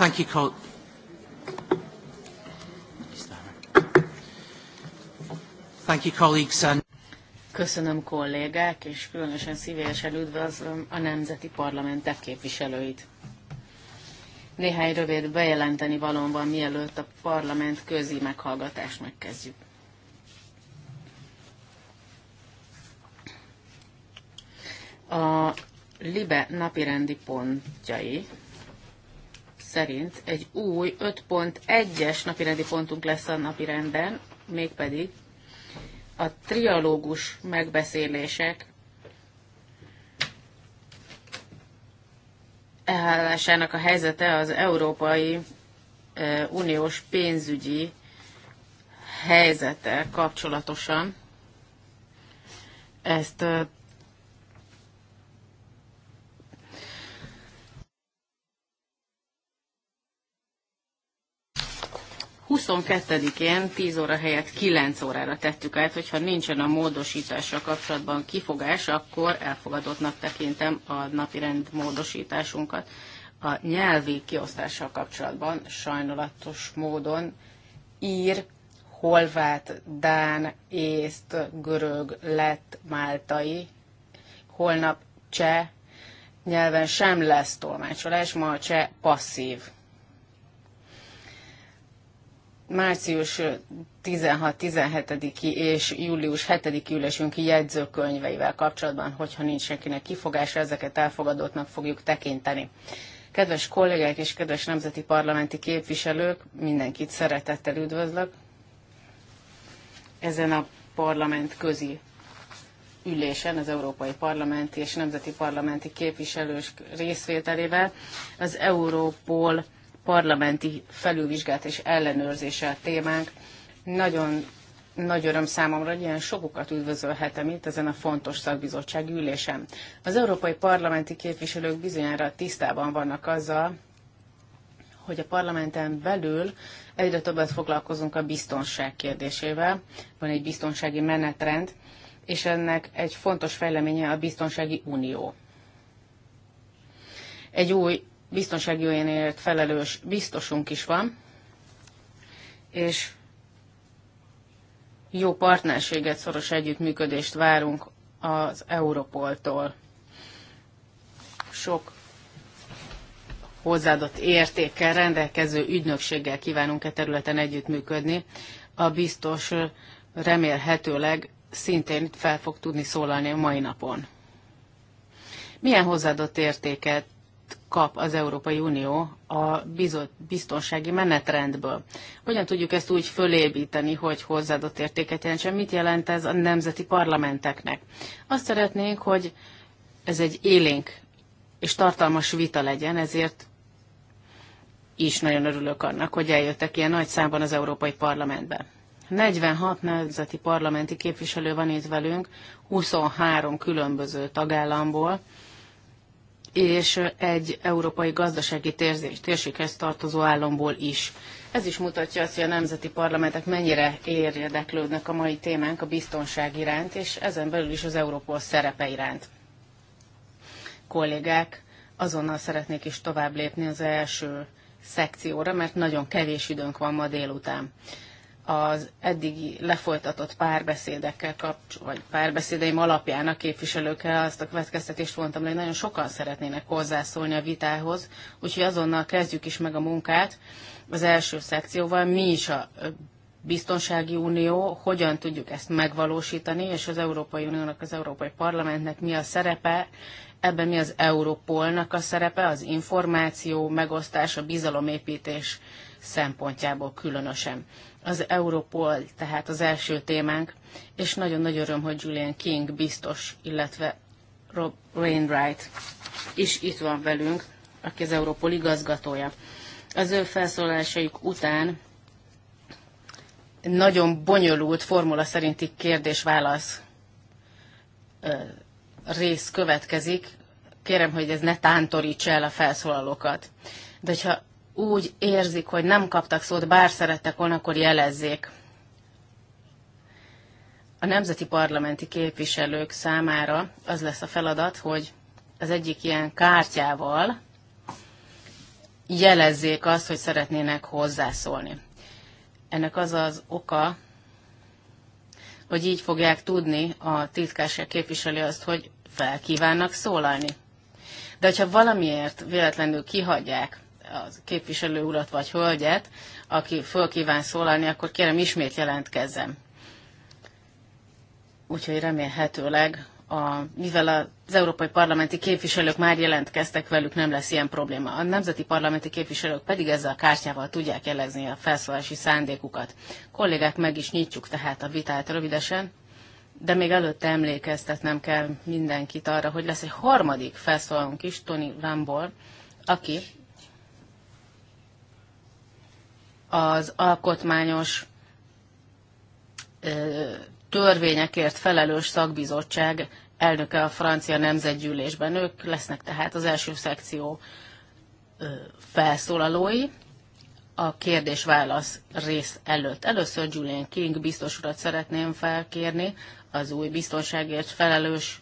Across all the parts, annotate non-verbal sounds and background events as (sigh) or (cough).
Thank you, Col. Thank you, colleagues and Köszönöm kollégák, és különösen szívesen üdvözlöm a nemzeti parlamentek képviselőit. Néhány rövid bejelenteni valóban, mielőtt a parlament közi meghallgatást megkezdjük. A LIBE napirendi pontjai szerint egy új 5.1-es napirendi pontunk lesz a napirenden, mégpedig a trialógus megbeszélések elhállásának a helyzete az Európai Uniós pénzügyi helyzete kapcsolatosan. Ezt 22-én 10 óra helyett 9 órára tettük át, hogyha nincsen a módosításra kapcsolatban kifogás, akkor elfogadottnak tekintem a napirend módosításunkat. A nyelvi kiosztással kapcsolatban sajnálatos módon ír, holvát, dán, észt, görög, lett, máltai, holnap cseh, nyelven sem lesz tolmácsolás, ma a cseh passzív március 16-17-i és július 7-i ülésünki jegyzőkönyveivel kapcsolatban, hogyha nincs senkinek kifogása, ezeket elfogadottnak fogjuk tekinteni. Kedves kollégák és kedves nemzeti parlamenti képviselők, mindenkit szeretettel üdvözlök ezen a parlament közi ülésen az Európai Parlamenti és Nemzeti Parlamenti képviselős részvételével az Európol parlamenti felülvizsgálat és ellenőrzése a témánk. Nagyon nagy öröm számomra, hogy ilyen sokukat üdvözölhetem itt ezen a fontos szakbizottság ülésen. Az európai parlamenti képviselők bizonyára tisztában vannak azzal, hogy a parlamenten belül egyre többet foglalkozunk a biztonság kérdésével. Van egy biztonsági menetrend, és ennek egy fontos fejleménye a biztonsági unió. Egy új biztonsági olyanért felelős biztosunk is van, és jó partnerséget, szoros együttműködést várunk az Europoltól. Sok hozzáadott értékkel rendelkező ügynökséggel kívánunk e területen együttműködni. A biztos remélhetőleg szintén itt fel fog tudni szólalni a mai napon. Milyen hozzáadott értéket kap az Európai Unió a biztonsági menetrendből. Hogyan tudjuk ezt úgy fölépíteni, hogy hozzáadott értéket jelentsen? Mit jelent ez a nemzeti parlamenteknek? Azt szeretnénk, hogy ez egy élénk és tartalmas vita legyen, ezért is nagyon örülök annak, hogy eljöttek ilyen nagy számban az Európai Parlamentbe. 46 nemzeti parlamenti képviselő van itt velünk, 23 különböző tagállamból, és egy európai gazdasági térséghez tartozó államból is. Ez is mutatja azt, hogy a nemzeti parlamentek mennyire érdeklődnek a mai témánk a biztonság iránt, és ezen belül is az Európol szerepe iránt. Kollégák, azonnal szeretnék is tovább lépni az első szekcióra, mert nagyon kevés időnk van ma délután az eddigi lefolytatott párbeszédekkel kapcs, vagy párbeszédeim alapján a képviselőkkel azt a következtetést vontam, hogy nagyon sokan szeretnének hozzászólni a vitához, úgyhogy azonnal kezdjük is meg a munkát az első szekcióval. Mi is a biztonsági unió, hogyan tudjuk ezt megvalósítani, és az Európai Uniónak, az Európai Parlamentnek mi a szerepe, ebben mi az Európolnak a szerepe, az információ megosztás, a bizalomépítés szempontjából különösen az Europol, tehát az első témánk, és nagyon nagy öröm, hogy Julian King biztos, illetve Rob Wainwright is itt van velünk, aki az Europol igazgatója. Az ő felszólalásaik után nagyon bonyolult formula szerinti kérdés-válasz rész következik. Kérem, hogy ez ne tántorítsa el a felszólalókat. De hogyha úgy érzik, hogy nem kaptak szót, bár szerettek volna, akkor jelezzék. A nemzeti parlamenti képviselők számára az lesz a feladat, hogy az egyik ilyen kártyával jelezzék azt, hogy szeretnének hozzászólni. Ennek az az oka, hogy így fogják tudni a titkárság képviselő azt, hogy felkívánnak szólalni. De hogyha valamiért véletlenül kihagyják a képviselő urat vagy hölgyet, aki föl kíván szólalni, akkor kérem ismét jelentkezzem. Úgyhogy remélhetőleg, a, mivel az európai parlamenti képviselők már jelentkeztek, velük nem lesz ilyen probléma. A nemzeti parlamenti képviselők pedig ezzel a kártyával tudják jelezni a felszólási szándékukat. Kollégák, meg is nyitjuk tehát a vitát rövidesen de még előtte emlékeztetnem kell mindenkit arra, hogy lesz egy harmadik felszólalónk is, Tony Ramból, aki az alkotmányos törvényekért felelős szakbizottság elnöke a francia nemzetgyűlésben. Ők lesznek tehát az első szekció felszólalói a kérdés-válasz rész előtt. Először Julian King biztos urat szeretném felkérni, az új biztonságért felelős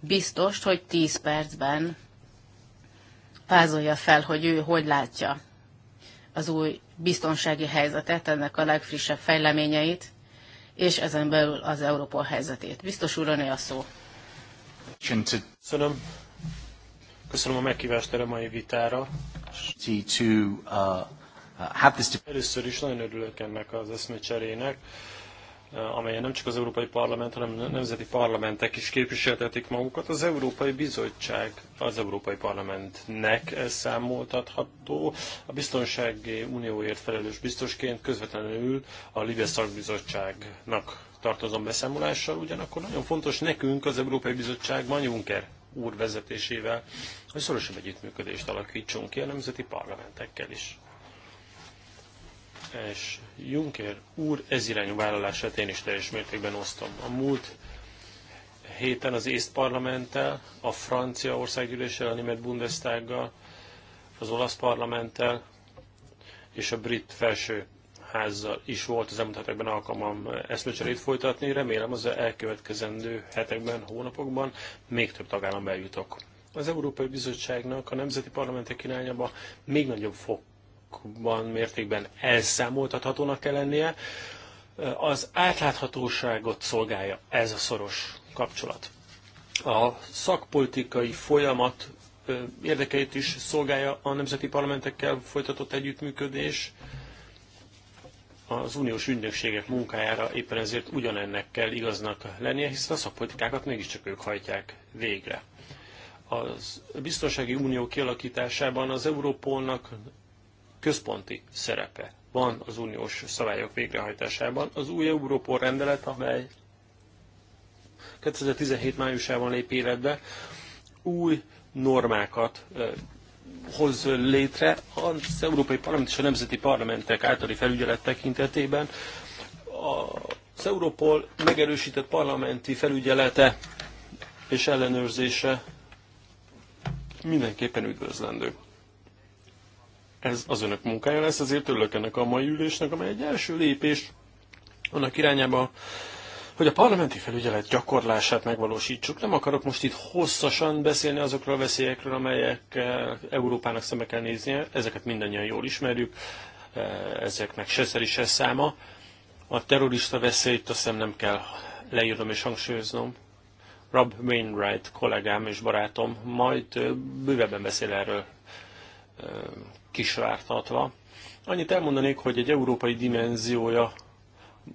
biztost, hogy 10 percben vázolja fel, hogy ő hogy látja az új biztonsági helyzetet, ennek a legfrissebb fejleményeit, és ezen belül az Európa helyzetét. Biztos úr, a szó. Köszönöm. Köszönöm a meghívást erre a mai vitára. Uh, Először is nagyon örülök ennek az eszmecserének. Eh, amelyen nem csak az Európai Parlament, hanem a nemzeti parlamentek is képviseltetik magukat. Az Európai Bizottság az Európai Parlamentnek ez számoltatható. A Biztonsági Unióért felelős biztosként közvetlenül a Libia Szakbizottságnak tartozom beszámolással, ugyanakkor nagyon fontos nekünk az Európai Bizottságban Juncker úr vezetésével, hogy szorosabb együttműködést alakítsunk ki a nemzeti parlamentekkel is és Juncker úr ez irányú vállalását én is teljes mértékben osztom. A múlt héten az észt parlamenttel, a francia országgyűléssel, a német Bundestággal, az olasz parlamenttel és a brit felső házzal is volt az elmúlt hetekben alkalmam eszmecserét folytatni. Remélem az elkövetkezendő hetekben, hónapokban még több tagállam eljutok. Az Európai Bizottságnak a nemzeti parlamentek irányába még nagyobb fok nagyban mértékben elszámoltathatónak kell lennie. Az átláthatóságot szolgálja ez a szoros kapcsolat. A szakpolitikai folyamat érdekeit is szolgálja a nemzeti parlamentekkel folytatott együttműködés. Az uniós ügynökségek munkájára éppen ezért ugyanennek kell igaznak lennie, hiszen a szakpolitikákat mégiscsak ők hajtják végre. Az biztonsági unió kialakításában az Európolnak központi szerepe van az uniós szabályok végrehajtásában. Az új Európol rendelet, amely 2017 májusában lép életbe, új normákat hoz létre az Európai Parlament és a Nemzeti Parlamentek általi felügyelet tekintetében. Az Európol megerősített parlamenti felügyelete és ellenőrzése mindenképpen üdvözlendő. Ez az önök munkája lesz, ezért örülök ennek a mai ülésnek, amely egy első lépés annak irányába, hogy a parlamenti felügyelet gyakorlását megvalósítsuk. Nem akarok most itt hosszasan beszélni azokról a veszélyekről, amelyek eh, Európának szembe kell néznie. Ezeket mindannyian jól ismerjük, eh, ezeknek se szeri, se száma. A terrorista veszélyt azt hiszem nem kell leírnom és hangsúlyoznom. Rob Wainwright kollégám és barátom majd eh, bővebben beszél erről kisvártatva. Annyit elmondanék, hogy egy európai dimenziója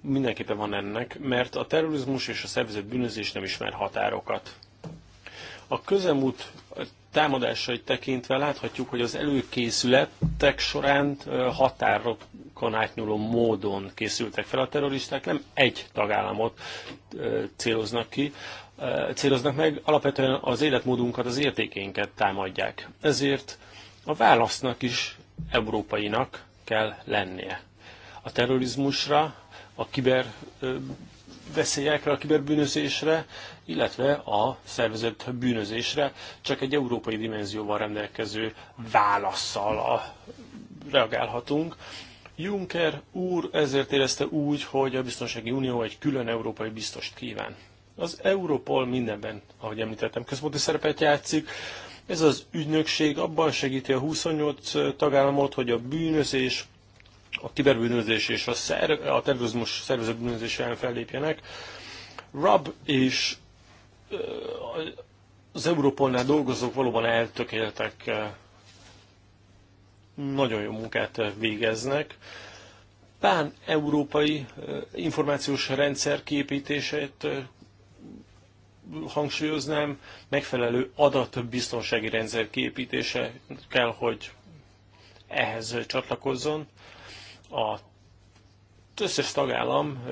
mindenképpen van ennek, mert a terrorizmus és a szervezett bűnözés nem ismer határokat. A közelmúlt támadásait tekintve láthatjuk, hogy az előkészületek során határokon átnyúló módon készültek fel a terroristák, nem egy tagállamot céloznak ki, céloznak meg, alapvetően az életmódunkat, az értékeinket támadják. Ezért a válasznak is európainak kell lennie. A terrorizmusra, a kiber veszélyekre, a kiberbűnözésre, illetve a szervezett bűnözésre csak egy európai dimenzióval rendelkező válaszsal a, reagálhatunk. Juncker úr ezért érezte úgy, hogy a Biztonsági Unió egy külön európai biztost kíván. Az Europol mindenben, ahogy említettem, központi szerepet játszik, ez az ügynökség abban segíti a 28 tagállamot, hogy a bűnözés, a kiberbűnözés és a, szerv, a terrorizmus szervezett bűnözés ellen fellépjenek. Rab és az Európolnál dolgozók valóban eltökéltek, nagyon jó munkát végeznek. Pán-európai információs rendszer képítését hangsúlyoznám, megfelelő adatbiztonsági rendszer kiépítése kell, hogy ehhez csatlakozzon. A összes tagállam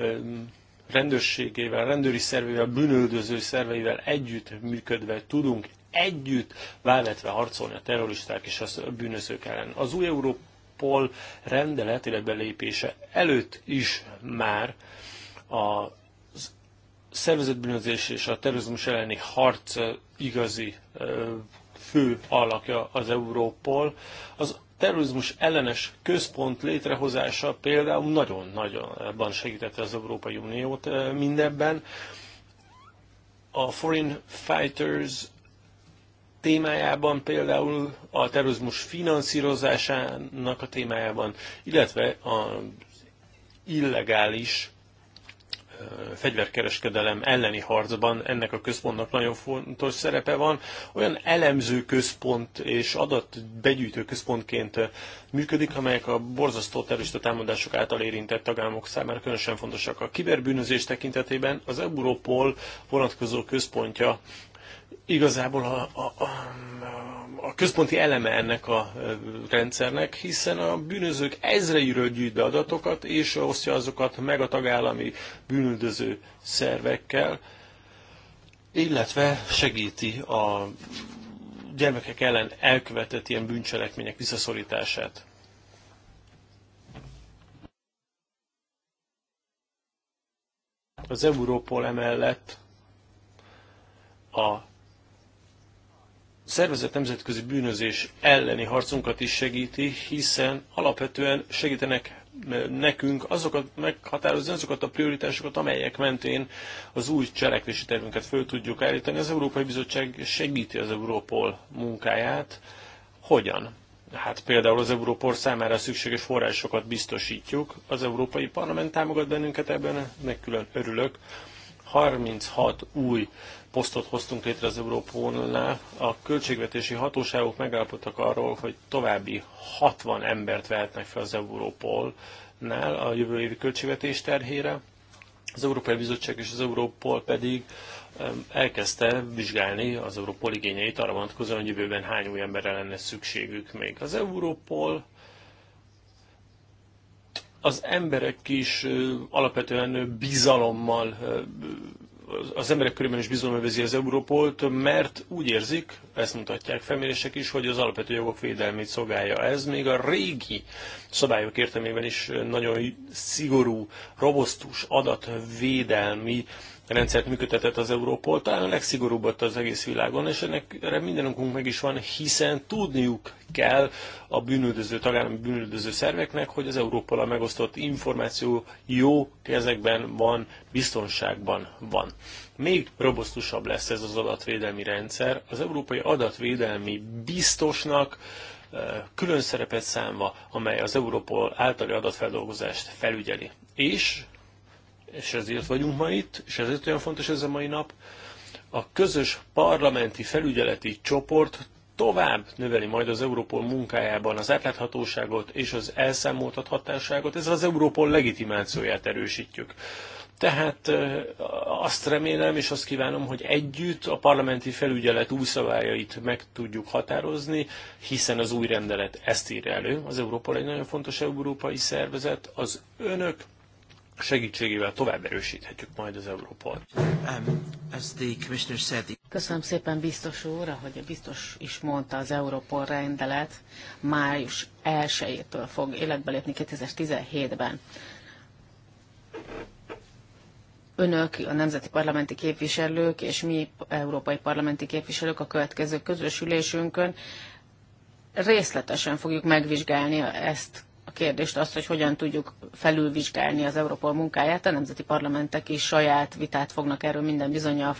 rendőrségével, rendőri szervével, bűnöldöző szerveivel együtt működve tudunk együtt válvetve harcolni a terroristák és a bűnözők ellen. Az új Európol rendelet, illetve lépése előtt is már a szervezetbűnözés és a terrorizmus elleni harc igazi fő alakja az Európol. Az terrorizmus ellenes központ létrehozása például nagyon-nagyon segítette az Európai Uniót mindebben. A Foreign Fighters témájában például a terrorizmus finanszírozásának a témájában, illetve a illegális fegyverkereskedelem elleni harcban ennek a központnak nagyon fontos szerepe van. Olyan elemző központ és adatbegyűjtő központként működik, amelyek a borzasztó terrorista támadások által érintett tagállamok számára különösen fontosak. A kiberbűnözés tekintetében az Europol vonatkozó központja igazából a, a, a, a központi eleme ennek a rendszernek, hiszen a bűnözők ezreiről gyűjt be adatokat, és osztja azokat meg a tagállami bűnüldöző szervekkel, illetve segíti a gyermekek ellen elkövetett ilyen bűncselekmények visszaszorítását. Az Európol emellett a szervezett nemzetközi bűnözés elleni harcunkat is segíti, hiszen alapvetően segítenek eh, nekünk azokat meghatározni, azokat a prioritásokat, amelyek mentén az új cselekvési tervünket föl tudjuk állítani. Az Európai Bizottság segíti az Európol munkáját. Hogyan? Hát például az Európol számára szükséges forrásokat biztosítjuk. Az Európai Parlament támogat bennünket ebben, meg külön örülök. 36 új posztot hoztunk létre az Európónál. A költségvetési hatóságok megállapodtak arról, hogy további 60 embert vehetnek fel az Európolnál a jövő évi költségvetés terhére. Az Európai Bizottság és az Európol pedig elkezdte vizsgálni az Európol igényeit arra vonatkozóan, hogy jövőben hány új emberre lenne szükségük még. Az Európol az emberek is alapvetően bizalommal az emberek körében is bizalomövezi az Európolt, mert úgy érzik, ezt mutatják felmérések is, hogy az alapvető jogok védelmét szolgálja. Ez még a régi szabályok értelmében is nagyon szigorú, robosztus adatvédelmi rendszert működtetett az Európol, talán a legszigorúbbat az egész világon, és ennek erre mindenünk meg is van, hiszen tudniuk kell a bűnüldöző, tagállami bűnüldöző szerveknek, hogy az Európol a megosztott információ jó kezekben van, biztonságban van. Még robosztusabb lesz ez az adatvédelmi rendszer. Az Európai Adatvédelmi Biztosnak eh, külön szerepet számva, amely az Európol általi adatfeldolgozást felügyeli. És és ezért vagyunk ma itt, és ezért olyan fontos ez a mai nap. A közös parlamenti felügyeleti csoport tovább növeli majd az Európol munkájában az átláthatóságot és az elszámoltathatóságot, ezzel az Európol legitimációját erősítjük. Tehát azt remélem és azt kívánom, hogy együtt a parlamenti felügyelet új szabályait meg tudjuk határozni, hiszen az új rendelet ezt ír elő. Az Európa egy nagyon fontos európai szervezet, az önök segítségével tovább erősíthetjük majd az Európát. Um, Köszönöm szépen biztos úr, ahogy biztos is mondta az Európol rendelet, május 1-től fog életbe lépni 2017-ben. Önök, a nemzeti parlamenti képviselők és mi európai parlamenti képviselők a következő közös ülésünkön részletesen fogjuk megvizsgálni ezt a kérdést azt, hogy hogyan tudjuk felülvizsgálni az Európol munkáját, a nemzeti parlamentek is saját vitát fognak erről minden bizonyal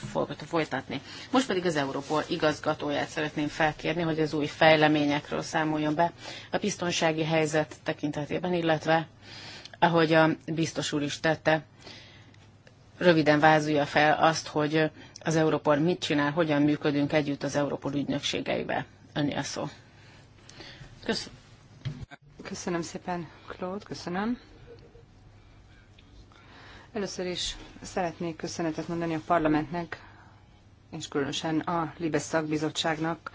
folytatni. Most pedig az Európol igazgatóját szeretném felkérni, hogy az új fejleményekről számoljon be a biztonsági helyzet tekintetében, illetve ahogy a biztos úr is tette, röviden vázolja fel azt, hogy az Európol mit csinál, hogyan működünk együtt az Európol ügynökségeivel. Önnyi a szó. Köszönöm. Köszönöm szépen, Claude, köszönöm. Először is szeretnék köszönetet mondani a parlamentnek, és különösen a Libe szakbizottságnak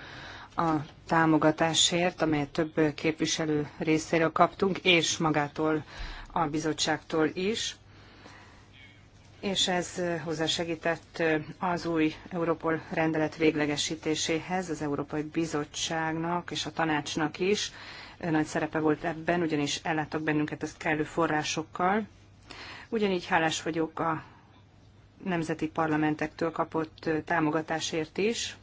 a támogatásért, amelyet több képviselő részéről kaptunk, és magától a bizottságtól is. És ez hozzásegített az új Europol rendelet véglegesítéséhez, az Európai Bizottságnak és a tanácsnak is nagy szerepe volt ebben, ugyanis ellátok bennünket az kellő forrásokkal. Ugyanígy hálás vagyok a nemzeti parlamentektől kapott támogatásért is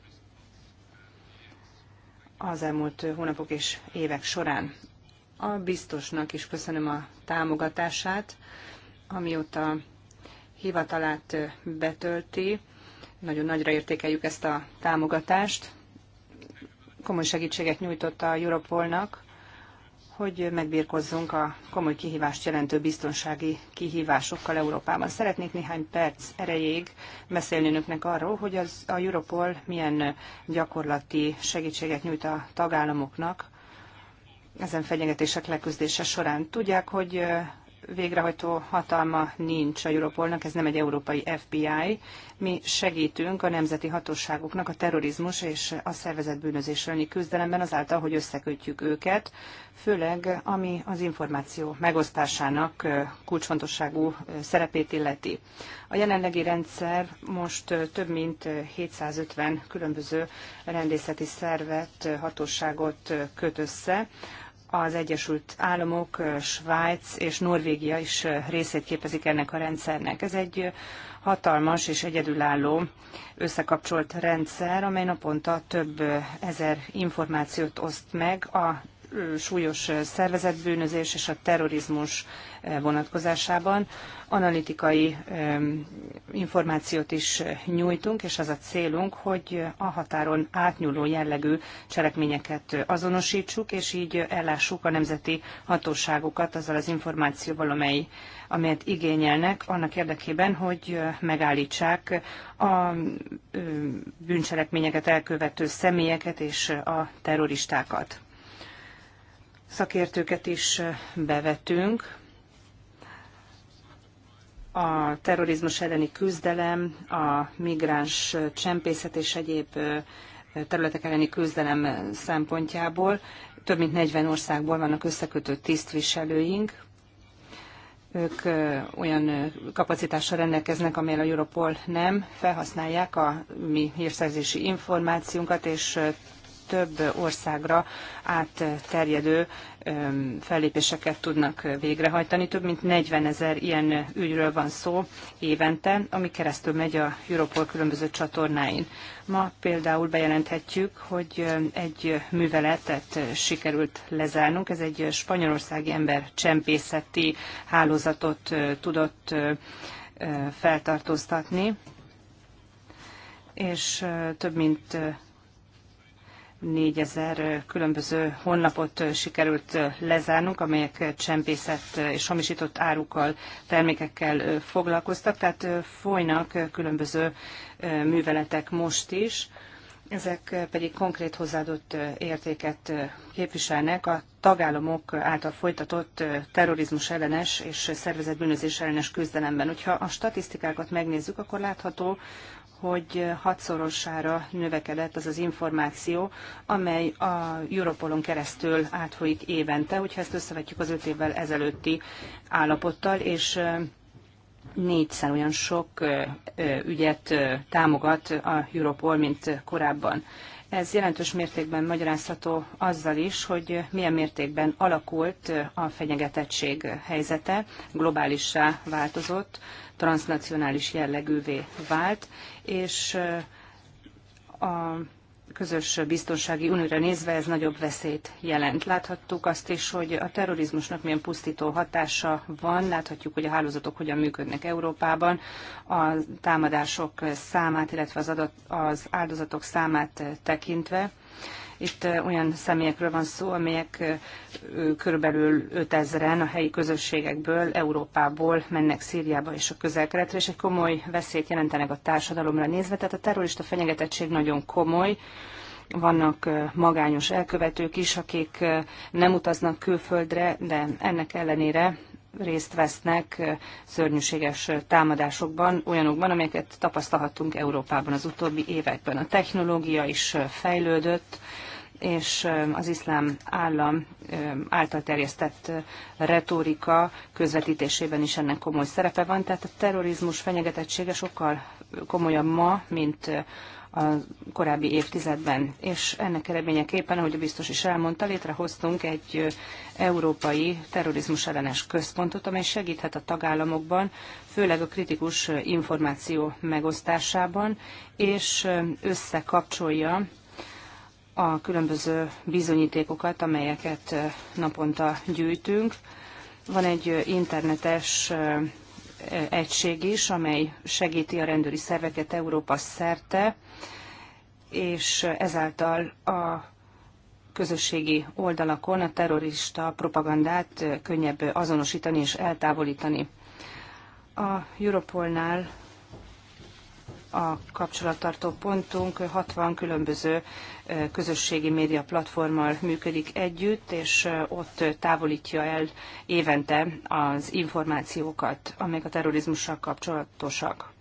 az elmúlt hónapok és évek során. A biztosnak is köszönöm a támogatását, amióta hivatalát betölti. Nagyon nagyra értékeljük ezt a támogatást. Komoly segítséget nyújtott a Europolnak hogy megbírkozzunk a komoly kihívást jelentő biztonsági kihívásokkal Európában. Szeretnék néhány perc erejéig beszélni önöknek arról, hogy az, a Europol milyen gyakorlati segítséget nyújt a tagállamoknak ezen fenyegetések leküzdése során. Tudják, hogy végrehajtó hatalma nincs a Europolnak, ez nem egy európai FBI. Mi segítünk a nemzeti hatóságoknak a terrorizmus és a szervezet bűnözés elleni küzdelemben azáltal, hogy összekötjük őket, főleg ami az információ megosztásának kulcsfontosságú szerepét illeti. A jelenlegi rendszer most több mint 750 különböző rendészeti szervet, hatóságot köt össze, az Egyesült Államok, Svájc és Norvégia is részét képezik ennek a rendszernek. Ez egy hatalmas és egyedülálló összekapcsolt rendszer, amely naponta több ezer információt oszt meg a súlyos szervezetbűnözés és a terrorizmus vonatkozásában. Analitikai információt is nyújtunk, és az a célunk, hogy a határon átnyúló jellegű cselekményeket azonosítsuk, és így ellássuk a nemzeti hatóságokat azzal az információval, amely amelyet igényelnek annak érdekében, hogy megállítsák a bűncselekményeket elkövető személyeket és a terroristákat szakértőket is bevetünk. A terrorizmus elleni küzdelem, a migráns csempészet és egyéb területek elleni küzdelem szempontjából több mint 40 országból vannak összekötő tisztviselőink, ők olyan kapacitással rendelkeznek, amelyel a Europol nem, felhasználják a mi hírszerzési információnkat, és több országra átterjedő fellépéseket tudnak végrehajtani. Több mint 40 ezer ilyen ügyről van szó évente, ami keresztül megy a Europol különböző csatornáin. Ma például bejelenthetjük, hogy egy műveletet sikerült lezárnunk. Ez egy spanyolországi ember csempészeti hálózatot tudott feltartóztatni, és több mint 4000 különböző honlapot sikerült lezárnunk, amelyek csempészet és hamisított árukkal, termékekkel foglalkoztak, tehát folynak különböző műveletek most is, ezek pedig konkrét hozzáadott értéket képviselnek a tagállamok által folytatott terrorizmus ellenes és szervezetbűnözés ellenes küzdelemben. Hogyha a statisztikákat megnézzük, akkor látható, hogy hatszorosára növekedett az az információ, amely a Europolon keresztül átfolyik évente, hogyha ezt összevetjük az öt évvel ezelőtti állapottal, és négyszer olyan sok ügyet támogat a Europol, mint korábban. Ez jelentős mértékben magyarázható azzal is, hogy milyen mértékben alakult a fenyegetettség helyzete, globálissá változott, transnacionális jellegűvé vált, és a közös biztonsági unióra nézve ez nagyobb veszélyt jelent. Láthattuk azt is, hogy a terrorizmusnak milyen pusztító hatása van, láthatjuk, hogy a hálózatok hogyan működnek Európában, a támadások számát, illetve az, adat, az áldozatok számát tekintve itt olyan személyekről van szó, amelyek körülbelül 5000-en a helyi közösségekből, Európából mennek Szíriába és a közelkeletre, és egy komoly veszélyt jelentenek a társadalomra nézve. Tehát a terrorista fenyegetettség nagyon komoly vannak magányos elkövetők is, akik nem utaznak külföldre, de ennek ellenére részt vesznek szörnyűséges támadásokban, olyanokban, amelyeket tapasztalhattunk Európában az utóbbi években. A technológia is fejlődött, és az iszlám állam által terjesztett retorika közvetítésében is ennek komoly szerepe van, tehát a terrorizmus fenyegetettsége sokkal komolyabb ma, mint a korábbi évtizedben. És ennek eredményeképpen, ahogy a biztos is elmondta, létrehoztunk egy európai terrorizmus ellenes központot, amely segíthet a tagállamokban, főleg a kritikus információ megosztásában, és összekapcsolja a különböző bizonyítékokat, amelyeket naponta gyűjtünk. Van egy internetes egység is, amely segíti a rendőri szerveket Európa szerte, és ezáltal a közösségi oldalakon a terrorista propagandát könnyebb azonosítani és eltávolítani. A Europolnál a kapcsolattartó pontunk 60 különböző közösségi média platformmal működik együtt, és ott távolítja el évente az információkat, amelyek a terrorizmussal kapcsolatosak.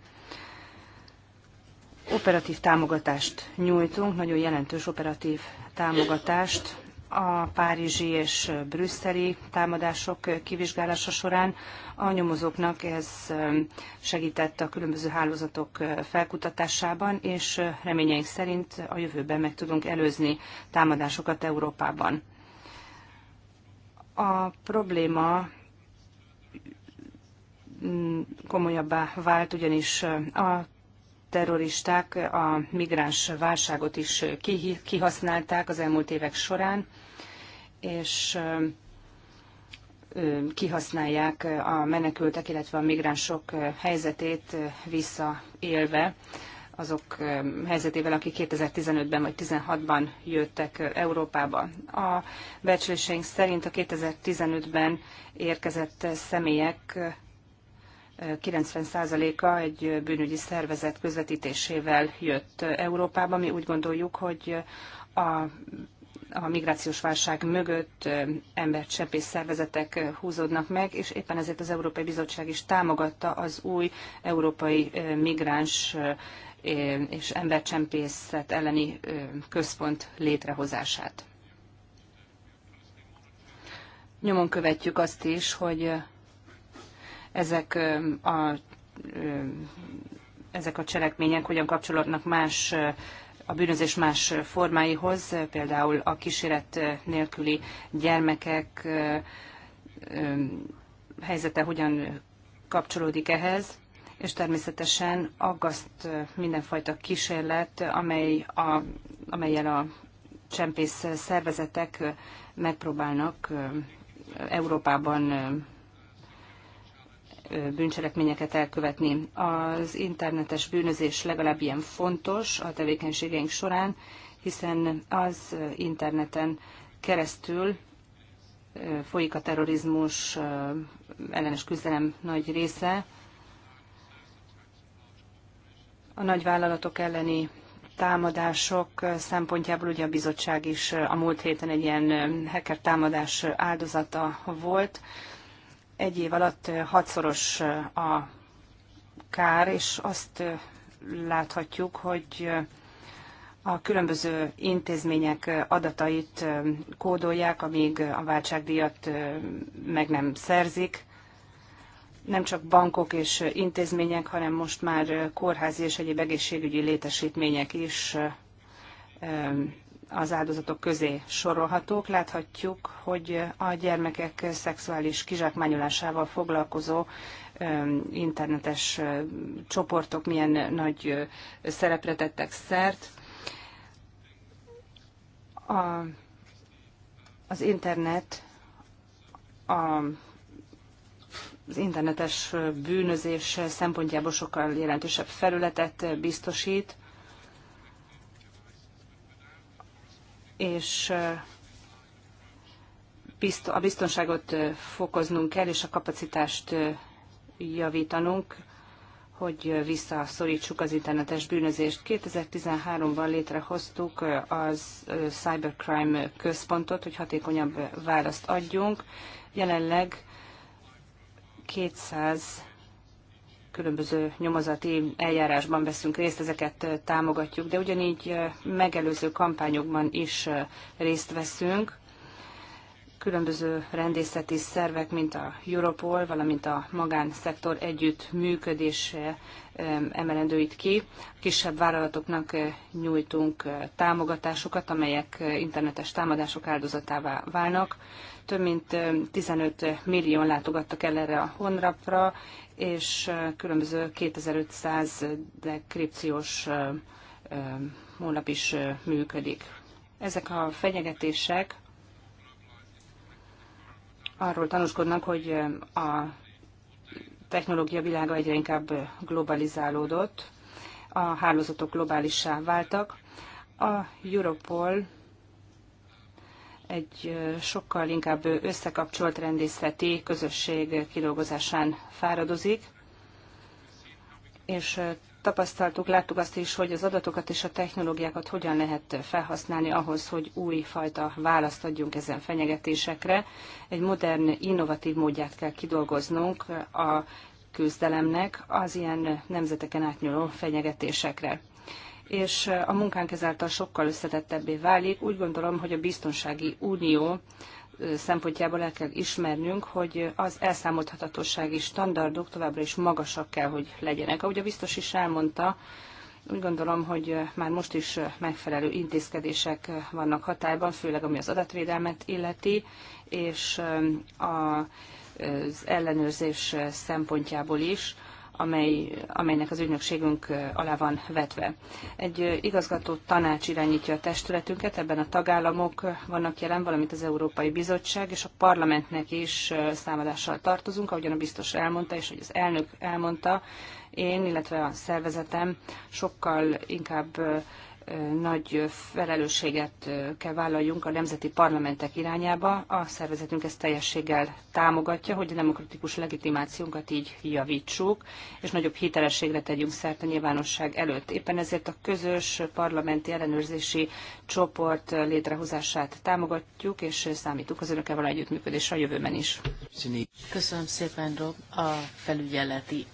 Operatív támogatást nyújtunk, nagyon jelentős operatív támogatást a párizsi és brüsszeli támadások kivizsgálása során a nyomozóknak ez um, segített a különböző hálózatok uh, felkutatásában, és uh, reményeink szerint a jövőben meg tudunk előzni támadásokat Európában. A probléma mm, komolyabbá vált, ugyanis uh, a terroristák a migráns válságot is kihasználták az elmúlt évek során, és kihasználják a menekültek, illetve a migránsok helyzetét visszaélve azok helyzetével, akik 2015-ben vagy 2016-ban jöttek Európába. A becsléseink szerint a 2015-ben érkezett személyek 90%-a egy bűnügyi szervezet közvetítésével jött Európába. Mi úgy gondoljuk, hogy a a migrációs válság mögött embercsempész szervezetek húzódnak meg, és éppen ezért az Európai Bizottság is támogatta az új európai migráns és embercsempészet elleni központ létrehozását. Nyomon követjük azt is, hogy ezek a ezek a cselekmények hogyan kapcsolódnak más a bűnözés más formáihoz, például a kíséret nélküli gyermekek helyzete hogyan kapcsolódik ehhez, és természetesen aggaszt mindenfajta kísérlet, amely a, amelyel a csempész szervezetek megpróbálnak Európában bűncselekményeket elkövetni. Az internetes bűnözés legalább ilyen fontos a tevékenységeink során, hiszen az interneten keresztül folyik a terrorizmus ellenes küzdelem nagy része. A nagyvállalatok elleni támadások szempontjából ugye a bizottság is a múlt héten egy ilyen hacker támadás áldozata volt egy év alatt hatszoros a kár, és azt láthatjuk, hogy a különböző intézmények adatait kódolják, amíg a váltságdíjat meg nem szerzik. Nem csak bankok és intézmények, hanem most már kórházi és egyéb egészségügyi létesítmények is az áldozatok közé sorolhatók. Láthatjuk, hogy a gyermekek szexuális kizsákmányolásával foglalkozó internetes csoportok milyen nagy szerepre tettek szert. A, az internet a az internetes bűnözés szempontjából sokkal jelentősebb felületet biztosít, és a biztonságot fokoznunk kell, és a kapacitást javítanunk, hogy visszaszorítsuk az internetes bűnözést. 2013-ban létrehoztuk az Cybercrime központot, hogy hatékonyabb választ adjunk. Jelenleg 200 különböző nyomozati eljárásban veszünk részt, ezeket támogatjuk, de ugyanígy megelőző kampányokban is részt veszünk. Különböző rendészeti szervek, mint a Europol, valamint a magánszektor együtt működése emelendő itt ki. A kisebb vállalatoknak nyújtunk támogatásokat, amelyek internetes támadások áldozatává válnak több mint 15 millióan látogattak el erre a honlapra, és különböző 2500 dekripciós honlap is működik. Ezek a fenyegetések arról tanúskodnak, hogy a technológia világa egyre inkább globalizálódott, a hálózatok globálissá váltak. A Europol egy sokkal inkább összekapcsolt rendészeti közösség kidolgozásán fáradozik, és tapasztaltuk, láttuk azt is, hogy az adatokat és a technológiákat hogyan lehet felhasználni ahhoz, hogy újfajta választ adjunk ezen fenyegetésekre. Egy modern, innovatív módját kell kidolgoznunk a küzdelemnek az ilyen nemzeteken átnyúló fenyegetésekre és a munkánk ezáltal sokkal összetettebbé válik. Úgy gondolom, hogy a biztonsági unió szempontjából el kell ismernünk, hogy az elszámolthatatósági standardok továbbra is magasak kell, hogy legyenek. Ahogy a biztos is elmondta, úgy gondolom, hogy már most is megfelelő intézkedések vannak hatályban, főleg ami az adatvédelmet illeti, és az ellenőrzés szempontjából is amely, amelynek az ügynökségünk alá van vetve. Egy igazgató tanács irányítja a testületünket, ebben a tagállamok vannak jelen, valamint az Európai Bizottság, és a parlamentnek is számadással tartozunk, ahogyan a biztos elmondta, és hogy az elnök elmondta, én, illetve a szervezetem sokkal inkább nagy felelősséget kell vállaljunk a nemzeti parlamentek irányába. A szervezetünk ezt teljességgel támogatja, hogy a demokratikus legitimációnkat így javítsuk, és nagyobb hitelességre tegyünk szert a nyilvánosság előtt. Éppen ezért a közös parlamenti ellenőrzési csoport létrehozását támogatjuk, és számítunk az önökkel való együttműködésre a jövőben is. Köszönöm szépen, Rob, a felügyeleti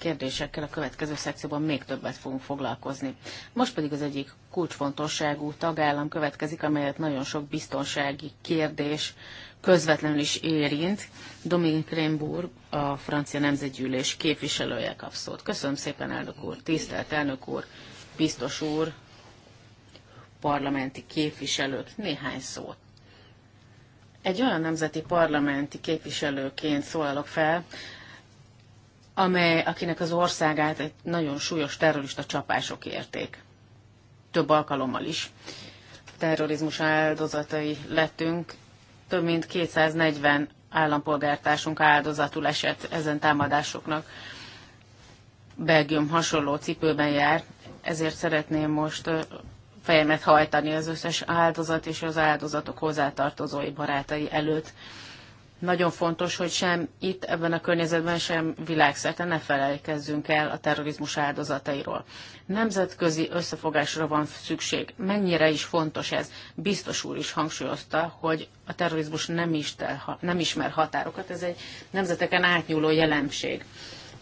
kérdésekkel a következő szekcióban még többet fogunk foglalkozni. Most pedig az egyik kulcsfontosságú tagállam következik, amelyet nagyon sok biztonsági kérdés közvetlenül is érint. Dominik Rémbourg, a francia nemzetgyűlés képviselője kap szót. Köszönöm szépen, elnök úr, tisztelt elnök úr, biztos úr, parlamenti képviselők, néhány szót. Egy olyan nemzeti parlamenti képviselőként szólalok fel, amely, akinek az országát egy nagyon súlyos terrorista csapások érték. Több alkalommal is. Terrorizmus áldozatai lettünk. Több mint 240 állampolgártársunk áldozatul esett ezen támadásoknak. Belgium hasonló cipőben jár, ezért szeretném most fejemet hajtani az összes áldozat és az áldozatok hozzátartozói barátai előtt, nagyon fontos, hogy sem itt, ebben a környezetben, sem világszerte ne felelkezzünk el a terrorizmus áldozatairól. Nemzetközi összefogásra van szükség. Mennyire is fontos ez? Biztos úr is hangsúlyozta, hogy a terrorizmus nem, istel, nem ismer határokat, ez egy nemzeteken átnyúló jelenség.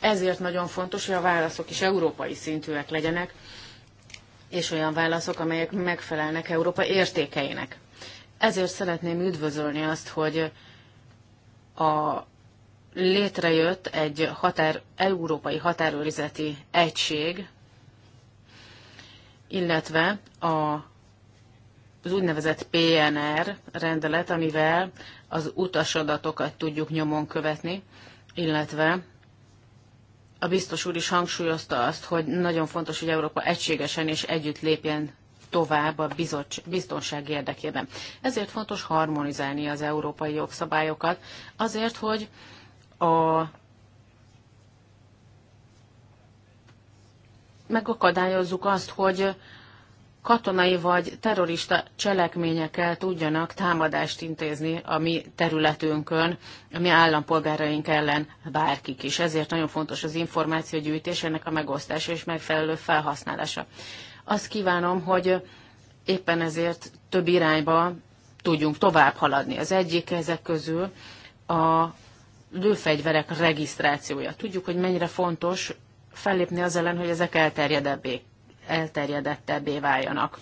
Ezért nagyon fontos, hogy a válaszok is európai szintűek legyenek, és olyan válaszok, amelyek megfelelnek Európa értékeinek. Ezért szeretném üdvözölni azt, hogy a létrejött egy határ, európai határőrizeti egység, illetve a, az úgynevezett PNR rendelet, amivel az utasadatokat tudjuk nyomon követni, illetve a biztos úr is hangsúlyozta azt, hogy nagyon fontos, hogy Európa egységesen és együtt lépjen tovább a biztonság érdekében. Ezért fontos harmonizálni az európai jogszabályokat, azért, hogy a megakadályozzuk azt, hogy katonai vagy terrorista cselekményekkel tudjanak támadást intézni a mi területünkön, a mi állampolgáraink ellen bárkik is. Ezért nagyon fontos az információgyűjtés, ennek a megosztása és megfelelő felhasználása. Azt kívánom, hogy éppen ezért több irányba tudjunk tovább haladni. Az egyik ezek közül a lőfegyverek regisztrációja. Tudjuk, hogy mennyire fontos fellépni az ellen, hogy ezek elterjedebbé, elterjedettebbé váljanak.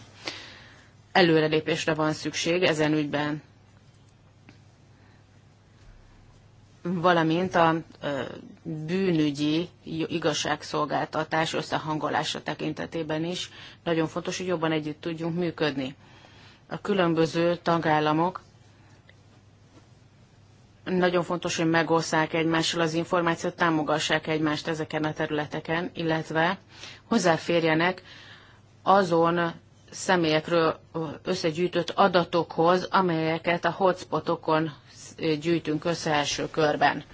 Előrelépésre van szükség ezen ügyben. valamint a bűnügyi igazságszolgáltatás összehangolása tekintetében is nagyon fontos, hogy jobban együtt tudjunk működni. A különböző tagállamok nagyon fontos, hogy megosszák egymással az információt, támogassák egymást ezeken a területeken, illetve hozzáférjenek azon személyekről összegyűjtött adatokhoz, amelyeket a hotspotokon gyűjtünk össze első körben.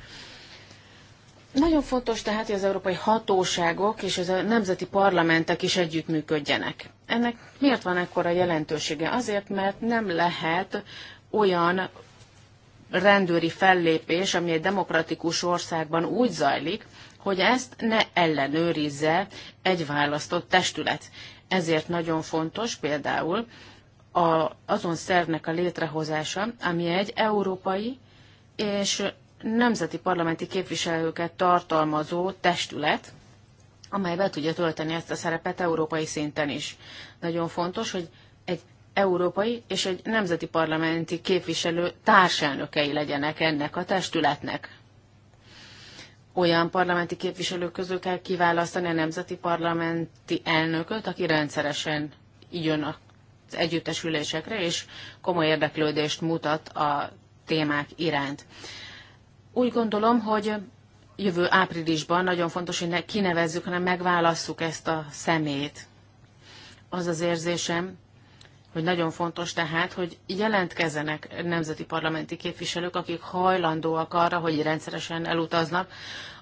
Nagyon fontos tehát, hogy az európai hatóságok és az a nemzeti parlamentek is együttműködjenek. Ennek miért van ekkora jelentősége? Azért, mert nem lehet olyan rendőri fellépés, ami egy demokratikus országban úgy zajlik, hogy ezt ne ellenőrizze egy választott testület. Ezért nagyon fontos például a, azon szervnek a létrehozása, ami egy európai és nemzeti parlamenti képviselőket tartalmazó testület, amely be tudja tölteni ezt a szerepet európai szinten is. Nagyon fontos, hogy egy európai és egy nemzeti parlamenti képviselő társelnökei legyenek ennek a testületnek olyan parlamenti képviselők közül kell kiválasztani a nemzeti parlamenti elnököt, aki rendszeresen jön az együttesülésekre, és komoly érdeklődést mutat a témák iránt. Úgy gondolom, hogy jövő áprilisban nagyon fontos, hogy ne kinevezzük, hanem megválasszuk ezt a szemét. Az az érzésem, hogy nagyon fontos tehát, hogy jelentkezzenek nemzeti parlamenti képviselők, akik hajlandóak arra, hogy rendszeresen elutaznak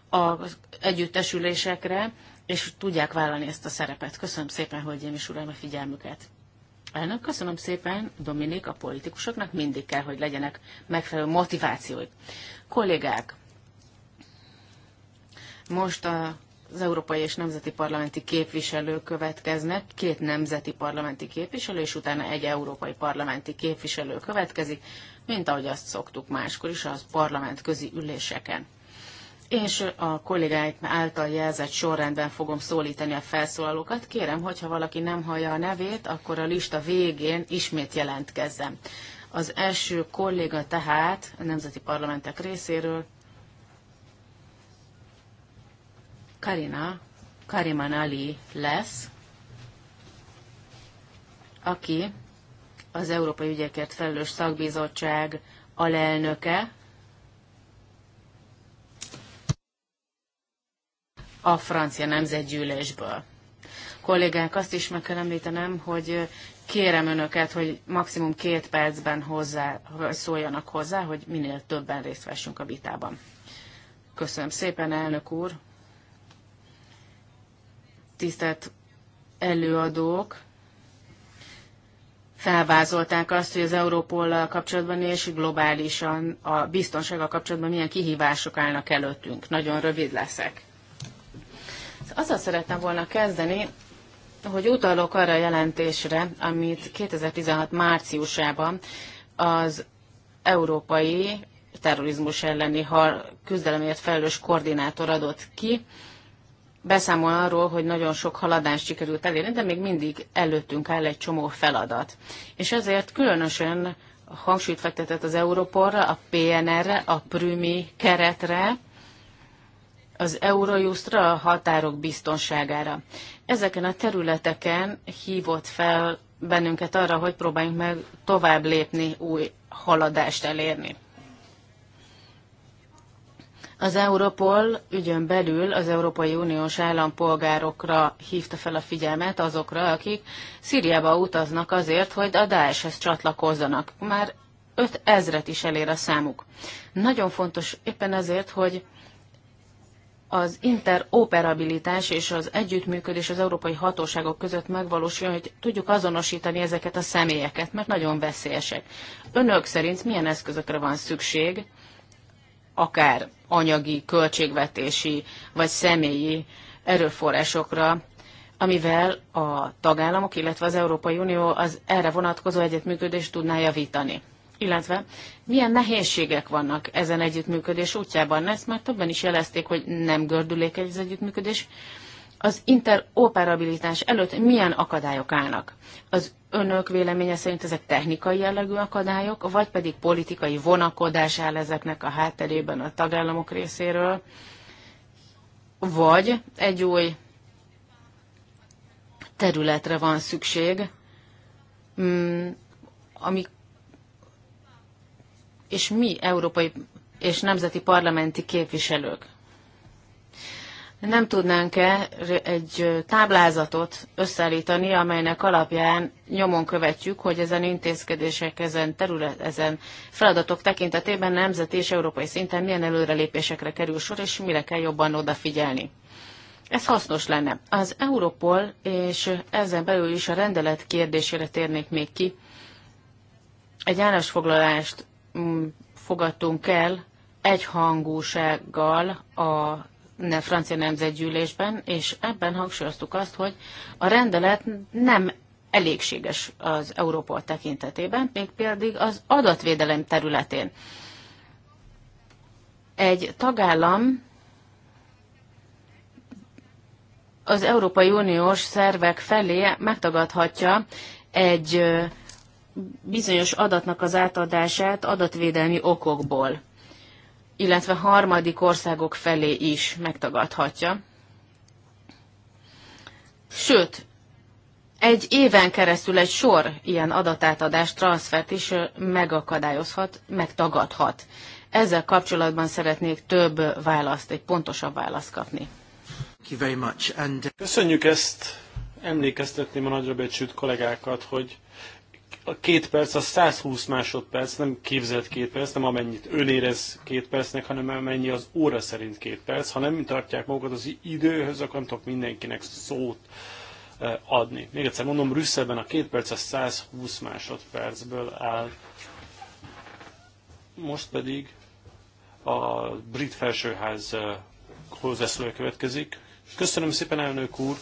az együttesülésekre, és tudják vállalni ezt a szerepet. Köszönöm szépen, hölgyeim és uraim, a figyelmüket. Elnök, köszönöm szépen, Dominik, a politikusoknak mindig kell, hogy legyenek megfelelő motivációi. Kollégák, most a az európai és nemzeti parlamenti képviselő következnek, két nemzeti parlamenti képviselő, és utána egy európai parlamenti képviselő következik, mint ahogy azt szoktuk máskor is az parlament közi üléseken. És a kollégáik által jelzett sorrendben fogom szólítani a felszólalókat. Kérem, hogyha valaki nem hallja a nevét, akkor a lista végén ismét jelentkezzem. Az első kolléga tehát a nemzeti parlamentek részéről Karina Kariman Ali lesz, aki az Európai Ügyekért Felelős Szakbizottság alelnöke, a francia nemzetgyűlésből. Kollégák, azt is meg kell említenem, hogy kérem önöket, hogy maximum két percben hozzá, szóljanak hozzá, hogy minél többen részt vessünk a vitában. Köszönöm szépen, elnök úr! tisztelt előadók felvázolták azt, hogy az Európollal kapcsolatban és globálisan a biztonsággal kapcsolatban milyen kihívások állnak előttünk. Nagyon rövid leszek. Azzal szerettem volna kezdeni, hogy utalok arra a jelentésre, amit 2016 márciusában az Európai Terrorizmus elleni küzdelemért felelős koordinátor adott ki, beszámol arról, hogy nagyon sok haladást sikerült elérni, de még mindig előttünk áll egy csomó feladat. És ezért különösen hangsúlyt fektetett az Európorra, a PNR-re, a Prümi keretre, az Eurojustra, a határok biztonságára. Ezeken a területeken hívott fel bennünket arra, hogy próbáljunk meg tovább lépni, új haladást elérni. Az Europol ügyön belül az Európai Uniós állampolgárokra hívta fel a figyelmet azokra, akik Szíriába utaznak azért, hogy a Daeshez csatlakozzanak. Már 5 ezret is elér a számuk. Nagyon fontos éppen ezért, hogy az interoperabilitás és az együttműködés az európai hatóságok között megvalósuljon, hogy tudjuk azonosítani ezeket a személyeket, mert nagyon veszélyesek. Önök szerint milyen eszközökre van szükség akár anyagi, költségvetési vagy személyi erőforrásokra, amivel a tagállamok, illetve az Európai Unió az erre vonatkozó együttműködést tudná javítani. Illetve milyen nehézségek vannak ezen együttműködés útjában? Ezt már többen is jelezték, hogy nem ez az együttműködés az interoperabilitás előtt milyen akadályok állnak? Az önök véleménye szerint ezek technikai jellegű akadályok, vagy pedig politikai vonakodás áll ezeknek a hátterében a tagállamok részéről, vagy egy új területre van szükség, mm, ami és mi európai és nemzeti parlamenti képviselők nem tudnánk-e egy táblázatot összeállítani, amelynek alapján nyomon követjük, hogy ezen intézkedések, ezen terület, ezen feladatok tekintetében nemzeti és európai szinten milyen előrelépésekre kerül sor, és mire kell jobban odafigyelni. Ez hasznos lenne. Az Europol és ezen belül is a rendelet kérdésére térnék még ki. Egy állásfoglalást mm, fogadtunk el egyhangúsággal a a francia nemzetgyűlésben, és ebben hangsúlyoztuk azt, hogy a rendelet nem elégséges az Európa tekintetében, még például az adatvédelem területén. Egy tagállam az Európai Uniós szervek felé megtagadhatja egy bizonyos adatnak az átadását adatvédelmi okokból illetve harmadik országok felé is megtagadhatja. Sőt, egy éven keresztül egy sor ilyen adatátadást, transfert is megakadályozhat, megtagadhat. Ezzel kapcsolatban szeretnék több választ, egy pontosabb választ kapni. Köszönjük ezt! Emlékeztetném a nagyra becsült kollégákat, hogy a két perc az 120 másodperc, nem képzelt két perc, nem amennyit ön érez két percnek, hanem amennyi az óra szerint két perc. Ha nem tartják magukat az időhöz, akkor nem tudok mindenkinek szót adni. Még egyszer mondom, Brüsszelben a két perc az 120 másodpercből áll. Most pedig a brit felsőház hozzászólója következik. Köszönöm szépen, elnök úr!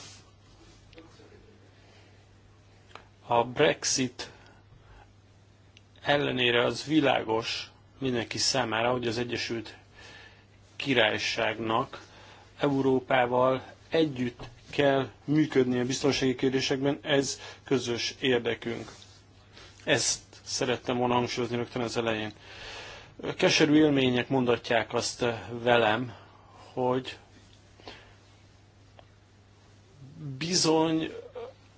A Brexit ellenére az világos mindenki számára, hogy az Egyesült Királyságnak Európával együtt kell működnie biztonsági kérdésekben, ez közös érdekünk. Ezt szerettem volna hangsúlyozni rögtön az elején. Keserű élmények mondatják azt eh, velem, hogy bizony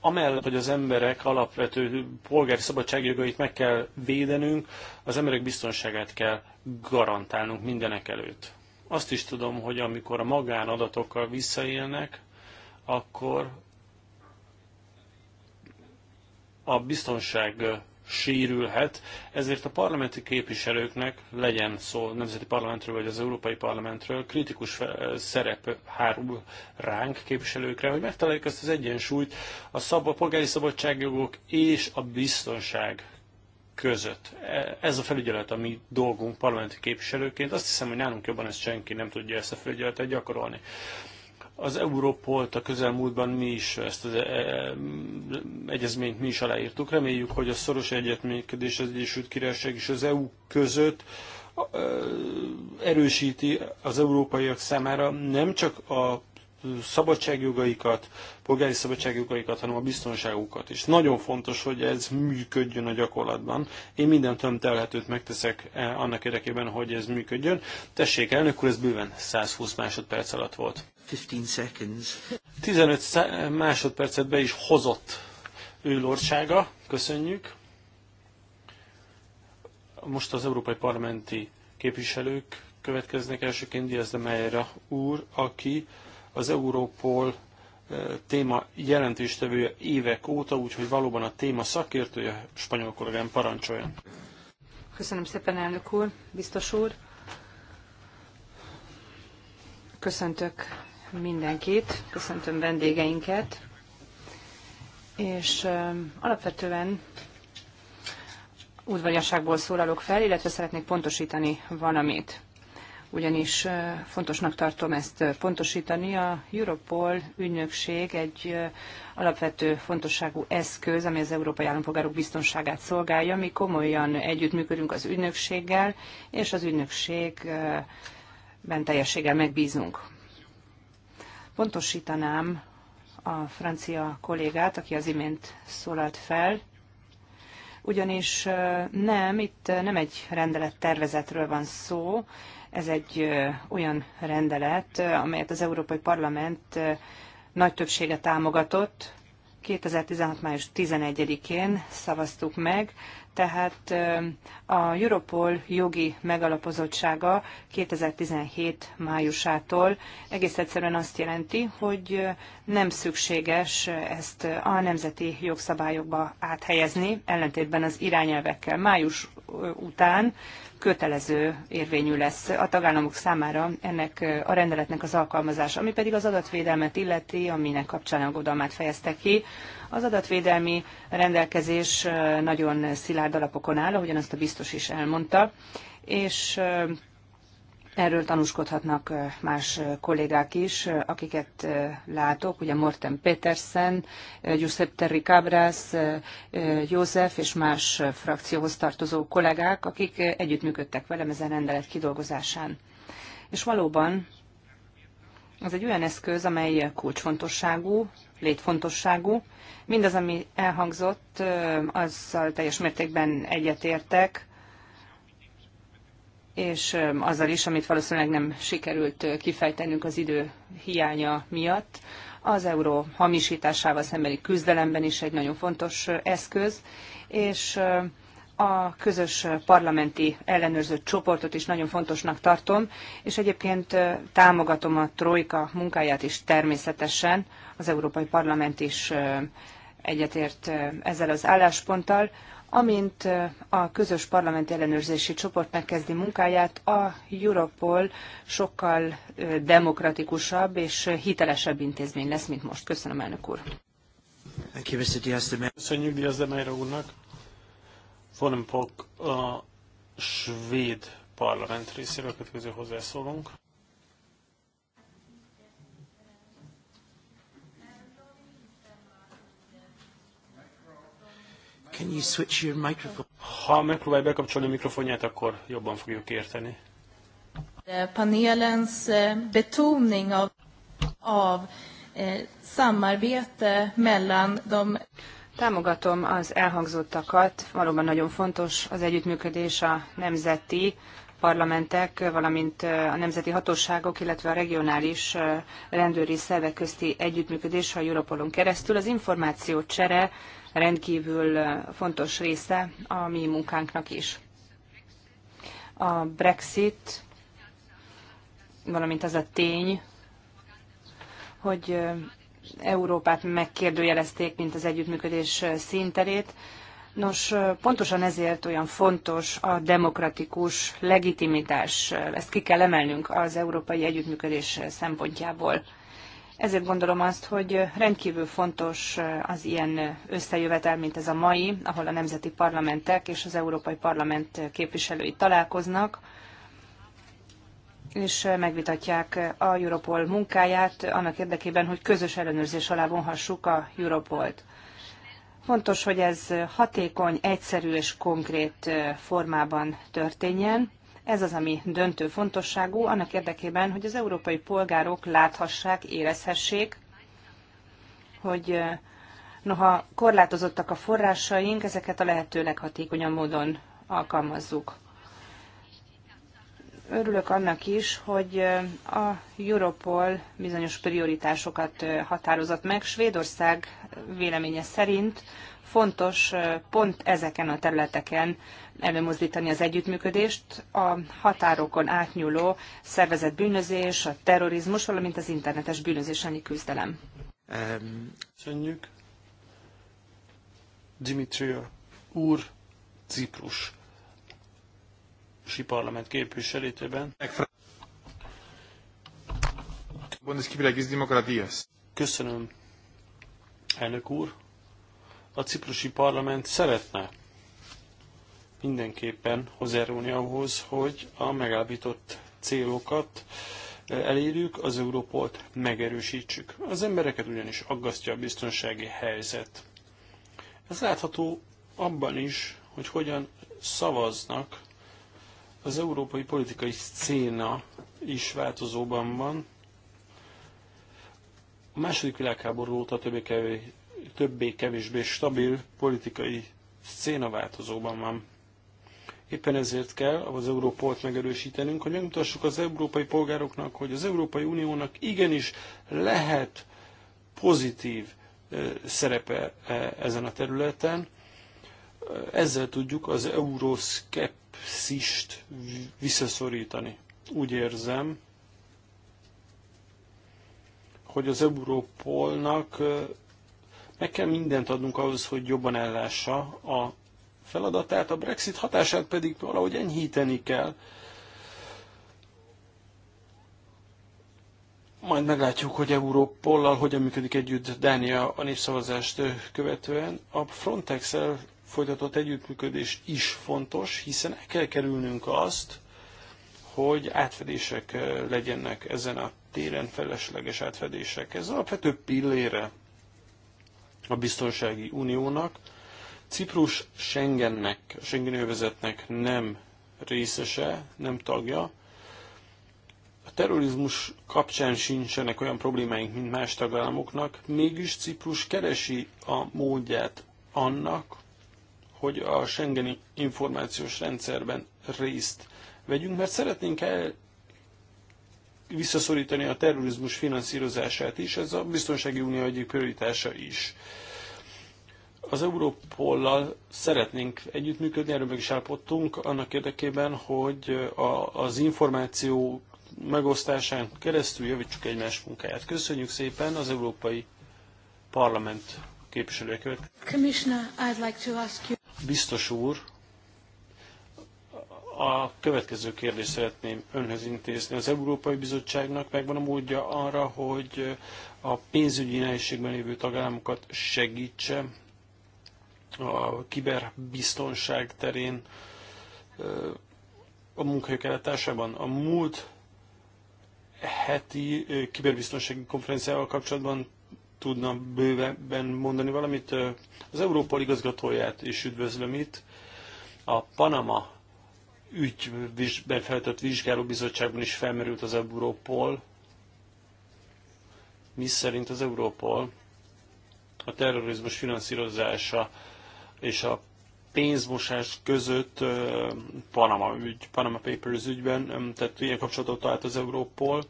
amellett, hogy az emberek alapvető polgári szabadságjogait meg kell védenünk, az emberek biztonságát kell garantálnunk mindenek előtt. Azt is tudom, hogy amikor a magánadatokkal visszaélnek, akkor a biztonság sérülhet, ezért a parlamenti képviselőknek legyen szó nemzeti parlamentről vagy az európai parlamentről, kritikus szerep hárul ránk képviselőkre, hogy megtaláljuk ezt az egyensúlyt a, szab a polgári szabadságjogok és a biztonság között. E- ez a felügyelet a mi dolgunk parlamenti képviselőként. Azt hiszem, hogy nálunk jobban ezt senki nem tudja ezt a felügyeletet gyakorolni. Az Európolt a közelmúltban mi is ezt az e, e, egyezményt mi is aláírtuk. Reméljük, hogy a szoros egyetménykedés az Egyesült Királyság és az EU között e, erősíti az európaiak számára nem csak a szabadságjogaikat, polgári szabadságjogaikat, hanem a biztonságukat is. Nagyon fontos, hogy ez működjön a gyakorlatban. Én minden tömtelhetőt telhetőt megteszek annak érdekében, hogy ez működjön. Tessék, elnök úr, ez bőven 120 másodperc alatt volt. 15 másodpercet be is hozott ő lordsága. Köszönjük. Most az európai parlamenti képviselők következnek. Elsőként Diaz de Meira úr, aki az Európol eh, téma jelentéstevője évek óta, úgyhogy valóban a téma szakértője, spanyol kollégám parancsoljon. Köszönöm szépen, elnök úr, biztos úr. Köszöntök mindenkit, köszöntöm vendégeinket, és alapvetően udvariasságból szólalok fel, illetve szeretnék pontosítani valamit. Ugyanis fontosnak tartom ezt pontosítani. A Europol ügynökség egy alapvető fontosságú eszköz, ami az európai állampolgárok biztonságát szolgálja. Mi komolyan együttműködünk az ügynökséggel, és az ügynökségben teljességgel megbízunk. Pontosítanám a francia kollégát, aki az imént szólalt fel, ugyanis nem, itt nem egy rendelettervezetről van szó, ez egy olyan rendelet, amelyet az Európai Parlament nagy többsége támogatott. 2016. május 11-én szavaztuk meg, tehát a Europol jogi megalapozottsága 2017 májusától egész egyszerűen azt jelenti, hogy nem szükséges ezt a nemzeti jogszabályokba áthelyezni, ellentétben az irányelvekkel. Május után kötelező érvényű lesz a tagállamok számára ennek a rendeletnek az alkalmazása, ami pedig az adatvédelmet illeti, aminek kapcsán aggodalmát fejezte ki az adatvédelmi rendelkezés nagyon szilárd alapokon áll, ahogyan azt a biztos is elmondta, és Erről tanúskodhatnak más kollégák is, akiket látok, ugye Morten Petersen, Giuseppe Ricabras, József és más frakcióhoz tartozó kollégák, akik együttműködtek velem ezen rendelet kidolgozásán. És valóban ez egy olyan eszköz, amely kulcsfontosságú, létfontosságú. Mindaz, ami elhangzott, azzal teljes mértékben egyetértek, és azzal is, amit valószínűleg nem sikerült kifejtenünk az idő hiánya miatt. Az euró hamisításával szembeni küzdelemben is egy nagyon fontos eszköz, és a közös parlamenti ellenőrző csoportot is nagyon fontosnak tartom, és egyébként támogatom a Trojka munkáját is természetesen az Európai Parlament is egyetért ezzel az állásponttal. Amint a közös parlament ellenőrzési csoport megkezdi munkáját, a Europol sokkal demokratikusabb és hitelesebb intézmény lesz, mint most. Köszönöm, elnök úr. Köszönjük Diaz de Meira úrnak. Fonen a svéd parlament részéről következő hozzászólunk. Can you switch your microphone? Ha megpróbálja bekapcsolni a mikrofonját, akkor jobban fogjuk érteni. Eh, panelens eh, betoning av, av eh, samarbete mellan de... Támogatom az elhangzottakat. Valóban nagyon fontos az együttműködés a nemzeti parlamentek, valamint eh, a nemzeti hatóságok, illetve a regionális rendőri szervek közti együttműködés a Europolon keresztül. Az információ csere rendkívül fontos része a mi munkánknak is. A Brexit, valamint az a tény, hogy Európát megkérdőjelezték, mint az együttműködés színterét. Nos, pontosan ezért olyan fontos a demokratikus legitimitás. Ezt ki kell emelnünk az európai együttműködés szempontjából. Ezért gondolom azt, hogy rendkívül fontos eh, az ilyen eh, összejövetel, mint ez a mai, ahol a nemzeti parlamentek és az Európai Parlament eh, képviselői találkoznak, és megvitatják a Europol munkáját annak érdekében, hogy közös ellenőrzés alá vonhassuk a Europolt. Fontos, hogy ez hatékony, egyszerű és konkrét formában történjen, ez az, ami döntő fontosságú annak érdekében, hogy az európai polgárok láthassák, érezhessék, hogy noha korlátozottak a forrásaink, ezeket a lehető leghatékonyabb módon alkalmazzuk. Örülök annak is, hogy a Europol bizonyos prioritásokat határozott meg. Svédország véleménye szerint fontos pont ezeken a területeken előmozdítani az együttműködést a határokon átnyúló szervezett bűnözés, a terrorizmus, valamint az internetes bűnözés elleni küzdelem. Köszönjük. Dimitri úr, Ciprus si parlament képviselőjében. Köszönöm, elnök úr. A ciprusi parlament szeretne mindenképpen hozzájárulni ahhoz, hogy a megállapított célokat elérjük, az Európolt megerősítsük. Az embereket ugyanis aggasztja a biztonsági helyzet. Ez látható abban is, hogy hogyan szavaznak az európai politikai széna is változóban van. A második világháború óta többé-kevésbé többé stabil politikai széna változóban van. Éppen ezért kell az Európolt megerősítenünk, hogy megmutassuk az európai polgároknak, hogy az Európai Uniónak igenis lehet pozitív szerepe ezen a területen. Ezzel tudjuk az euroszkepszist visszaszorítani. Úgy érzem, hogy az Európolnak meg kell mindent adnunk ahhoz, hogy jobban ellássa a feladatát, a Brexit hatását pedig valahogy enyhíteni kell. Majd meglátjuk, hogy Európollal hogyan működik együtt Dánia a népszavazást követően. A frontex folytatott együttműködés is fontos, hiszen el kell kerülnünk azt, hogy átfedések legyenek ezen a téren, felesleges átfedések. Ez alapvető pillére a biztonsági uniónak, Ciprus Schengennek, Schengen övezetnek nem részese, nem tagja. A terrorizmus kapcsán sincsenek olyan problémáink, mint más tagállamoknak, mégis Ciprus keresi a módját annak, hogy a Schengeni információs rendszerben részt vegyünk, mert szeretnénk el visszaszorítani a terrorizmus finanszírozását is, ez a biztonsági unió egyik prioritása is. Az Európollal szeretnénk együttműködni, erről meg is állapodtunk, annak érdekében, hogy a, az információ megosztásán keresztül javítsuk egymás munkáját. Köszönjük szépen az Európai Parlament ask you. Biztos úr, a következő kérdést szeretném önhöz intézni. Az Európai Bizottságnak megvan a módja arra, hogy a pénzügyi nehézségben lévő tagállamokat segítse a kiberbiztonság terén a munkahelyek ellátásában. A múlt heti kiberbiztonsági konferenciával kapcsolatban tudna bővebben mondani valamit. Az Európa igazgatóját is üdvözlöm itt. A Panama ügyben feltett vizsgálóbizottságban is felmerült az Európol, mi szerint az Európol a terrorizmus finanszírozása és a pénzmosás között Panama, ügy, Panama Papers ügyben, tehát ilyen kapcsolatot talált az Európol.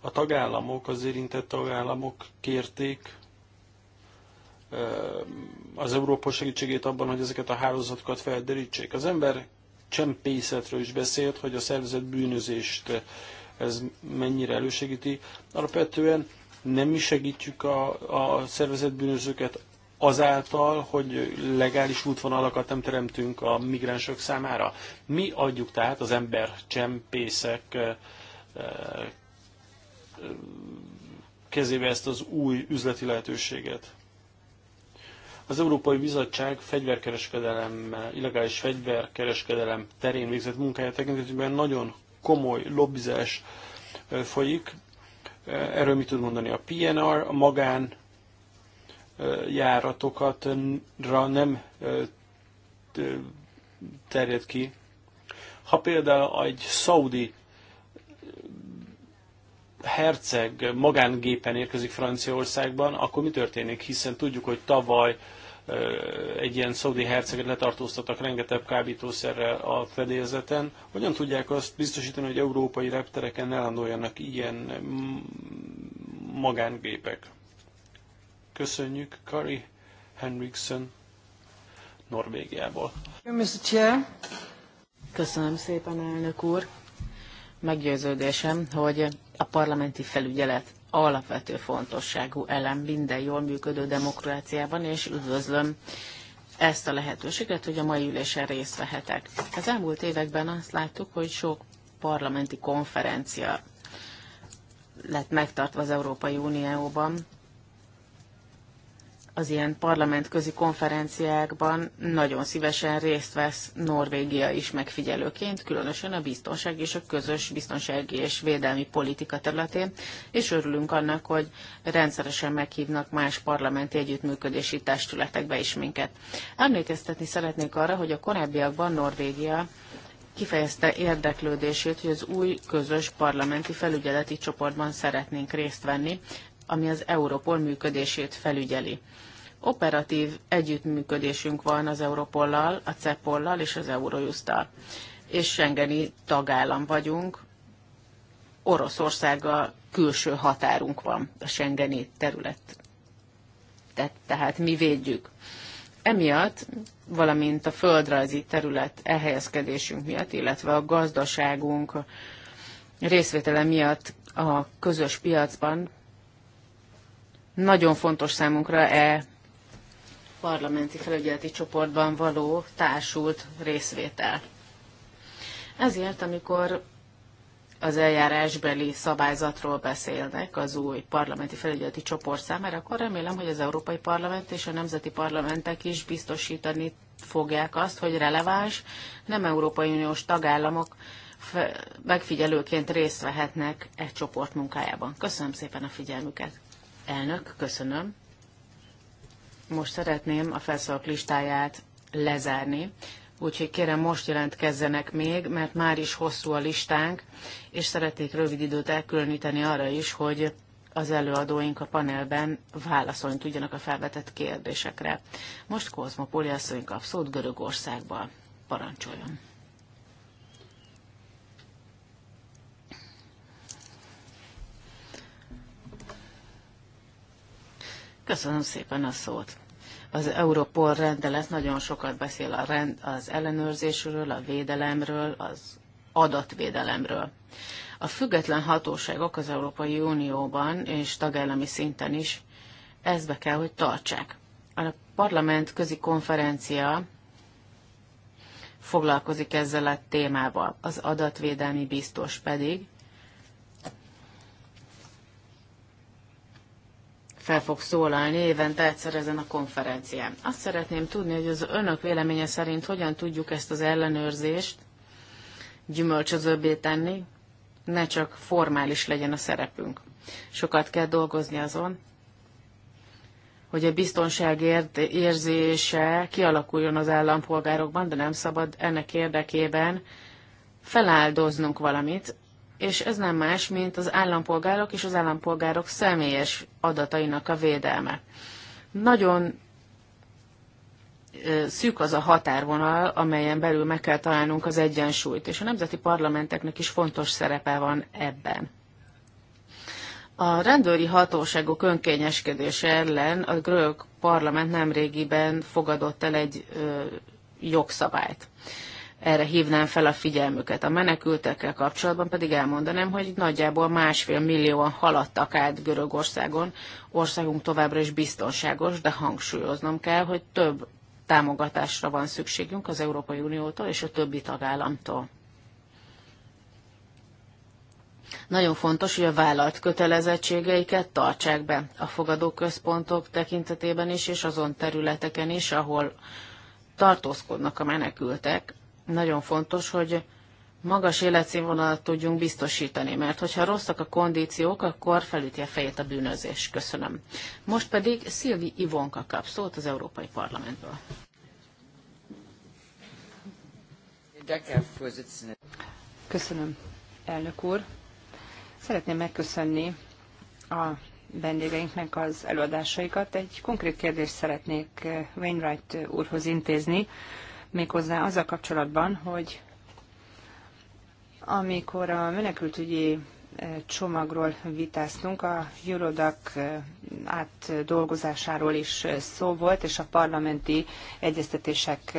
A tagállamok, az érintett tagállamok kérték az Európa segítségét abban, hogy ezeket a hálózatokat felderítsék. Az ember csempészetről is beszélt, hogy a szervezet bűnözést ez mennyire elősegíti. Alapvetően nem mi segítjük a, a szervezet bűnözőket azáltal, hogy legális útvonalakat nem teremtünk a migránsok számára. Mi adjuk tehát az ember csempészek kezébe ezt az új üzleti lehetőséget. Az Európai Bizottság fegyverkereskedelem, illegális fegyverkereskedelem terén végzett munkája tekintetében nagyon komoly lobbizás folyik. Erről mit tud mondani a PNR, a magán járatokatra nem terjed ki. Ha például egy szaudi herceg magángépen érkezik Franciaországban, akkor mi történik? Hiszen tudjuk, hogy tavaly egy ilyen szaudi herceget letartóztattak rengeteg kábítószerrel a fedélzeten. Hogyan tudják azt biztosítani, hogy európai reptereken ne landoljanak ilyen mm, magángépek? Köszönjük, Kari Henriksen Norvégiából. Köszönöm szépen, elnök úr. Meggyőződésem, hogy a parlamenti felügyelet alapvető fontosságú elem minden jól működő demokráciában, és üdvözlöm ezt a lehetőséget, hogy a mai ülésen részt vehetek. Az elmúlt években azt láttuk, hogy sok parlamenti konferencia lett megtartva az Európai Unióban, az ilyen parlamentközi konferenciákban nagyon szívesen részt vesz Norvégia is megfigyelőként, különösen a biztonság és a közös biztonsági és védelmi politika területén, és örülünk annak, hogy rendszeresen meghívnak más parlamenti együttműködési testületekbe is minket. Emlékeztetni szeretnék arra, hogy a korábbiakban Norvégia kifejezte érdeklődését, hogy az új közös parlamenti felügyeleti csoportban szeretnénk részt venni, ami az Europol működését felügyeli operatív együttműködésünk van az Europollal, a Cepollal és az Eurojusztal. És Schengeni tagállam vagyunk, Oroszországgal külső határunk van a Schengeni terület. Te, tehát mi védjük. Emiatt, valamint a földrajzi terület elhelyezkedésünk miatt, illetve a gazdaságunk részvétele miatt a közös piacban nagyon fontos számunkra e parlamenti felügyeleti csoportban való társult részvétel. Ezért, amikor az eljárásbeli szabályzatról beszélnek az új parlamenti felügyeleti csoport számára, akkor remélem, hogy az Európai Parlament és a nemzeti parlamentek is biztosítani fogják azt, hogy releváns, nem Európai Uniós tagállamok megfigyelőként részt vehetnek egy csoport munkájában. Köszönöm szépen a figyelmüket. Elnök, köszönöm. Most szeretném a felszólalók listáját lezárni, úgyhogy kérem most jelentkezzenek még, mert már is hosszú a listánk, és szeretnék rövid időt elkülöníteni arra is, hogy az előadóink a panelben válaszolni tudjanak a felvetett kérdésekre. Most Kozmopoli asszony kap szót görögországban Parancsoljon! Köszönöm szépen a szót. Az Europol rendelet nagyon sokat beszél a rend, az ellenőrzésről, a védelemről, az adatvédelemről. A független hatóságok az Európai Unióban és tagállami szinten is ezbe kell, hogy tartsák. A parlament közi konferencia foglalkozik ezzel a témával. Az adatvédelmi biztos pedig fel fog szólalni évente egyszer ezen a konferencián. Azt szeretném tudni, hogy az önök véleménye szerint hogyan tudjuk ezt az ellenőrzést gyümölcsözőbbé tenni, ne csak formális legyen a szerepünk. Sokat kell dolgozni azon, hogy a biztonság érzése kialakuljon az állampolgárokban, de nem szabad ennek érdekében feláldoznunk valamit, és ez nem más, mint az állampolgárok és az állampolgárok személyes adatainak a védelme. Nagyon szűk az a határvonal, amelyen belül meg kell találnunk az egyensúlyt, és a nemzeti parlamenteknek is fontos szerepe van ebben. A rendőri hatóságok önkényeskedése ellen a görög parlament nemrégiben fogadott el egy ö, jogszabályt erre hívnám fel a figyelmüket. A menekültekkel kapcsolatban pedig elmondanám, hogy nagyjából másfél millióan haladtak át Görögországon. Országunk továbbra is biztonságos, de hangsúlyoznom kell, hogy több támogatásra van szükségünk az Európai Uniótól és a többi tagállamtól. Nagyon fontos, hogy a vállalt kötelezettségeiket tartsák be a fogadóközpontok tekintetében is, és azon területeken is, ahol tartózkodnak a menekültek, nagyon fontos, hogy magas életszínvonalat tudjunk biztosítani, mert hogyha rosszak a kondíciók, akkor felüti a fejét a bűnözés. Köszönöm. Most pedig Szilvi Ivonka kap szót az Európai Parlamentből. Köszönöm, elnök úr. Szeretném megköszönni a vendégeinknek az előadásaikat. Egy konkrét kérdést szeretnék Wainwright úrhoz intézni méghozzá a kapcsolatban, hogy amikor a menekültügyi eh, csomagról vitáztunk, a Eurodac eh, átdolgozásáról is eh, szó volt, és a parlamenti egyeztetések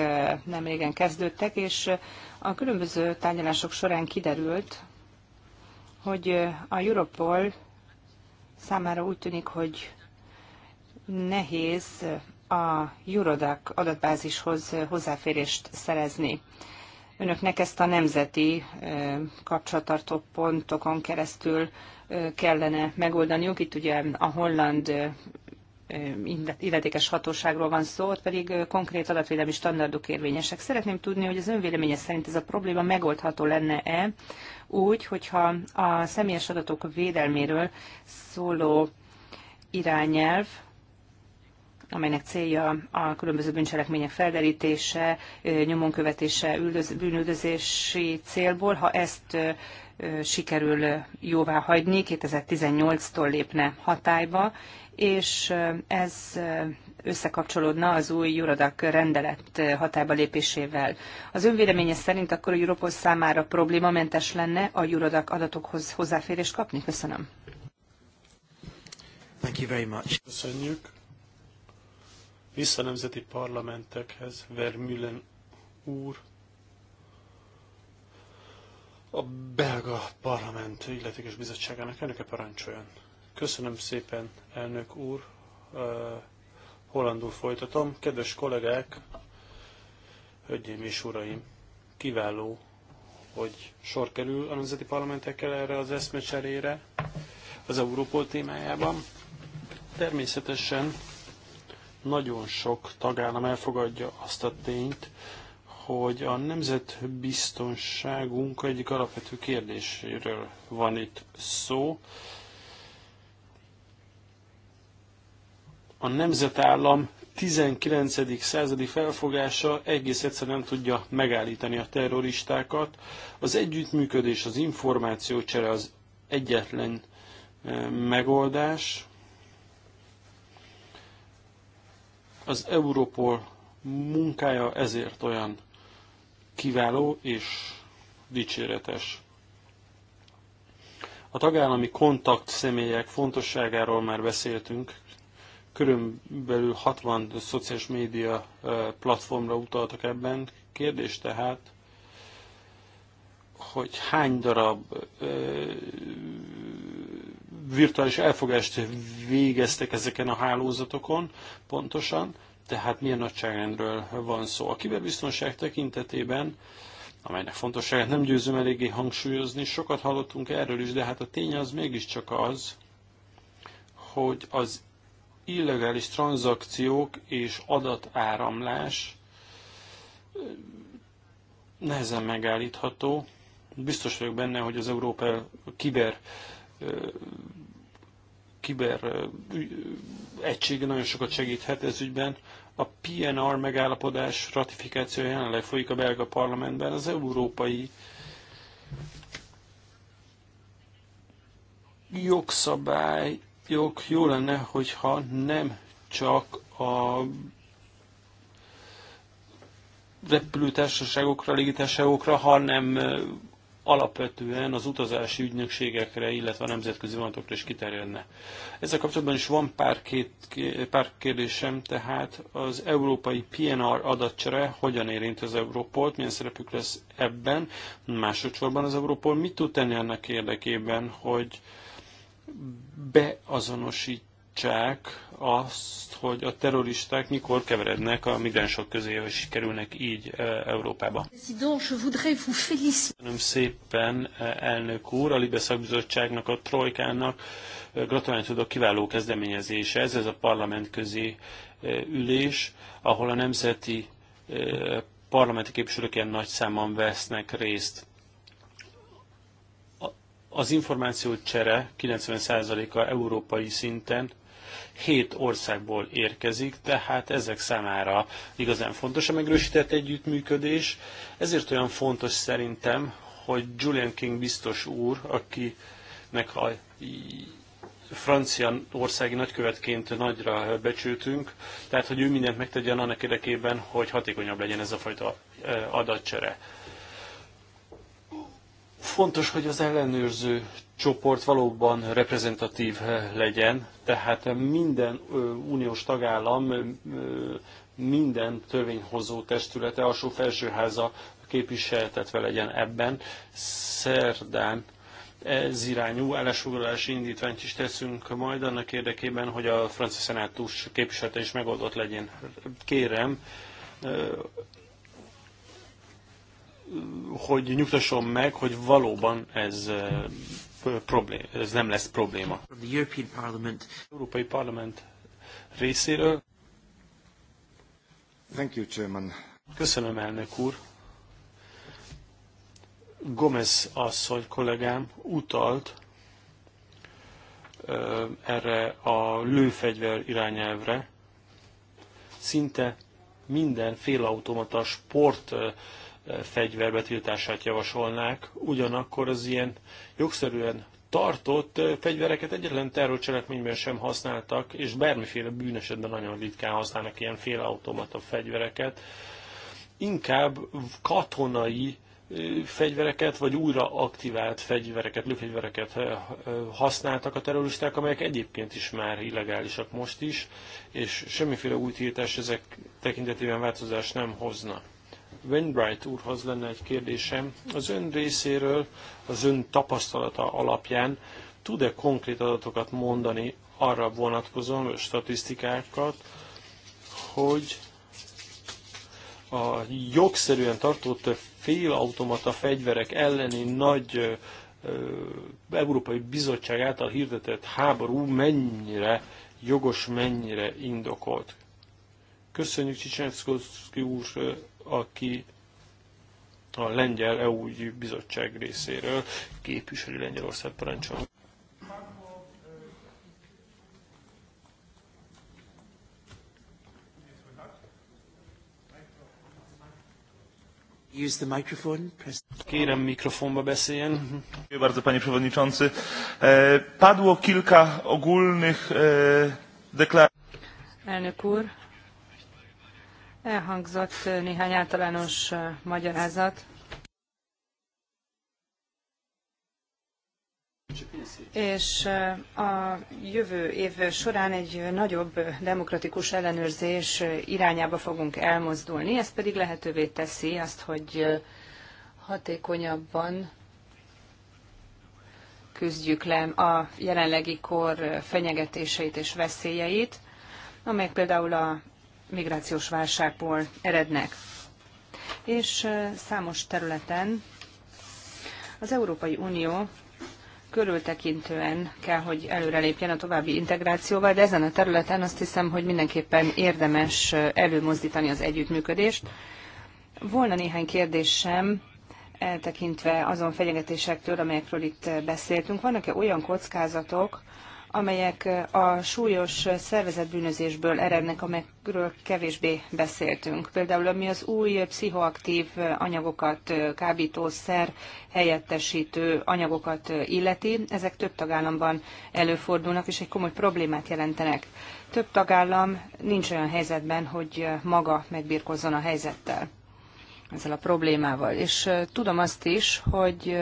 nem régen kezdődtek, és a különböző tárgyalások során kiderült, hogy a Europol számára úgy tűnik, hogy nehéz a Eurodac adatbázishoz hozzáférést szerezni. Önöknek ezt a nemzeti kapcsolattartó pontokon keresztül kellene megoldaniuk. Itt ugye a holland illetékes hatóságról van szó, ott pedig konkrét adatvédelmi standardok érvényesek. Szeretném tudni, hogy az önvéleménye szerint ez a probléma megoldható lenne-e úgy, hogyha a személyes adatok védelméről szóló irányelv amelynek célja a különböző bűncselekmények felderítése, nyomonkövetése, bűnüldözési célból. Ha ezt sikerül jóvá hagyni, 2018-tól lépne hatályba, és ez összekapcsolódna az új Juradak rendelet hatályba lépésével. Az önvéleménye szerint akkor a Europol számára problémamentes lenne a Juradak adatokhoz hozzáférést kapni? Köszönöm. Thank you very much. Köszönjük vissza nemzeti parlamentekhez, Vermülen úr, a belga parlament illetékes bizottságának elnöke parancsoljon. Köszönöm szépen, elnök úr. Uh, hollandul folytatom. Kedves kollégák, hölgyeim és uraim, kiváló, hogy sor kerül a nemzeti parlamentekkel erre az eszmecserére az Európol témájában. Természetesen nagyon sok tagállam elfogadja azt a tényt, hogy a nemzetbiztonságunk egyik alapvető kérdéséről van itt szó. A nemzetállam 19. századi felfogása egész egyszerűen nem tudja megállítani a terroristákat. Az együttműködés, az információcsere az egyetlen eh, megoldás, Az Europol munkája ezért olyan kiváló és dicséretes. A tagállami kontakt személyek fontosságáról már beszéltünk, körülbelül 60 szociális média platformra utaltak ebben. Kérdés tehát, hogy hány darab virtuális elfogást végeztek ezeken a hálózatokon pontosan, tehát milyen nagyságrendről van szó. A kiberbiztonság tekintetében, amelynek fontosságát nem győzöm eléggé hangsúlyozni, sokat hallottunk erről is, de hát a tény az mégiscsak az, hogy az illegális tranzakciók és adatáramlás nehezen megállítható. Biztos vagyok benne, hogy az Európa kiber kiber egység nagyon sokat segíthet ez ügyben. A PNR megállapodás ratifikációja jelenleg folyik a belga parlamentben. Az európai jogszabály jog jó lenne, hogyha nem csak a repülőtársaságokra, légitársaságokra, hanem alapvetően az utazási ügynökségekre, illetve a nemzetközi vonatokra is kiterjedne. Ezzel kapcsolatban is van pár, két, pár kérdésem, tehát az európai PNR adatcsere hogyan érint az Európolt, milyen szerepük lesz ebben, másodszorban az Európol mit tud tenni annak érdekében, hogy beazonosít megtiltsák azt, hogy a terroristák mikor keverednek a migránsok közé, és kerülnek így e, Európába. Köszönöm szépen, e, elnök úr, a Libe szakbizottságnak, a Trojkának e, gratulálni tudok kiváló kezdeményezése. Ez, ez a parlament közé ülés, ahol a nemzeti parlamenti képviselők ilyen nagy számon vesznek részt az információcsere 90%-a európai szinten hét országból érkezik, tehát ezek számára igazán fontos a megrősített együttműködés. Ezért olyan fontos szerintem, hogy Julian King biztos úr, akinek a országi nagykövetként nagyra becsültünk, tehát hogy ő mindent megtegyen annak érdekében, hogy hatékonyabb legyen ez a fajta eh, adatcsere. Fontos, hogy az ellenőrző csoport valóban reprezentatív eh, legyen, tehát minden eh, uniós tagállam, eh, minden törvényhozó testülete, alsó-felsőháza képviseltetve legyen ebben. Szerdán ez irányú állásfoglalási indítványt is teszünk majd annak érdekében, hogy a francia szenátus képviselete is megoldott legyen. Kérem, hogy nyugtasson meg, hogy valóban ez, ez nem lesz probléma. Parliament. Az Európai Parlament részéről. Thank you, Chairman. Köszönöm, elnök úr. Gomez asszony kollégám utalt erre a lőfegyver irányelvre. Szinte minden félautomata sport fegyver betiltását javasolnák, ugyanakkor az ilyen jogszerűen tartott fegyvereket egyetlen terrorcselekményben sem használtak, és bármiféle bűnesetben nagyon ritkán használnak ilyen félautomata fegyvereket. Inkább katonai fegyvereket, vagy újra aktivált fegyvereket, lőfegyvereket használtak a terroristák, amelyek egyébként is már illegálisak most is, és semmiféle új tiltás ezek tekintetében változás nem hozna. Wainwright úrhoz lenne egy kérdésem. Az ön részéről, az ön tapasztalata alapján tud-e konkrét adatokat mondani arra vonatkozóan, vagy statisztikákat, hogy a jogszerűen tartott félautomata fegyverek elleni nagy Európai Bizottság által hirdetett háború mennyire jogos, mennyire indokolt. Köszönjük Csicsenszkowski úr aki a lengyel EU bizottság részéről képviseli Lengyelország parancsol. Use the microphone. Press... Kérem mikrofonba beszéljen. Dziękuję bardzo panie przewodniczący. E, padło kilka ogólnych e, deklaracji. Elnök úr, Elhangzott néhány általános magyarázat. És a jövő év során egy nagyobb demokratikus ellenőrzés irányába fogunk elmozdulni, ez pedig lehetővé teszi azt, hogy hatékonyabban küzdjük le a jelenlegi kor fenyegetéseit és veszélyeit, amelyek például a migrációs válságból erednek. És számos területen az Európai Unió körültekintően kell, hogy előrelépjen a további integrációval, de ezen a területen azt hiszem, hogy mindenképpen érdemes előmozdítani az együttműködést. Volna néhány kérdésem, eltekintve azon fenyegetésektől, amelyekről itt beszéltünk. Vannak-e olyan kockázatok, amelyek a súlyos szervezetbűnözésből erednek, amelyekről kevésbé beszéltünk. Például ami az új pszichoaktív anyagokat, kábítószer helyettesítő anyagokat illeti, ezek több tagállamban előfordulnak, és egy komoly problémát jelentenek. Több tagállam nincs olyan helyzetben, hogy maga megbírkozzon a helyzettel, ezzel a problémával. És tudom azt is, hogy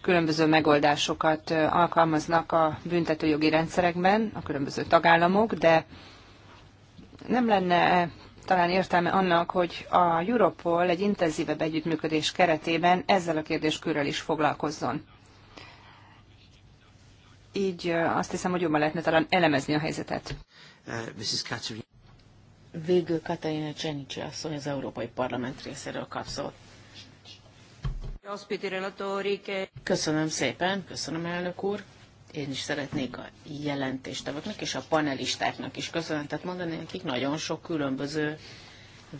különböző megoldásokat alkalmaznak a büntetőjogi rendszerekben a különböző tagállamok, de nem lenne talán értelme annak, hogy a Europol egy intenzívebb együttműködés keretében ezzel a kérdéskörrel is foglalkozzon. Így azt hiszem, hogy jobban lehetne talán elemezni a helyzetet. Eh, Mrs. Végül Katarina Csenicsi asszony az Európai Parlament részéről kapszott. Köszönöm szépen, köszönöm elnök úr. Én is szeretnék a jelentéstevőknek és a panelistáknak is köszönetet mondani, akik nagyon sok különböző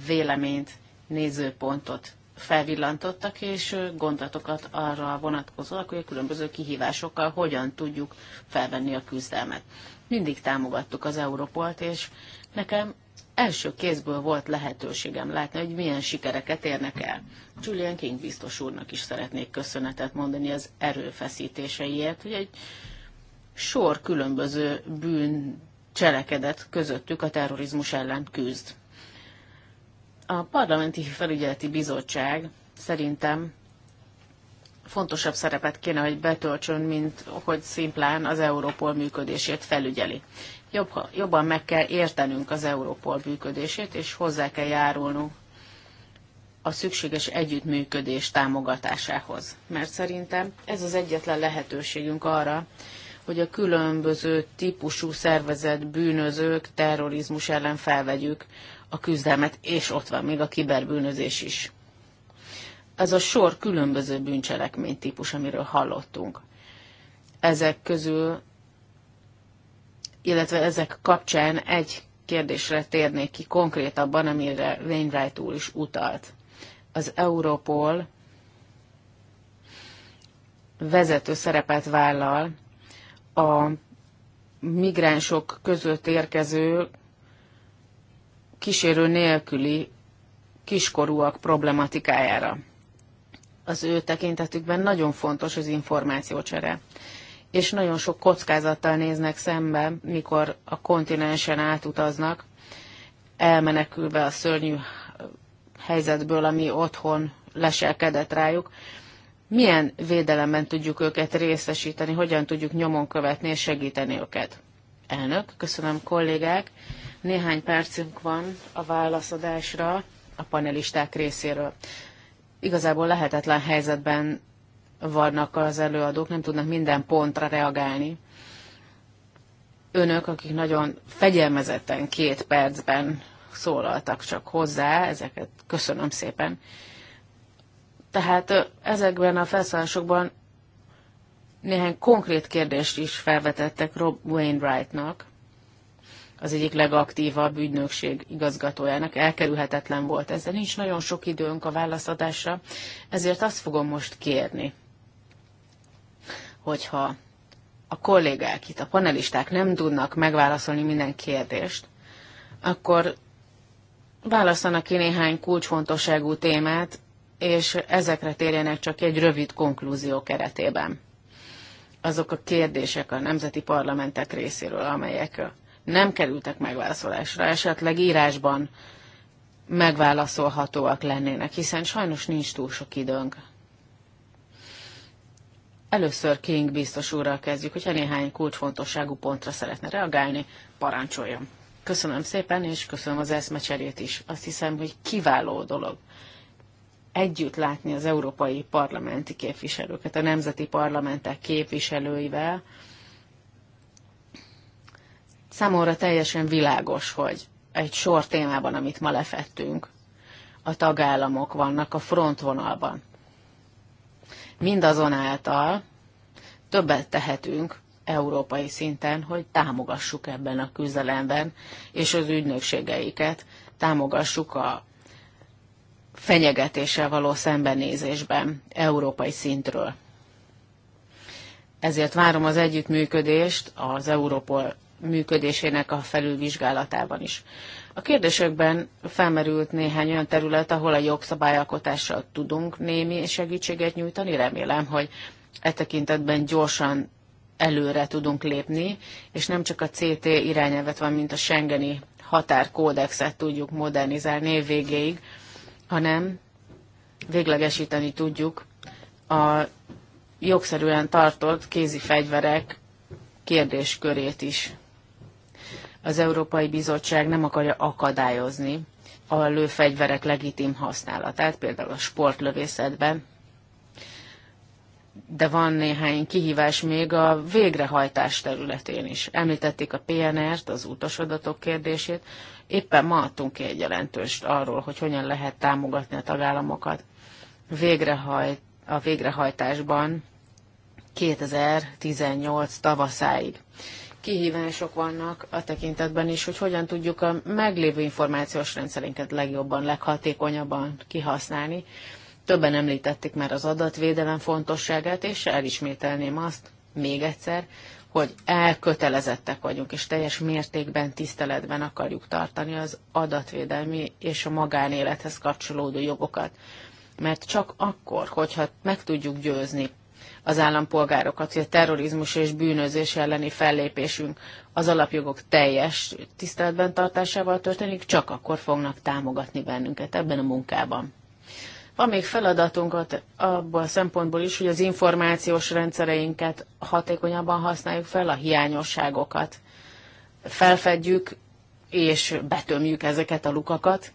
véleményt, nézőpontot felvillantottak, és gondolatokat arra vonatkozóak, hogy a különböző kihívásokkal hogyan tudjuk felvenni a küzdelmet. Mindig támogattuk az Európolt, és nekem első kézből volt lehetőségem látni, hogy milyen sikereket érnek el. Julian King biztos úrnak is szeretnék köszönetet mondani az erőfeszítéseiért, hogy egy sor különböző bűn cselekedet közöttük a terrorizmus ellen küzd. A Parlamenti Felügyeleti Bizottság szerintem fontosabb szerepet kéne, hogy betöltsön, mint hogy szimplán az Európol működését felügyeli jobb, jobban meg kell értenünk az Európol működését, és hozzá kell járulnunk a szükséges együttműködés támogatásához. Mert szerintem ez az egyetlen lehetőségünk arra, hogy a különböző típusú szervezet bűnözők terrorizmus ellen felvegyük a küzdelmet, és ott van még a kiberbűnözés is. Ez a sor különböző bűncselekmény típus, amiről hallottunk. Ezek közül illetve ezek kapcsán egy kérdésre térnék ki konkrétabban, amire Wainwright úr is utalt. Az Europol vezető szerepet vállal a migránsok között érkező kísérő nélküli kiskorúak problematikájára. Az ő tekintetükben nagyon fontos az információcsere és nagyon sok kockázattal néznek szembe, mikor a kontinensen átutaznak, elmenekülve a szörnyű helyzetből, ami otthon leselkedett rájuk. Milyen védelemben tudjuk őket részesíteni, hogyan tudjuk nyomon követni és segíteni őket? Elnök, köszönöm kollégák. Néhány percünk van a válaszadásra a panelisták részéről. Igazából lehetetlen helyzetben vannak az előadók, nem tudnak minden pontra reagálni. Önök, akik nagyon fegyelmezetten két percben szólaltak csak hozzá, ezeket köszönöm szépen. Tehát ezekben a felszállásokban néhány konkrét kérdést is felvetettek Rob Wainwrightnak, az egyik legaktívabb ügynökség igazgatójának. Elkerülhetetlen volt ez, de nincs nagyon sok időnk a válaszadásra, ezért azt fogom most kérni, hogyha a kollégák itt, a panelisták nem tudnak megválaszolni minden kérdést, akkor válaszolnak ki néhány kulcsfontosságú témát, és ezekre térjenek csak egy rövid konklúzió keretében. Azok a kérdések a nemzeti parlamentek részéről, amelyek nem kerültek megválaszolásra, esetleg írásban megválaszolhatóak lennének, hiszen sajnos nincs túl sok időnk Először King biztos úrral kezdjük, hogyha néhány kulcsfontosságú pontra szeretne reagálni, parancsoljon. Köszönöm szépen, és köszönöm az eszmecserét is. Azt hiszem, hogy kiváló dolog együtt látni az európai parlamenti képviselőket, a nemzeti parlamentek képviselőivel. Számomra teljesen világos, hogy egy sor témában, amit ma lefettünk, a tagállamok vannak a frontvonalban. Mindazonáltal többet tehetünk európai szinten, hogy támogassuk ebben a küzdelemben, és az ügynökségeiket támogassuk a fenyegetéssel való szembenézésben európai szintről. Ezért várom az együttműködést az Európol működésének a felülvizsgálatában is. A kérdésekben felmerült néhány olyan terület, ahol a jogszabályalkotással tudunk némi segítséget nyújtani. Remélem, hogy e tekintetben gyorsan előre tudunk lépni, és nem csak a CT irányelvet van, mint a Schengeni határkódexet tudjuk modernizálni végéig, hanem véglegesíteni tudjuk a jogszerűen tartott kézi fegyverek kérdéskörét is az Európai Bizottság nem akarja akadályozni a lőfegyverek legitim használatát, például a sportlövészetben, de van néhány kihívás még a végrehajtás területén is. Említették a PNR-t, az utasadatok kérdését. Éppen ma adtunk ki egy jelentőst arról, hogy hogyan lehet támogatni a tagállamokat. Végrehajt, a végrehajtásban 2018 tavaszáig kihívások vannak a tekintetben is, hogy hogyan tudjuk a meglévő információs rendszerinket legjobban, leghatékonyabban kihasználni. Többen említették már az adatvédelem fontosságát, és elismételném azt még egyszer, hogy elkötelezettek vagyunk, és teljes mértékben tiszteletben akarjuk tartani az adatvédelmi és a magánélethez kapcsolódó jogokat. Mert csak akkor, hogyha meg tudjuk győzni az állampolgárokat, hogy a terrorizmus és bűnözés elleni fellépésünk az alapjogok teljes tiszteletben tartásával történik, csak akkor fognak támogatni bennünket ebben a munkában. Van még feladatunkat abban a szempontból is, hogy az információs rendszereinket hatékonyabban használjuk fel, a hiányosságokat felfedjük, és betömjük ezeket a lukakat,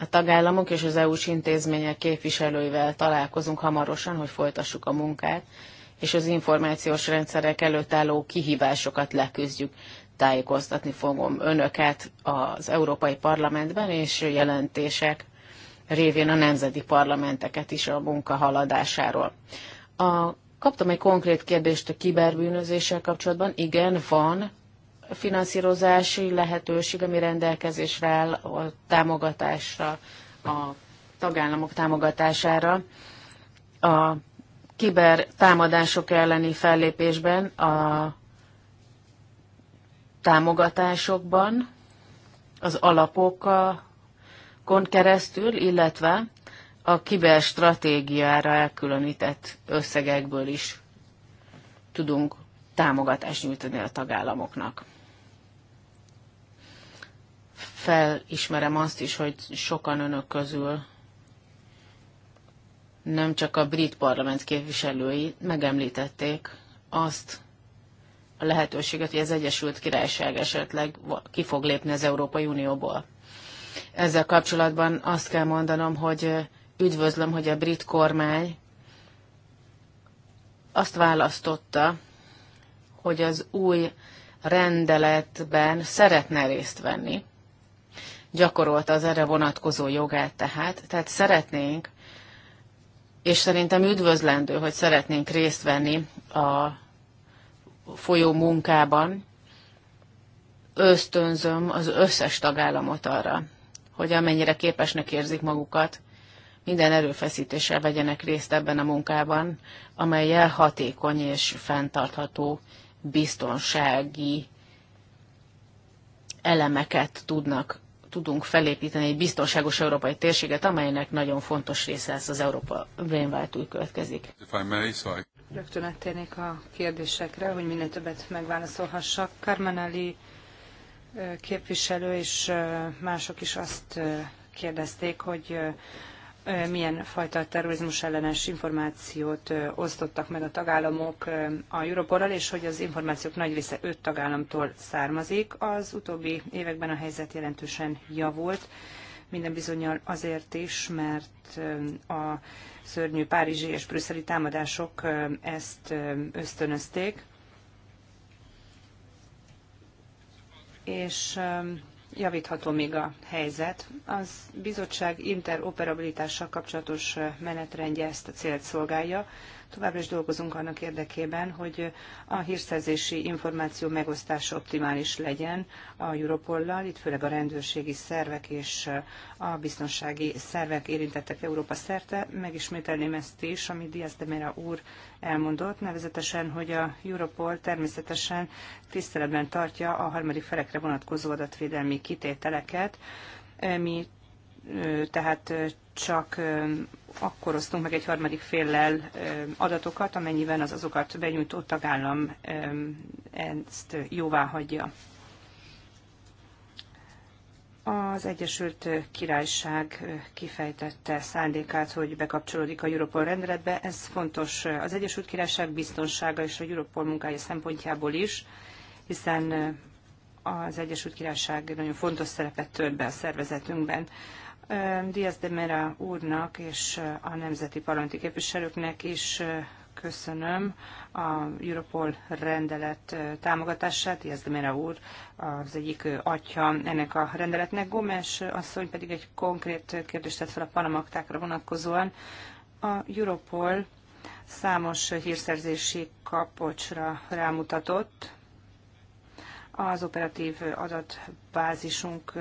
A tagállamok és az EU-s intézmények képviselőivel találkozunk hamarosan, hogy folytassuk a munkát, és az információs rendszerek előtt álló kihívásokat leküzdjük. Tájékoztatni fogom önöket az Európai Parlamentben, és jelentések révén a nemzeti parlamenteket is a munka haladásáról. A, kaptam egy konkrét kérdést a kiberbűnözéssel kapcsolatban. Igen, van finanszírozási lehetőség, ami rendelkezésre áll a támogatásra, a tagállamok támogatására, a kiber támadások elleni fellépésben, a támogatásokban, az alapokon keresztül, illetve a stratégiára elkülönített összegekből is tudunk támogatást nyújtani a tagállamoknak felismerem azt is, hogy sokan önök közül nem csak a brit parlament képviselői megemlítették azt a lehetőséget, hogy az Egyesült Királyság esetleg ki fog lépni az Európai Unióból. Ezzel kapcsolatban azt kell mondanom, hogy üdvözlöm, hogy a brit kormány azt választotta, hogy az új rendeletben szeretne részt venni, gyakorolta az erre vonatkozó jogát tehát. Tehát szeretnénk, és szerintem üdvözlendő, hogy szeretnénk részt venni a folyó munkában. Ösztönzöm az összes tagállamot arra, hogy amennyire képesnek érzik magukat, minden erőfeszítéssel vegyenek részt ebben a munkában, amelyel hatékony és fenntartható biztonsági elemeket tudnak tudunk felépíteni egy biztonságos európai térséget, amelynek nagyon fontos része ez az Európa Vénváltúj következik. Rögtön áttérnék a kérdésekre, hogy minél többet megválaszolhassak. Carmen képviselő és mások is azt kérdezték, hogy milyen fajta terrorizmus ellenes információt osztottak meg a tagállamok a Europolral, és hogy az információk nagy része öt tagállamtól származik. Az utóbbi években a helyzet jelentősen javult, minden bizonyal azért is, mert a szörnyű párizsi és brüsszeli támadások ezt ösztönözték. És javítható még a helyzet. Az bizottság interoperabilitással kapcsolatos menetrendje ezt a célt szolgálja, Továbbra is dolgozunk annak érdekében, hogy a hírszerzési információ megosztása optimális legyen a Europollal, itt főleg a rendőrségi szervek és a biztonsági szervek érintettek Európa szerte. Megismételném ezt is, amit Diaz de Mera úr elmondott, nevezetesen, hogy a Europol természetesen tiszteletben tartja a harmadik felekre vonatkozó adatvédelmi kitételeket, mi tehát csak akkor osztunk meg egy harmadik féllel adatokat, amennyiben az azokat benyújtó tagállam ezt jóvá hagyja. Az Egyesült Királyság kifejtette szándékát, hogy bekapcsolódik a Europol rendeletbe. Ez fontos az Egyesült Királyság biztonsága és a Europol munkája szempontjából is, hiszen az Egyesült Királyság nagyon fontos szerepet tölt be a szervezetünkben. Diaz de Mera úrnak és a nemzeti parlamenti képviselőknek is köszönöm a Europol rendelet támogatását. Diaz de Mera úr az egyik atya ennek a rendeletnek. Gomes asszony pedig egy konkrét kérdést tett fel a panamaktákra vonatkozóan. A Europol számos hírszerzési kapocsra rámutatott, az operatív adatbázisunk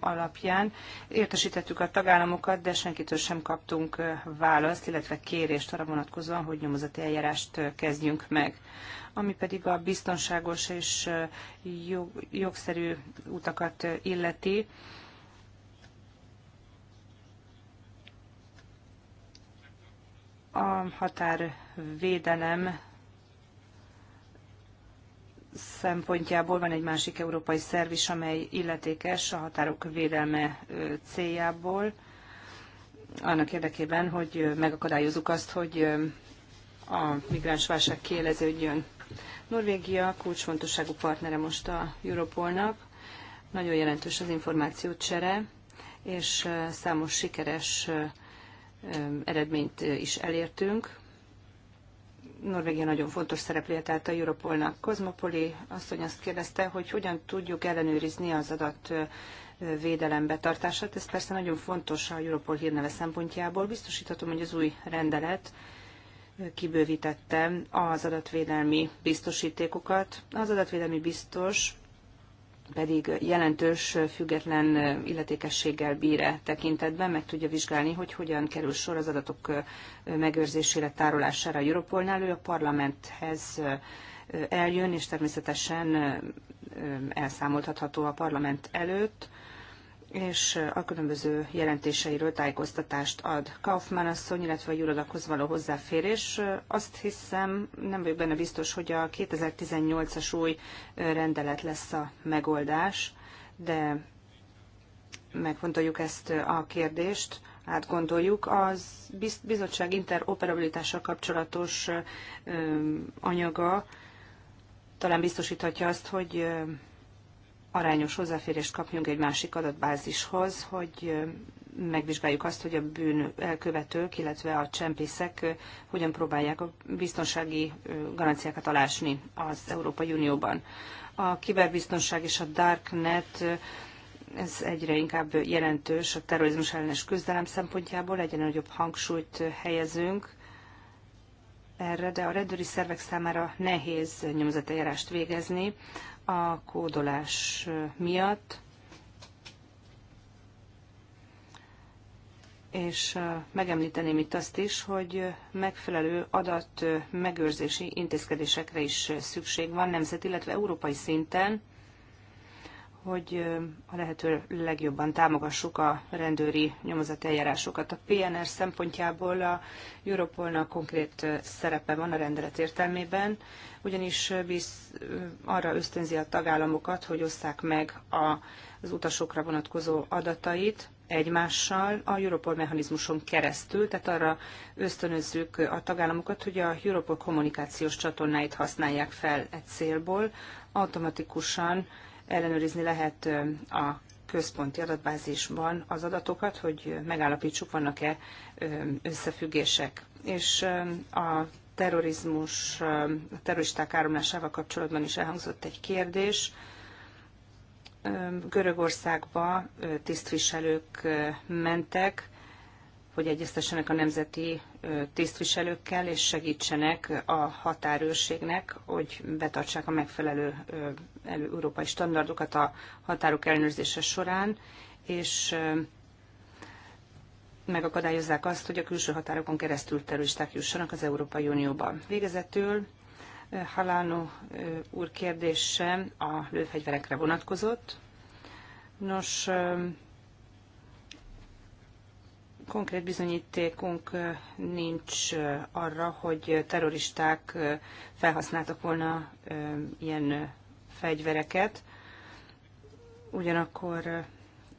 alapján. Értesítettük a tagállamokat, de senkitől sem kaptunk választ, illetve kérést arra vonatkozóan, hogy nyomozati eljárást kezdjünk meg. Ami pedig a biztonságos és jogszerű utakat illeti, a határvédelem szempontjából van egy másik európai szerv is, amely illetékes a határok védelme céljából, annak érdekében, hogy megakadályozzuk azt, hogy a migránsválság válság kieleződjön. Norvégia kulcsfontosságú partnere most a Europolnak, nagyon jelentős az információt csere, és számos sikeres eredményt is elértünk Norvégia nagyon fontos szereplője, tehát a Europolnak. Kozmopoli asszony azt kérdezte, hogy hogyan tudjuk ellenőrizni az adat védelem betartását. Ez persze nagyon fontos a Europol hírneve szempontjából. Biztosíthatom, hogy az új rendelet kibővítette az adatvédelmi biztosítékokat. Az adatvédelmi biztos pedig jelentős független illetékességgel bír e tekintetben, meg tudja vizsgálni, hogy hogyan kerül sor az adatok megőrzésére, tárolására a Europolnál. Ő a parlamenthez eljön, és természetesen elszámoltatható a parlament előtt és a különböző jelentéseiről tájékoztatást ad Kaufmann asszony, illetve a juradakhoz való hozzáférés. Azt hiszem, nem vagyok benne biztos, hogy a 2018-as új rendelet lesz a megoldás, de megfontoljuk ezt a kérdést, átgondoljuk. Az bizottság interoperabilitással kapcsolatos anyaga talán biztosíthatja azt, hogy arányos hozzáférést kapjunk egy másik adatbázishoz, hogy megvizsgáljuk azt, hogy a bűn elkövetők, illetve a csempészek hogyan próbálják a biztonsági garanciákat alásni az Európai Unióban. A kiberbiztonság és a Darknet ez egyre inkább jelentős a terrorizmus ellenes küzdelem szempontjából, egyre nagyobb hangsúlyt helyezünk erre, de a rendőri szervek számára nehéz nyomozatejárást végezni a kódolás miatt, és megemlíteném itt azt is, hogy megfelelő adat megőrzési intézkedésekre is szükség van nemzet, illetve európai szinten, hogy a lehető legjobban támogassuk a rendőri nyomozati eljárásokat. A PNR szempontjából a Europolnak konkrét szerepe van a rendelet értelmében, ugyanis bíz, arra ösztönzi a tagállamokat, hogy osszák meg a, az utasokra vonatkozó adatait egymással a Europol mechanizmuson keresztül, tehát arra ösztönözzük a tagállamokat, hogy a Europol kommunikációs csatornáit használják fel egy célból, automatikusan ellenőrizni lehet a központi adatbázisban az adatokat, hogy megállapítsuk, vannak-e összefüggések. És a terrorizmus, a terroristák áramlásával kapcsolatban is elhangzott egy kérdés. Görögországba tisztviselők mentek, hogy egyeztessenek a nemzeti tisztviselőkkel, és segítsenek a határőrségnek, hogy betartsák a megfelelő európai standardokat a határok ellenőrzése során, és megakadályozzák azt, hogy a külső határokon keresztül terroristák jussanak az Európai Unióba. Végezetül Halánó úr kérdése a lőfegyverekre vonatkozott. Nos, konkrét bizonyítékunk nincs arra, hogy terroristák felhasználtak volna ilyen fegyvereket. Ugyanakkor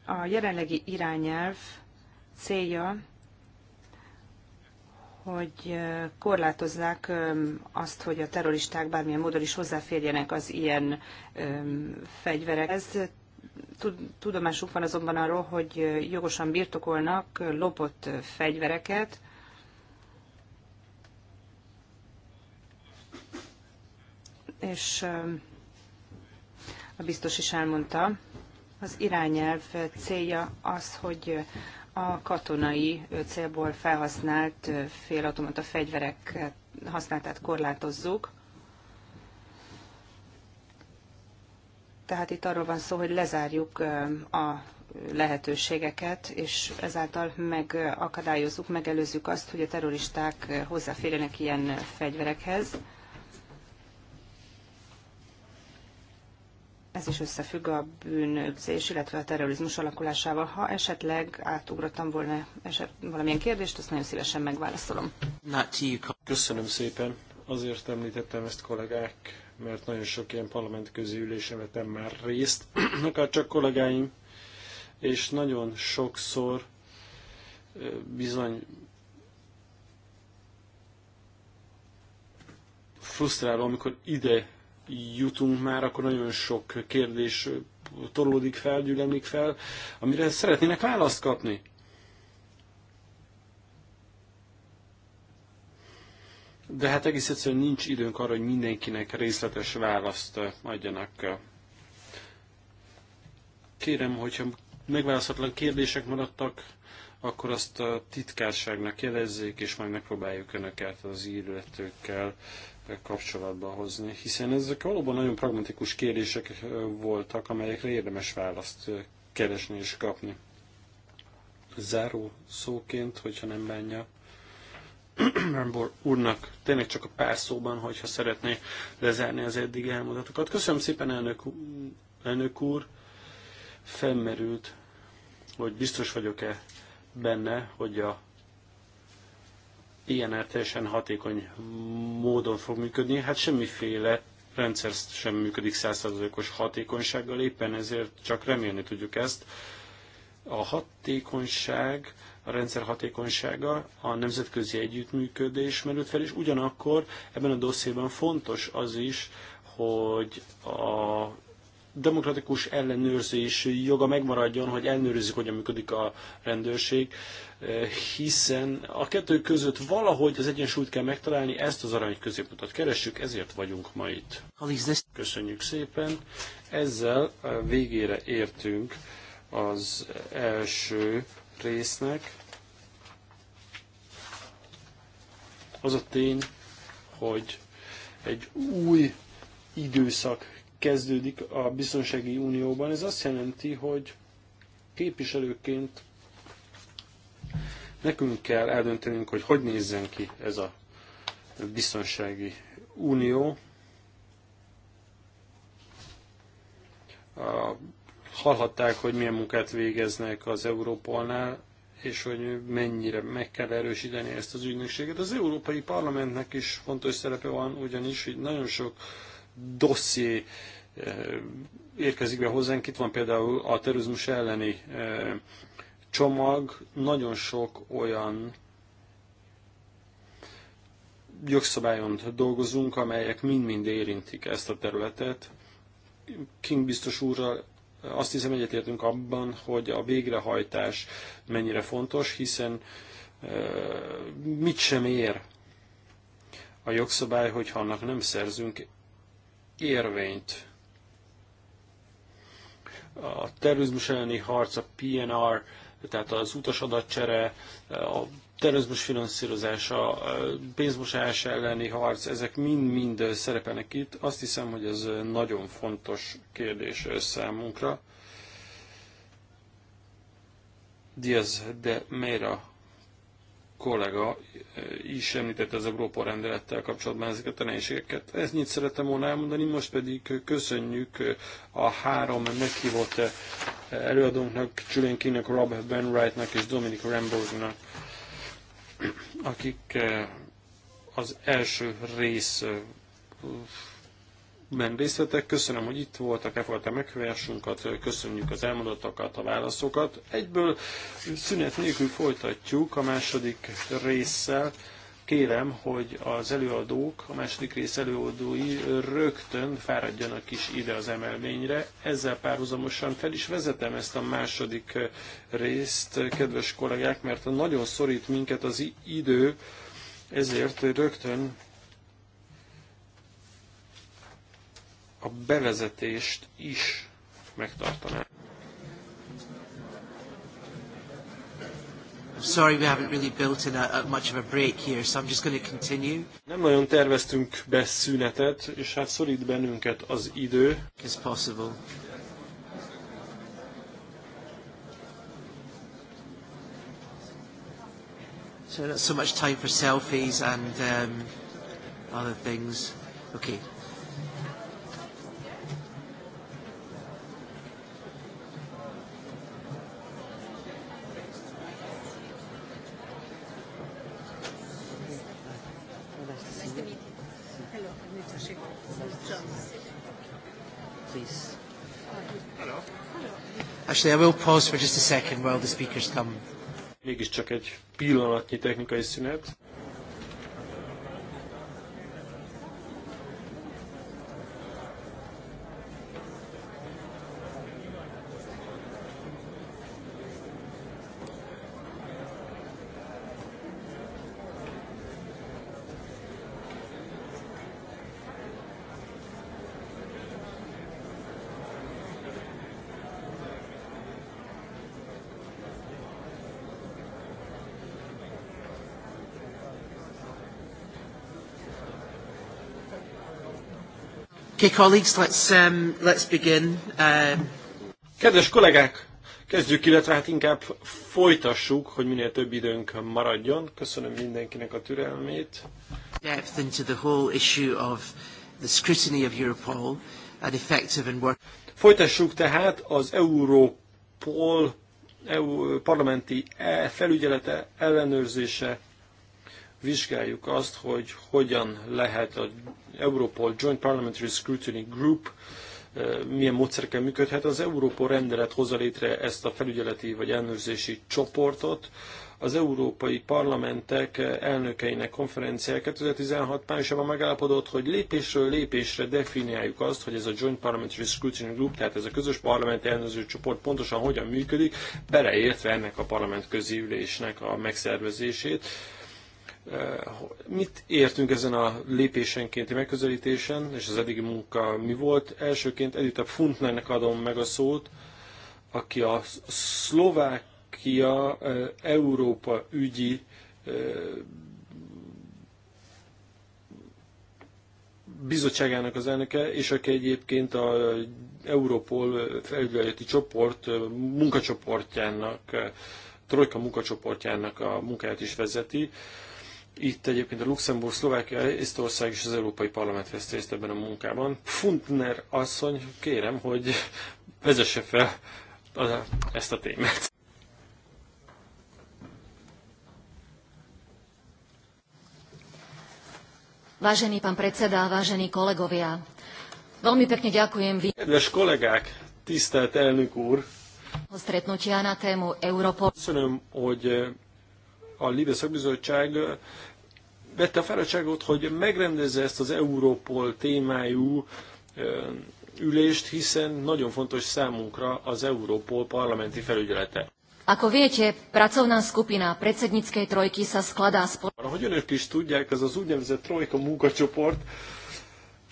a jelenlegi irányelv célja, hogy korlátozzák azt, hogy a terroristák bármilyen módon is hozzáférjenek az ilyen fegyverekhez tudomásuk van azonban arról, hogy jogosan birtokolnak lopott fegyvereket, és um, a biztos is elmondta, az irányelv célja az, hogy a katonai célból felhasznált uh, félautomata fegyverek uh, használatát korlátozzuk, Tehát itt arról van szó, hogy lezárjuk a lehetőségeket, és ezáltal megakadályozzuk, megelőzzük azt, hogy a terroristák hozzáférjenek ilyen fegyverekhez. Ez is összefügg a bűnözés, illetve a terrorizmus alakulásával. Ha esetleg átugrottam volna eset, valamilyen kérdést, azt nagyon szívesen megválaszolom. Köszönöm szépen. Azért említettem ezt kollégák mert nagyon sok ilyen parlament közülésen vettem már részt, (clears throat) akár csak kollégáim, és nagyon sokszor bizony frusztráló, amikor ide jutunk már, akkor nagyon sok kérdés torlódik fel, gyűlemlik fel, amire szeretnének választ kapni. De hát egész egyszerűen nincs időnk arra, hogy mindenkinek részletes választ eh, adjanak. Kérem, hogyha megválaszthatatlan kérdések maradtak, akkor azt a titkárságnak jelezzék, és majd megpróbáljuk Önöket az illetőkkel eh, kapcsolatba hozni, hiszen ezek valóban nagyon pragmatikus kérdések eh, voltak, amelyekre érdemes választ keresni és kapni. Záró szóként, hogyha nem bánja, Rambor úrnak tényleg csak a pár szóban, hogyha szeretné lezárni az eddig elmondatokat. Köszönöm szépen, elnök, elnök úr. Felmerült, hogy biztos vagyok-e benne, hogy a ilyen teljesen hatékony módon fog működni. Hát semmiféle rendszer sem működik százszerzőkos hatékonysággal, éppen ezért csak remélni tudjuk ezt. A hatékonyság a rendszer hatékonysága, a nemzetközi együttműködés merült fel, és ugyanakkor ebben a dossziéban fontos az is, hogy a demokratikus ellenőrzés joga megmaradjon, hogy ellenőrizzük, hogyan működik a rendőrség, hiszen a kettő között valahogy az egyensúlyt kell megtalálni, ezt az arany középutat keressük, ezért vagyunk ma itt. Köszönjük szépen. Ezzel végére értünk az első résznek az a tény, hogy egy új időszak kezdődik a Biztonsági Unióban. Ez azt jelenti, hogy képviselőként nekünk kell eldöntenünk, hogy hogy nézzen ki ez a Biztonsági Unió. A Hallhatták, hogy milyen munkát végeznek az Európolnál, és hogy mennyire meg kell erősíteni ezt az ügynökséget. Az Európai Parlamentnek is fontos szerepe van, ugyanis hogy nagyon sok dosszié eh, érkezik be hozzánk. Itt van például a terrorizmus elleni eh, csomag, nagyon sok olyan jogszabályon dolgozunk, amelyek mind-mind érintik ezt a területet. King biztos úrral azt hiszem egyetértünk abban, hogy a végrehajtás mennyire fontos, hiszen mit sem ér a jogszabály, hogyha annak nem szerzünk érvényt. A terrorizmus elleni harc, a PNR, tehát az utasadatcsere, a terrorizmus finanszírozása, pénzmosás elleni harc, ezek mind-mind szerepelnek itt. Azt hiszem, hogy ez nagyon fontos kérdés számunkra. Diaz de Meira kollega is említette az Európa rendelettel kapcsolatban ezeket a nehézségeket. Ez nyit szeretem volna elmondani, most pedig köszönjük a három meghívott előadónknak, Julian Kingnek, Rob Benwrightnak és Dominic Ramborgnak akik eh, az első részben eh, részt vettek. Köszönöm, hogy itt voltak, elfogadták meghívásunkat, eh, köszönjük az elmondottakat, a válaszokat. Egyből szünet nélkül folytatjuk a második résszel kérem, hogy az előadók, a második rész előadói rögtön fáradjanak is ide az emelvényre. Ezzel párhuzamosan fel is vezetem ezt a második részt, kedves kollégák, mert nagyon szorít minket az idő, ezért rögtön a bevezetést is megtartanám. sorry we haven't really built in a, a much of a break here, so I'm just going to continue. Nem nagyon terveztünk be szünetet, és hát szorít bennünket az idő. It's possible. So not so much time for selfies and um, other things. Okay. Actually, I will pause for just a second while the speakers come. Mégis csak egy pillanatnyi technikai szünet. Okay, colleagues, let's, um, let's begin. Uh... Kedves kollégák, kezdjük, illetve hát inkább folytassuk, hogy minél több időnk maradjon. Köszönöm mindenkinek a türelmét. Depth into the whole issue of the scrutiny of Europol and effective and work. Folytassuk tehát az Europol EU parlamenti felügyelete ellenőrzése vizsgáljuk azt, hogy hogyan lehet a Europol Joint Parliamentary Scrutiny Group eh, milyen módszerekkel működhet. Az Európa rendelet hozza létre ezt a felügyeleti vagy ellenőrzési csoportot. Az európai parlamentek eh, elnökeinek konferenciája 2016 májusában megállapodott, hogy lépésről lépésre definiáljuk azt, hogy ez a Joint Parliamentary Scrutiny Group, tehát ez a közös parlament ellenőrző csoport pontosan hogyan működik, beleértve ennek a parlament ülésnek a megszervezését Eh, mit értünk ezen a lépésenkénti megközelítésen, és az eddigi munka mi volt? Elsőként Edita Funtnernek adom meg a szót, aki a Szlovákia eh, Európa ügyi eh, bizottságának az elnöke, és aki egyébként a Európol felügyeleti csoport munkacsoportjának, Trojka munkacsoportjának a munkáját is vezeti. Itt egyébként a Luxemburg, Szlovákia, Észtország és az Európai Parlament vesz részt ebben a munkában. Funtner asszony, kérem, hogy vezesse fel ezt a témát. Vážený pán predseda, vážení kolegovia, veľmi pekne ďakujem vy. Kedves kollégák, tisztelt elnök úr! A stretnutia na tému Európa. Köszönöm, hogy a Libe Szakbizottság vette a fáradtságot, hogy megrendezze ezt az Európol témájú ülést, hiszen nagyon fontos számunkra az Európol parlamenti felügyelete. Ako viete, pracovná skupina predsedníckej trojky sa skladá z... Ahogy önök is tudják, ez az úgynevezett trojka munkacsoport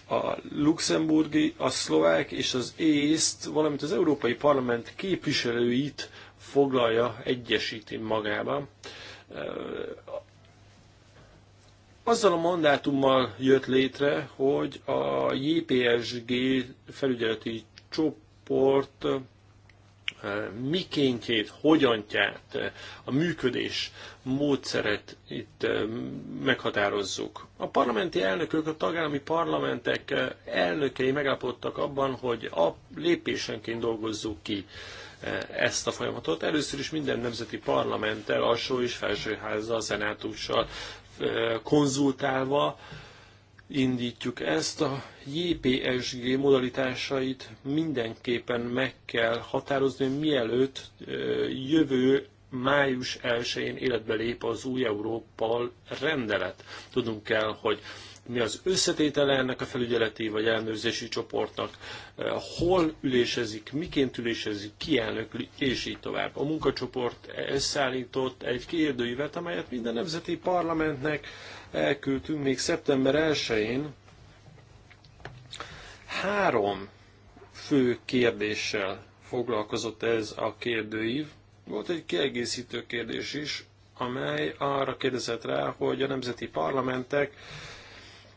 a luxemburgi, a szlovák és az észt, valamint az Európai Parlament képviselőit foglalja, egyesíti magában azzal a mandátummal jött létre, hogy a JPSG felügyeleti csoport eh, mikéntjét, hogyantját, eh, a működés módszeret itt eh, meghatározzuk. A parlamenti elnökök, a tagállami parlamentek elnökei megállapodtak abban, hogy a lépésenként dolgozzuk ki ezt a folyamatot. Először is minden nemzeti parlamenttel, alsó és felsőházzal, szenátussal, Eh, konzultálva indítjuk ezt. A JPSG modalitásait mindenképpen meg kell határozni, mielőtt eh, jövő május 1-én életbe lép az új Európa rendelet. Tudunk kell, hogy mi az összetétele ennek a felügyeleti vagy ellenőrzési csoportnak, eh, hol ülésezik, miként ülésezik, ki elnökli, és így tovább. A munkacsoport összeállított egy kérdőívet, amelyet minden nemzeti parlamentnek elküldtünk még szeptember 1-én. Három fő kérdéssel foglalkozott ez a kérdőív. Volt egy kiegészítő kérdés is, amely arra kérdezett rá, hogy a nemzeti parlamentek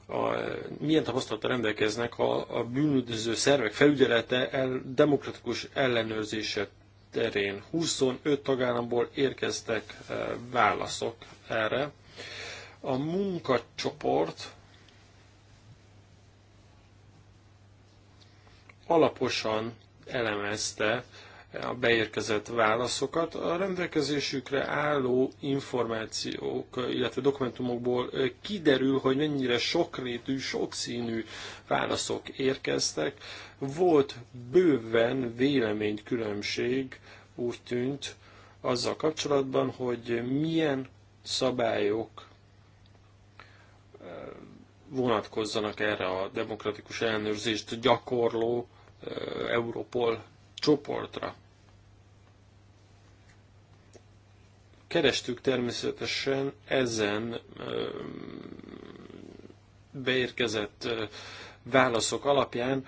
a, milyen tapasztalata rendelkeznek, ha a bűnöző szervek felügyelete el, demokratikus ellenőrzése terén. 25 tagállamból érkeztek e, válaszok erre. A munkacsoport alaposan elemezte a beérkezett válaszokat. A rendelkezésükre álló információk, illetve dokumentumokból kiderül, hogy mennyire sokrétű, sokszínű válaszok érkeztek. Volt bőven véleménykülönbség, úgy tűnt, azzal kapcsolatban, hogy milyen szabályok vonatkozzanak erre a demokratikus ellenőrzést gyakorló Európol csoportra. Kerestük természetesen ezen beérkezett válaszok alapján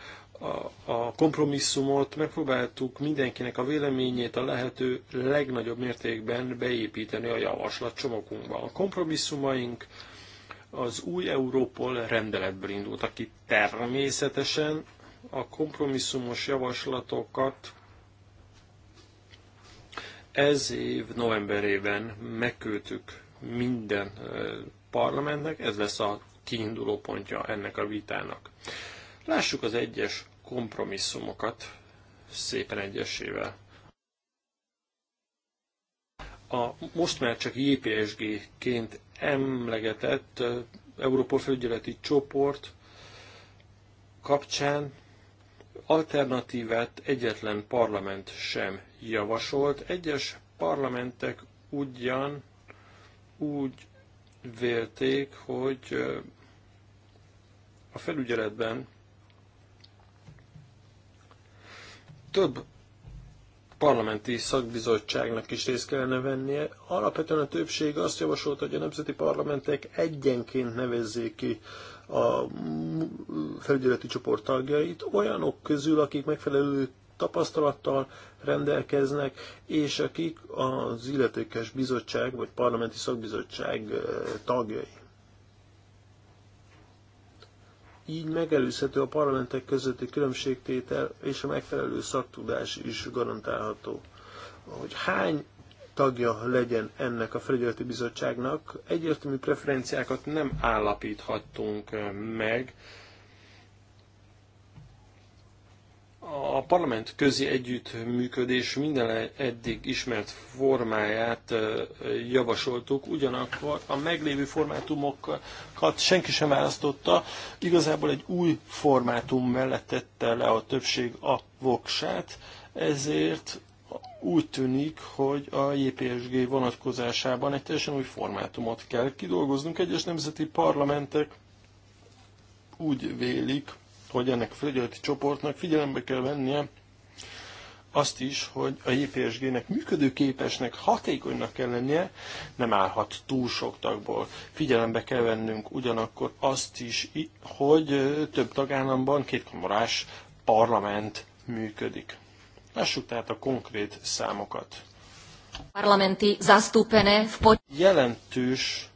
a, kompromisszumot, megpróbáltuk mindenkinek a véleményét a lehető legnagyobb mértékben beépíteni a javaslat csomagunkba. A kompromisszumaink az új Európol rendeletből indultak ki természetesen, a kompromisszumos javaslatokat ez év novemberében megküldtük minden parlamentnek, ez lesz a kiinduló pontja ennek a vitának. Lássuk az egyes kompromisszumokat szépen egyesével. A most már csak JPSG-ként emlegetett Európa felügyeleti csoport kapcsán alternatívát egyetlen parlament sem javasolt. Egyes parlamentek ugyan úgy vélték, hogy a felügyeletben több parlamenti szakbizottságnak is részt kellene vennie. Alapvetően a többség azt javasolta, hogy a nemzeti parlamentek egyenként nevezzék ki a felügyeleti csoport tagjait, olyanok közül, akik megfelelő tapasztalattal rendelkeznek, és akik az illetékes bizottság vagy parlamenti szakbizottság tagjai. Így megelőzhető a parlamentek közötti különbségtétel és a megfelelő szaktudás is garantálható. Hogy hány tagja legyen ennek a felügyeleti bizottságnak. Egyértelmű preferenciákat nem állapíthattunk meg. A parlament közi együttműködés minden eddig ismert formáját javasoltuk, ugyanakkor a meglévő formátumokat senki sem választotta, igazából egy új formátum mellett tette le a többség a voksát, ezért úgy tűnik, hogy a JPSG vonatkozásában egy teljesen új formátumot kell kidolgoznunk. Egyes nemzeti parlamentek úgy vélik, hogy ennek a felügyeleti csoportnak figyelembe kell vennie azt is, hogy a JPSG-nek működőképesnek, hatékonynak kell lennie, nem állhat túl sok tagból. Figyelembe kell vennünk ugyanakkor azt is, hogy több tagállamban kétkamarás parlament működik. Lássuk tehát a konkrét számokat. Parlamenti zastúpene v po... Jelentős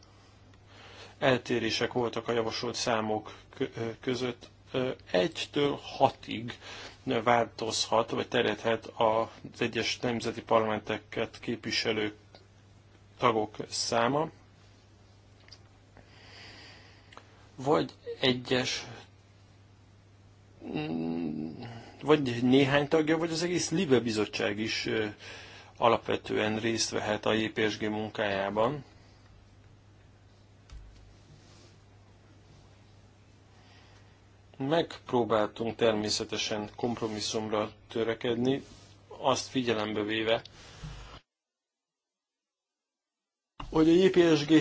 eltérések voltak a javasolt számok között. Egytől hatig változhat, vagy terjedhet az egyes nemzeti parlamenteket képviselő tagok száma, vagy egyes vagy néhány tagja, vagy az egész Libe bizottság is alapvetően részt vehet a JPSG munkájában. Megpróbáltunk természetesen kompromisszumra törekedni, azt figyelembe véve, hogy a JPSG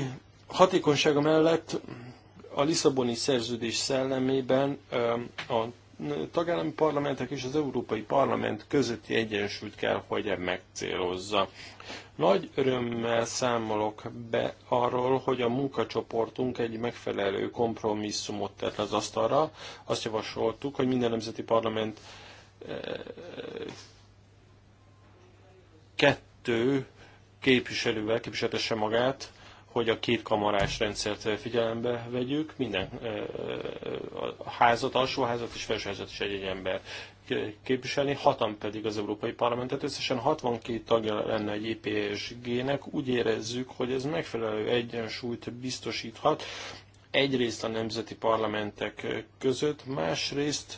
hatékonysága mellett a Lisszaboni szerződés szellemében a tagállami parlamentek és az Európai Parlament közötti egyensúlyt kell, hogy e megcélozza. Nagy örömmel számolok be arról, hogy a munkacsoportunk egy megfelelő kompromisszumot tett az asztalra. Azt javasoltuk, hogy minden nemzeti parlament e, kettő képviselővel képviseltesse magát, hogy a kamarás rendszert figyelembe vegyük, minden a házat, alsóházat és felsőházat is egy-egy ember képviselni, hatan pedig az Európai Parlamentet, összesen 62 tagja lenne egy EPSG-nek, úgy érezzük, hogy ez megfelelő egyensúlyt biztosíthat, egyrészt a nemzeti parlamentek között, másrészt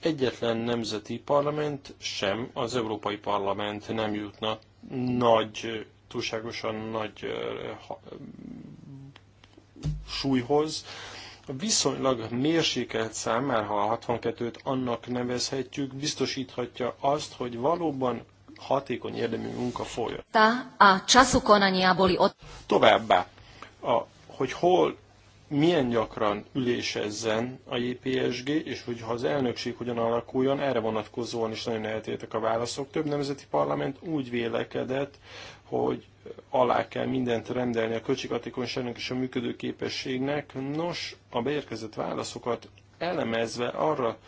egyetlen nemzeti parlament sem, az Európai Parlament nem jutna nagy túlságosan nagy súlyhoz. Viszonylag mérsékelt szám, már ha a 62-t annak nevezhetjük, biztosíthatja azt, hogy valóban hatékony érdemi munka folyjon. Továbbá, a, hogy hol milyen gyakran ülésezzen a JPSG, és hogy ha az elnökség hogyan alakuljon, erre vonatkozóan is nagyon eltértek a válaszok. Több nemzeti parlament úgy vélekedett, hogy alá kell mindent rendelni a költséghatékonyságnak és a működőképességnek. Nos, a beérkezett válaszokat elemezve arra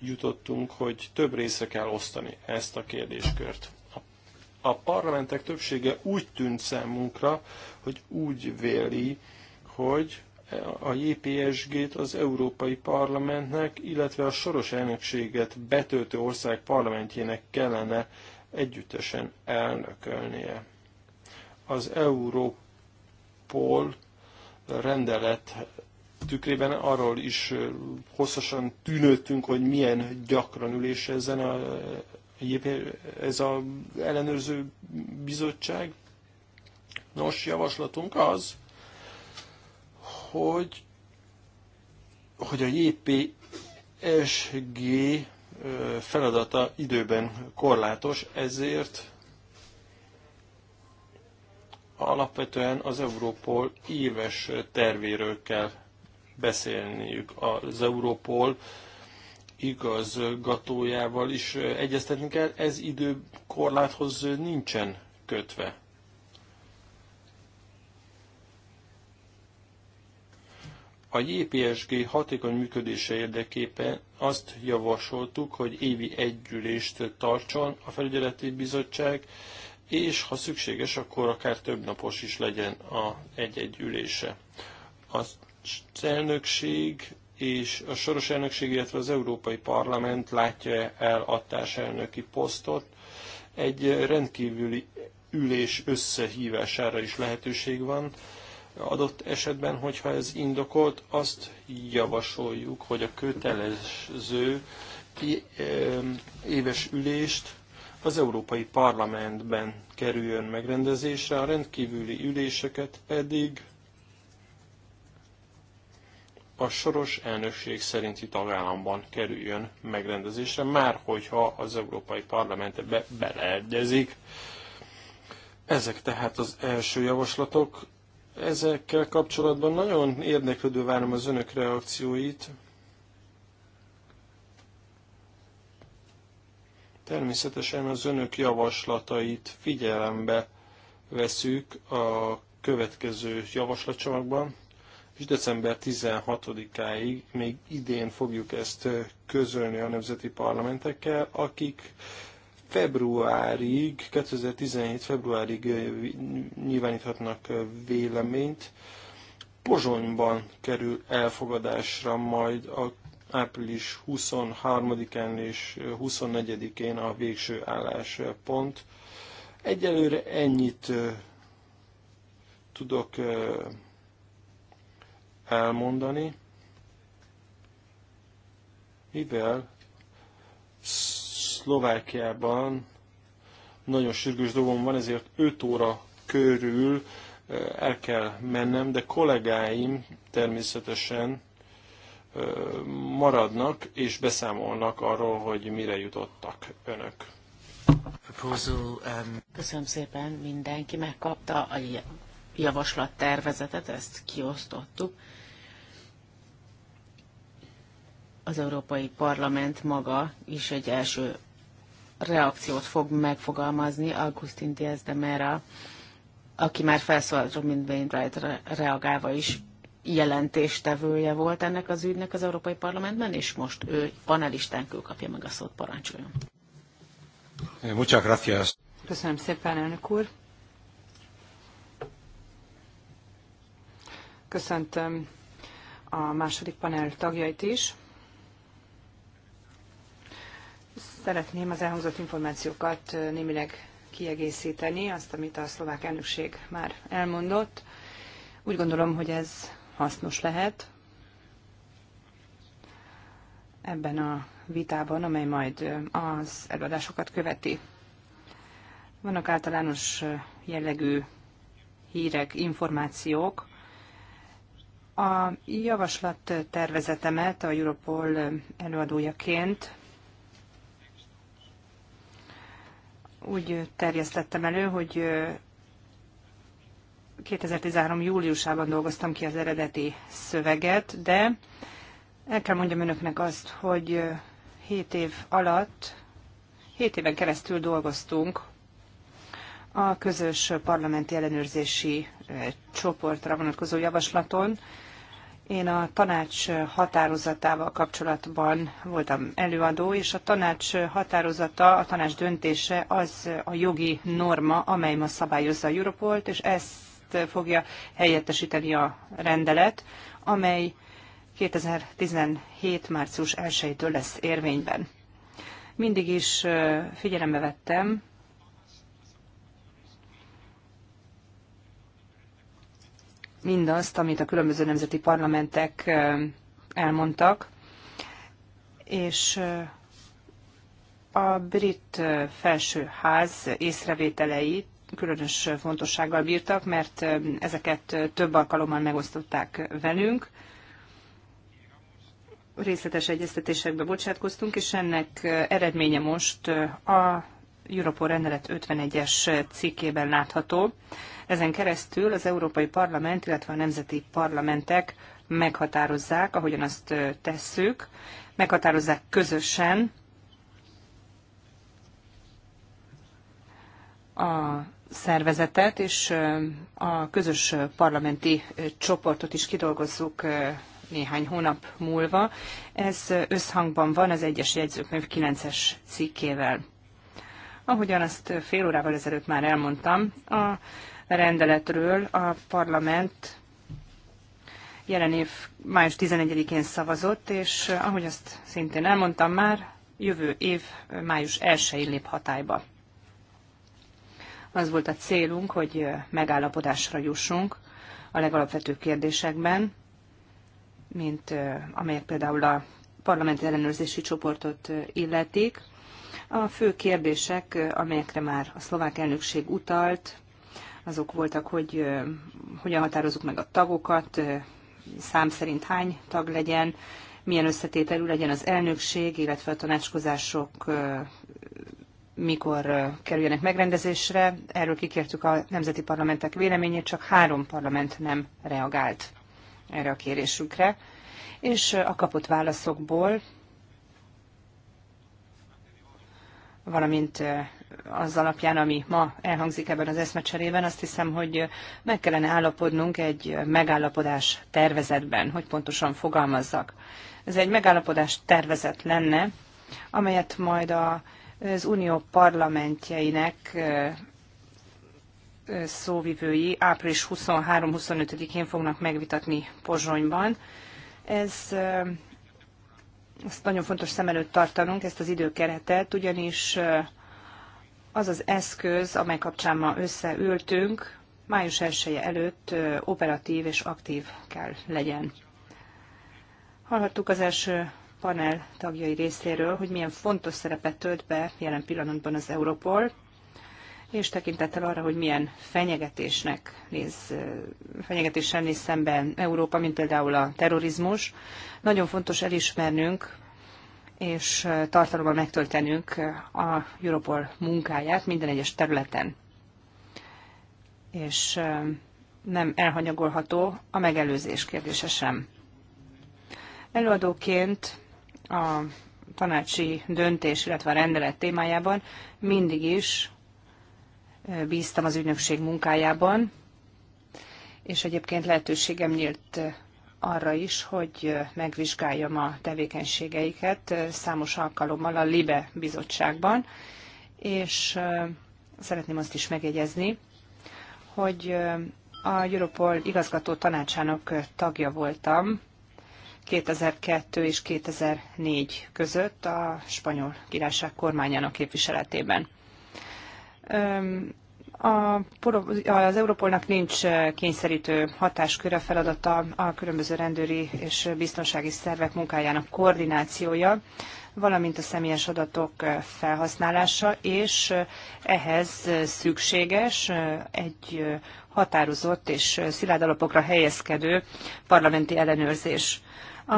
jutottunk, hogy több része kell osztani ezt a kérdéskört. A parlamentek többsége úgy tűnt számunkra, hogy úgy véli, hogy a JPSG-t az Európai Parlamentnek, illetve a soros elnökséget betöltő ország parlamentjének kellene együttesen elnökölnie az Európol rendelet tükrében arról is hosszasan tűnődtünk, hogy milyen gyakran ülés ezen a, ez a ellenőrző bizottság. Nos, javaslatunk az, hogy, hogy a JPSG feladata időben korlátos, ezért alapvetően az Európol éves tervéről kell beszélniük. Az Európol igazgatójával is egyeztetni kell, ez időkorláthoz nincsen kötve. A JPSG hatékony működése érdekében azt javasoltuk, hogy évi együlést tartson a felügyeleti bizottság, és ha szükséges, akkor akár több napos is legyen a egy-egy ülése. Az elnökség és a soros elnökség, illetve az Európai Parlament látja el a társelnöki posztot. Egy rendkívüli ülés összehívására is lehetőség van. Adott esetben, hogyha ez indokolt, azt javasoljuk, hogy a kötelező éves ülést az Európai Parlamentben kerüljön megrendezésre, a rendkívüli üléseket pedig a soros elnökség szerinti tagállamban kerüljön megrendezésre, már hogyha az Európai Parlament ebbe beleegyezik. Ezek tehát az első javaslatok. Ezekkel kapcsolatban nagyon érdeklődő várom az önök reakcióit. Természetesen az önök javaslatait figyelembe veszük a következő javaslatcsomagban, és december 16-áig, még idén fogjuk ezt közölni a nemzeti parlamentekkel, akik februárig, 2017 februárig nyilváníthatnak véleményt. Pozsonyban kerül elfogadásra majd a április 23-án és 24-én a végső álláspont. Egyelőre ennyit tudok elmondani, mivel Szlovákiában nagyon sürgős dolgom van, ezért 5 óra körül el kell mennem, de kollégáim természetesen maradnak és beszámolnak arról, hogy mire jutottak önök. Um, Köszönöm szépen, mindenki megkapta a javaslattervezetet, ezt kiosztottuk. Az Európai Parlament maga is egy első reakciót fog megfogalmazni Augustin Diaz de Mera, aki már felszólalt Robin Wainwright reagálva is jelentéstevője volt ennek az ügynek az Európai Parlamentben, és most ő panelistánkül kapja meg a szót, parancsoljon. Eh, muchas gracias. Köszönöm szépen, elnök úr. Köszöntöm a második panel tagjait is. Szeretném az elhangzott információkat eh, némileg kiegészíteni, azt, amit a szlovák elnökség már elmondott. Úgy gondolom, hogy ez hasznos lehet ebben a vitában, amely majd az előadásokat követi. Vannak általános jellegű hírek, információk. A javaslat tervezetemet a Europol előadójaként úgy terjesztettem elő, hogy 2013. júliusában dolgoztam ki az eredeti szöveget, de el kell mondjam önöknek azt, hogy 7 év alatt, 7 éven keresztül dolgoztunk a közös parlamenti ellenőrzési csoportra vonatkozó javaslaton. Én a tanács határozatával kapcsolatban voltam előadó, és a tanács határozata, a tanács döntése az a jogi norma, amely ma szabályozza a Europolt, és ezt fogja helyettesíteni a rendelet, amely 2017. március 1-től lesz érvényben. Mindig is figyelembe vettem, mindazt, amit a különböző nemzeti parlamentek elmondtak, és a brit felsőház észrevételeit különös fontossággal bírtak, mert ezeket több alkalommal megosztották velünk. Részletes egyeztetésekbe bocsátkoztunk, és ennek eredménye most a Europol rendelet 51-es cikkében látható. Ezen keresztül az Európai Parlament, illetve a nemzeti parlamentek meghatározzák, ahogyan azt tesszük, meghatározzák közösen a szervezetet, és a közös parlamenti csoportot is kidolgozzuk néhány hónap múlva. Ez összhangban van az egyes jegyzőkönyv 9-es cikkével. Ahogyan azt fél órával ezelőtt már elmondtam, a rendeletről a parlament jelen év május 11-én szavazott, és ahogy azt szintén elmondtam már, jövő év május 1-én lép hatályba. Az volt a célunk, hogy megállapodásra jussunk a legalapvetőbb kérdésekben, mint amelyek például a parlamenti ellenőrzési csoportot illetik. A fő kérdések, amelyekre már a szlovák elnökség utalt, azok voltak, hogy hogyan határozzuk meg a tagokat, szám szerint hány tag legyen, milyen összetételű legyen az elnökség, illetve a tanácskozások mikor kerüljenek megrendezésre. Erről kikértük a nemzeti parlamentek véleményét, csak három parlament nem reagált erre a kérésükre. És a kapott válaszokból, valamint az alapján, ami ma elhangzik ebben az eszmecserében, azt hiszem, hogy meg kellene állapodnunk egy megállapodás tervezetben, hogy pontosan fogalmazzak. Ez egy megállapodás tervezet lenne, amelyet majd a az unió parlamentjeinek szóvivői április 23-25-én fognak megvitatni Pozsonyban. Ez ezt nagyon fontos szem előtt tartanunk, ezt az időkeretet, ugyanis az az eszköz, amely kapcsán ma összeültünk, május 1 -e előtt operatív és aktív kell legyen. Hallhattuk az első panel tagjai részéről, hogy milyen fontos szerepet tölt be jelen pillanatban az Europol, és tekintettel arra, hogy milyen fenyegetésnek néz, fenyegetéssel néz szemben Európa, mint például a terrorizmus. Nagyon fontos elismernünk és tartalommal megtöltenünk a Europol munkáját minden egyes területen. És nem elhanyagolható a megelőzés kérdése sem. Előadóként a tanácsi döntés, illetve a rendelet témájában mindig is bíztam az ügynökség munkájában, és egyébként lehetőségem nyílt arra is, hogy megvizsgáljam a tevékenységeiket számos alkalommal a LIBE bizottságban, és szeretném azt is megjegyezni, hogy a Europol igazgató tanácsának tagja voltam 2002 és 2004 között a spanyol királyság kormányának képviseletében. A, az Europolnak nincs kényszerítő hatásköre feladata a különböző rendőri és biztonsági szervek munkájának koordinációja, valamint a személyes adatok felhasználása, és ehhez szükséges egy határozott és szilárd alapokra helyezkedő parlamenti ellenőrzés.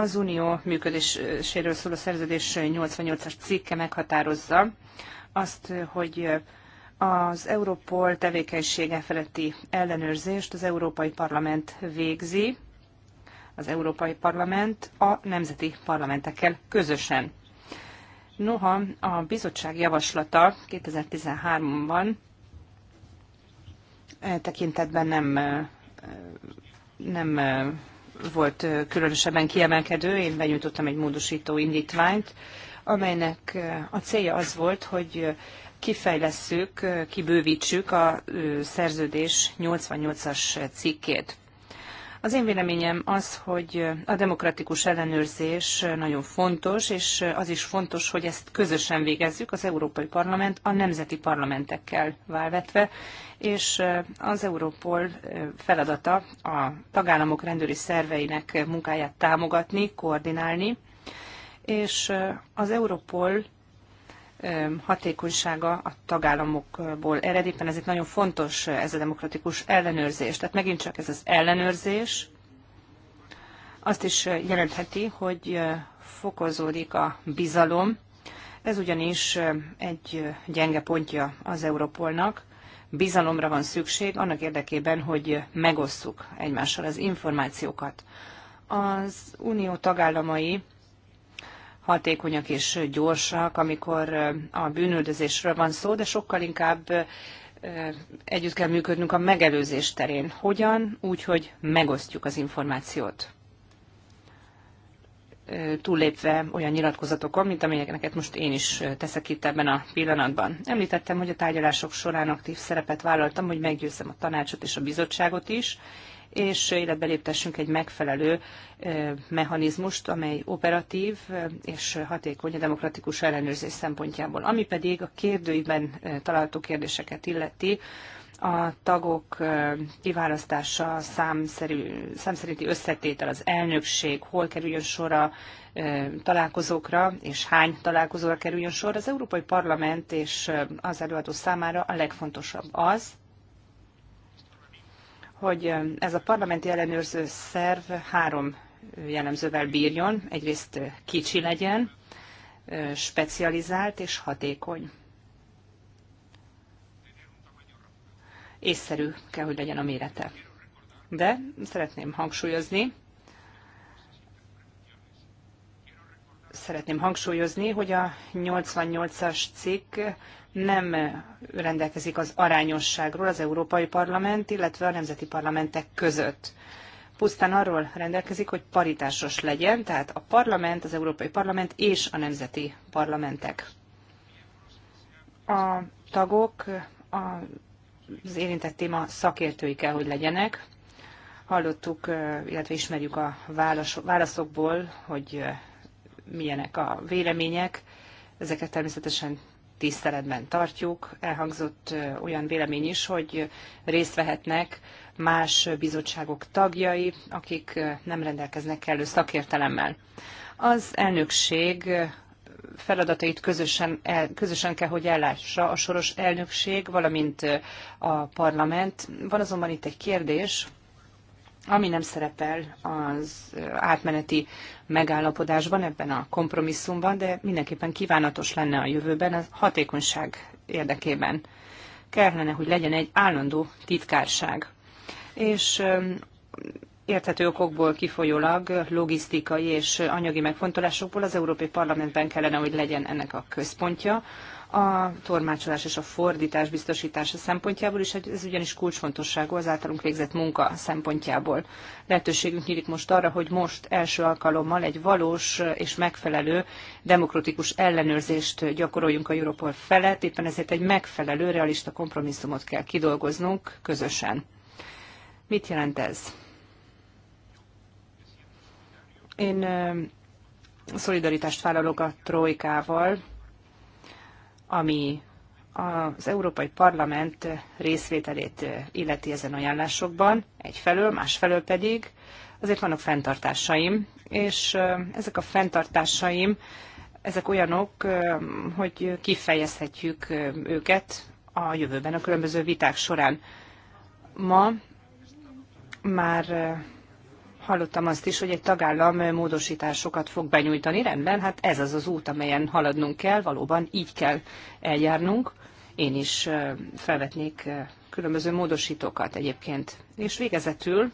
Az unió működéséről szóló szerződés 88-as cikke meghatározza azt, hogy az Európol tevékenysége feletti ellenőrzést az Európai Parlament végzi, az Európai Parlament a nemzeti parlamentekkel közösen. Noha a bizottság javaslata 2013-ban e tekintetben nem, e, nem e, volt különösebben kiemelkedő. Én benyújtottam egy módosító indítványt, amelynek a célja az volt, hogy kifejlesszük, kibővítsük a szerződés 88-as cikkét. Az én véleményem az, hogy a demokratikus ellenőrzés nagyon fontos, és az is fontos, hogy ezt közösen végezzük az Európai Parlament a nemzeti parlamentekkel válvetve, és az Európol feladata a tagállamok rendőri szerveinek munkáját támogatni, koordinálni, és az Europol hatékonysága a tagállamokból ered, éppen ezért nagyon fontos ez a demokratikus ellenőrzés. Tehát megint csak ez az ellenőrzés azt is jelentheti, hogy fokozódik a bizalom. Ez ugyanis egy gyenge pontja az Europolnak. Bizalomra van szükség annak érdekében, hogy megosszuk egymással az információkat. Az unió tagállamai hatékonyak és gyorsak, amikor a bűnöldözésről van szó, de sokkal inkább együtt kell működnünk a megelőzés terén. Hogyan? Úgy, hogy megosztjuk az információt. Túllépve olyan nyilatkozatokon, mint amelyeket most én is teszek itt ebben a pillanatban. Említettem, hogy a tárgyalások során aktív szerepet vállaltam, hogy meggyőzzem a tanácsot és a bizottságot is, és életbe léptessünk egy megfelelő mechanizmust, amely operatív és hatékony a demokratikus ellenőrzés szempontjából. Ami pedig a kérdőiben található kérdéseket illeti, a tagok kiválasztása, számszerű, számszerinti összetétel, az elnökség, hol kerüljön sor a találkozókra, és hány találkozóra kerüljön sor, az Európai Parlament és az előadó számára a legfontosabb az, hogy ez a parlamenti ellenőrző szerv három jellemzővel bírjon. Egyrészt kicsi legyen, specializált és hatékony. Észszerű kell, hogy legyen a mérete. De szeretném hangsúlyozni, szeretném hangsúlyozni, hogy a 88-as cikk nem rendelkezik az arányosságról az Európai Parlament, illetve a nemzeti parlamentek között. Pusztán arról rendelkezik, hogy paritásos legyen, tehát a parlament, az Európai Parlament és a nemzeti parlamentek. A tagok az érintett téma szakértői kell, hogy legyenek. Hallottuk, illetve ismerjük a válaszokból, hogy milyenek a vélemények. Ezeket természetesen tiszteletben tartjuk. Elhangzott olyan vélemény is, hogy részt vehetnek más bizottságok tagjai, akik nem rendelkeznek kellő szakértelemmel. Az elnökség feladatait közösen, el, közösen kell, hogy ellássa a soros elnökség, valamint a parlament. Van azonban itt egy kérdés, ami nem szerepel az átmeneti megállapodásban, ebben a kompromisszumban, de mindenképpen kívánatos lenne a jövőben a hatékonyság érdekében. Kellene, hogy legyen egy állandó titkárság. És érthető okokból kifolyólag logisztikai és anyagi megfontolásokból az Európai Parlamentben kellene, hogy legyen ennek a központja, a tormácsolás és a fordítás biztosítása szempontjából, és ez ugyanis kulcsfontosságú az általunk végzett munka szempontjából. Lehetőségünk nyílik most arra, hogy most első alkalommal egy valós és megfelelő demokratikus ellenőrzést gyakoroljunk a Europol felett, éppen ezért egy megfelelő, realista kompromisszumot kell kidolgoznunk közösen. Mit jelent ez? Én szolidaritást vállalok a trojkával, ami az Európai Parlament részvételét illeti ezen ajánlásokban, egyfelől, másfelől pedig azért vannak fenntartásaim, és ezek a fenntartásaim, ezek olyanok, hogy kifejezhetjük őket a jövőben a különböző viták során. Ma már Hallottam azt is, hogy egy tagállam módosításokat fog benyújtani. Rendben, hát ez az az út, amelyen haladnunk kell, valóban így kell eljárnunk. Én is felvetnék különböző módosítókat egyébként. És végezetül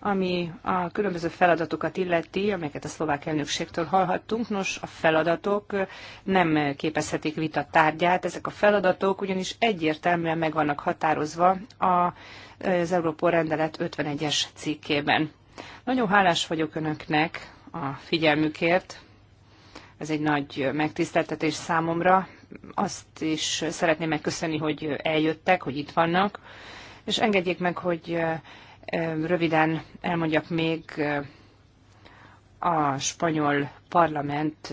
ami a különböző feladatokat illeti, amelyeket a szlovák elnökségtől hallhattunk. Nos, a feladatok nem képezhetik vita tárgyát, ezek a feladatok ugyanis egyértelműen meg vannak határozva az Európa rendelet 51-es cikkében. Nagyon hálás vagyok Önöknek a figyelmükért. Ez egy nagy megtiszteltetés számomra. Azt is szeretném megköszönni, hogy eljöttek, hogy itt vannak, és engedjék meg, hogy Röviden elmondjak még a spanyol parlament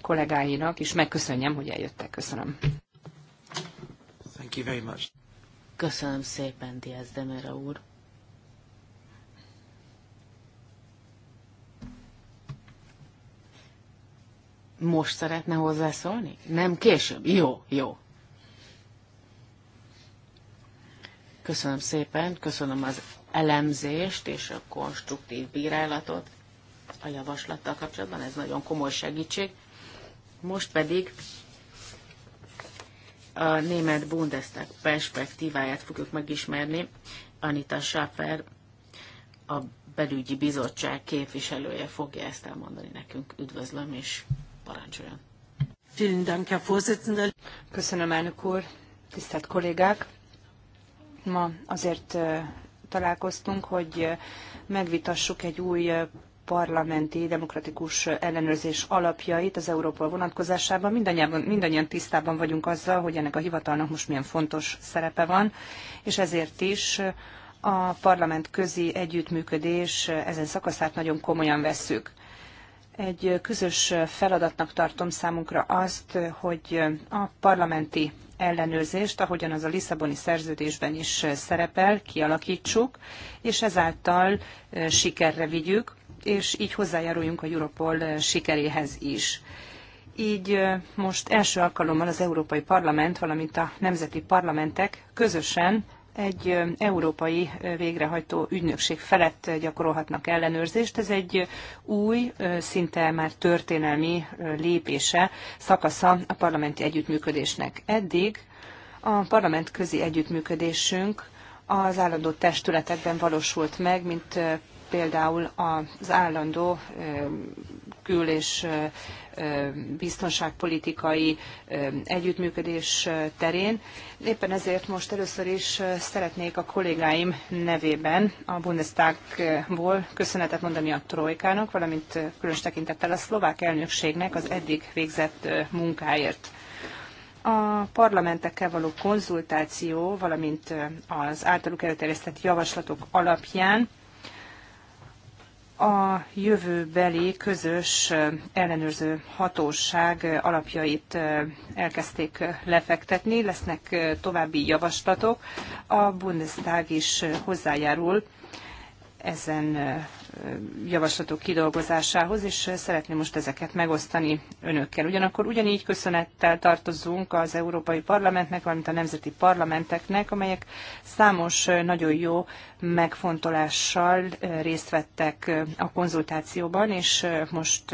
kollégáinak, és megköszönjem, hogy eljöttek. Köszönöm. Thank you very much. Köszönöm szépen, Diaz Demera úr. Most szeretne hozzászólni? Nem később? Jó, jó. Köszönöm szépen, köszönöm az elemzést és a konstruktív bírálatot a javaslattal kapcsolatban, ez nagyon komoly segítség. Most pedig a német Bundestag perspektíváját fogjuk megismerni. Anita Schaffer, a belügyi bizottság képviselője fogja ezt elmondani nekünk. Üdvözlöm és parancsoljon. Köszönöm, elnök úr, tisztelt kollégák! Ma azért találkoztunk, hogy megvitassuk egy új parlamenti demokratikus ellenőrzés alapjait az Európol vonatkozásában. Mindannyian, mindannyian tisztában vagyunk azzal, hogy ennek a hivatalnak most milyen fontos szerepe van, és ezért is a parlament közi együttműködés ezen szakaszát nagyon komolyan vesszük. Egy közös feladatnak tartom számunkra azt, hogy a parlamenti ellenőrzést, ahogyan az a Lisszaboni szerződésben is szerepel, kialakítsuk, és ezáltal sikerre vigyük, és így hozzájáruljunk a Europol sikeréhez is. Így most első alkalommal az Európai Parlament, valamint a nemzeti parlamentek közösen egy európai végrehajtó ügynökség felett gyakorolhatnak ellenőrzést. Ez egy új, szinte már történelmi lépése, szakasza a parlamenti együttműködésnek. Eddig a parlament közi együttműködésünk az állandó testületekben valósult meg, mint például az állandó kül- és biztonságpolitikai um, együttműködés uh, terén. Éppen ezért most először is uh, szeretnék a kollégáim nevében a Bundestagból köszönetet mondani a Trojkának, valamint uh, különös tekintettel a szlovák elnökségnek az eddig végzett munkáért a parlamentekkel való konzultáció, valamint az általuk előterjesztett javaslatok alapján a jövőbeli közös ellenőrző hatóság alapjait elkezdték lefektetni, lesznek további javaslatok. A Bundestag is hozzájárul ezen javaslatok kidolgozásához, és szeretném most ezeket megosztani önökkel. Ugyanakkor ugyanígy köszönettel tartozunk az Európai Parlamentnek, valamint a nemzeti parlamenteknek, amelyek számos nagyon jó megfontolással részt vettek a konzultációban, és most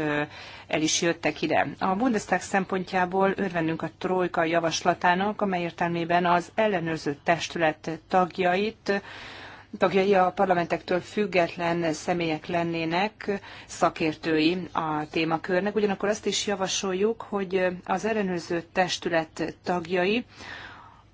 el is jöttek ide. A Bundestag szempontjából örvendünk a Trojka javaslatának, amely értelmében az ellenőrző testület tagjait tagjai a parlamentektől független személyek lennének, szakértői a témakörnek. Ugyanakkor azt is javasoljuk, hogy az ellenőrző testület tagjai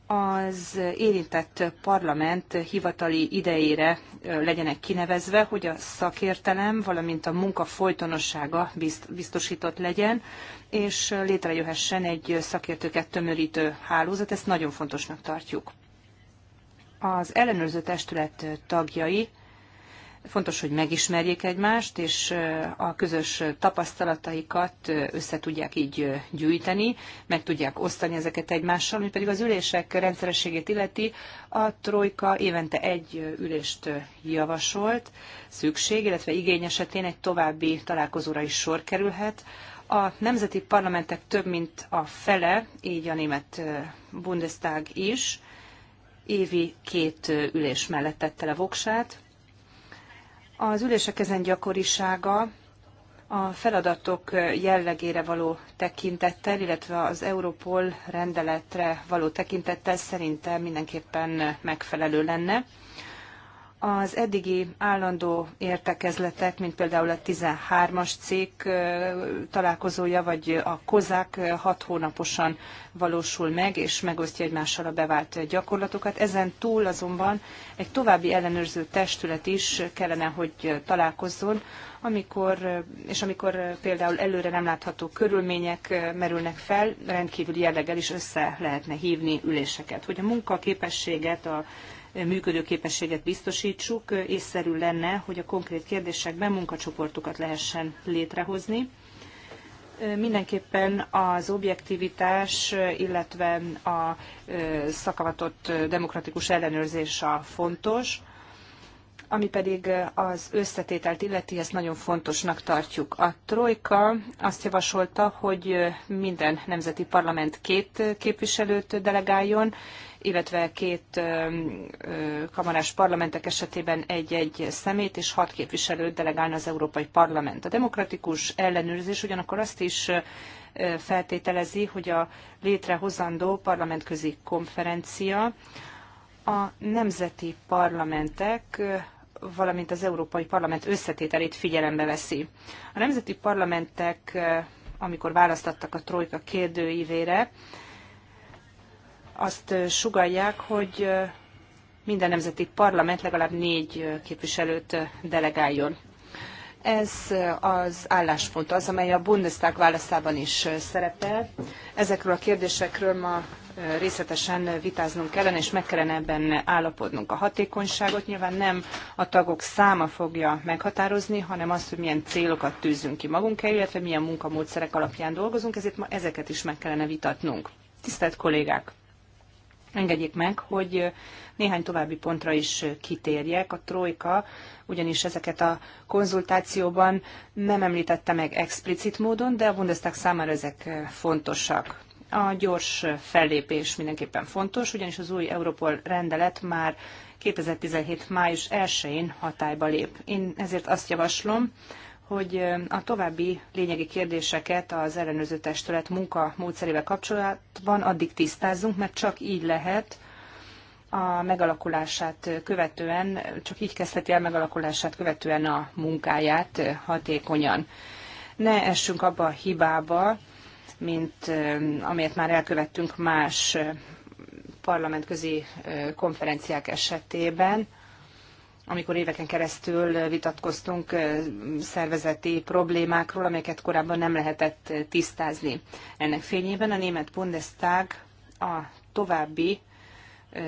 az érintett parlament hivatali idejére legyenek kinevezve, hogy a szakértelem, valamint a munka folytonossága biztosított legyen, és létrejöhessen egy szakértőket tömörítő hálózat, ezt nagyon fontosnak tartjuk. Az ellenőrző testület tagjai fontos, hogy megismerjék egymást, és a közös tapasztalataikat össze tudják így gyűjteni, meg tudják osztani ezeket egymással, ami pedig az ülések rendszerességét illeti, a Trojka évente egy ülést javasolt, szükség, illetve igény esetén egy további találkozóra is sor kerülhet. A nemzeti parlamentek több mint a fele, így a német Bundestag is, Évi két ülés mellett tette le voksát. Az ülések ezen gyakorisága a feladatok jellegére való tekintettel, illetve az Europol rendeletre való tekintettel szerintem mindenképpen megfelelő lenne. Az eddigi állandó értekezletek, mint például a 13-as cikk találkozója, vagy a kozák hat hónaposan valósul meg, és megosztja egymással a bevált gyakorlatokat. Ezen túl azonban egy további ellenőrző testület is kellene, hogy találkozzon, amikor, és amikor például előre nem látható körülmények merülnek fel, rendkívüli jelleggel is össze lehetne hívni üléseket. Hogy a munkaképességet, a működőképességet biztosítsuk, észszerű lenne, hogy a konkrét kérdésekben munkacsoportokat lehessen létrehozni. Mindenképpen az objektivitás, illetve a szakavatott demokratikus ellenőrzés a fontos, ami pedig az összetételt illeti, ezt nagyon fontosnak tartjuk. A Trojka azt javasolta, hogy minden nemzeti parlament két képviselőt delegáljon, illetve két kamarás parlamentek esetében egy-egy szemét és hat képviselőt delegálna az Európai Parlament. A demokratikus ellenőrzés ugyanakkor azt is feltételezi, hogy a létrehozandó parlamentközi konferencia a nemzeti parlamentek valamint az Európai Parlament összetételét figyelembe veszi. A nemzeti parlamentek, amikor választattak a trojka kérdőívére, azt sugalják, hogy minden nemzeti parlament legalább négy képviselőt delegáljon. Ez az álláspont az, amely a Bundestag válaszában is szerepel. Ezekről a kérdésekről ma részletesen vitáznunk kellene, és meg kellene ebben állapodnunk. A hatékonyságot nyilván nem a tagok száma fogja meghatározni, hanem az, hogy milyen célokat tűzünk ki magunk elé, illetve milyen munkamódszerek alapján dolgozunk, ezért ma ezeket is meg kellene vitatnunk. Tisztelt kollégák! Engedjék meg, hogy néhány további pontra is kitérjek. A trojka ugyanis ezeket a konzultációban nem említette meg explicit módon, de a Bundestag számára ezek fontosak. A gyors fellépés mindenképpen fontos, ugyanis az új Europol rendelet már 2017. május 1-én hatályba lép. Én ezért azt javaslom, hogy a további lényegi kérdéseket az ellenőrző testület munka módszerével kapcsolatban addig tisztázzunk, mert csak így lehet a megalakulását követően, csak így kezdheti el megalakulását követően a munkáját hatékonyan. Ne essünk abba a hibába, mint amelyet már elkövettünk más parlamentközi konferenciák esetében, amikor éveken keresztül vitatkoztunk szervezeti problémákról, amelyeket korábban nem lehetett tisztázni. Ennek fényében a német Bundestag a további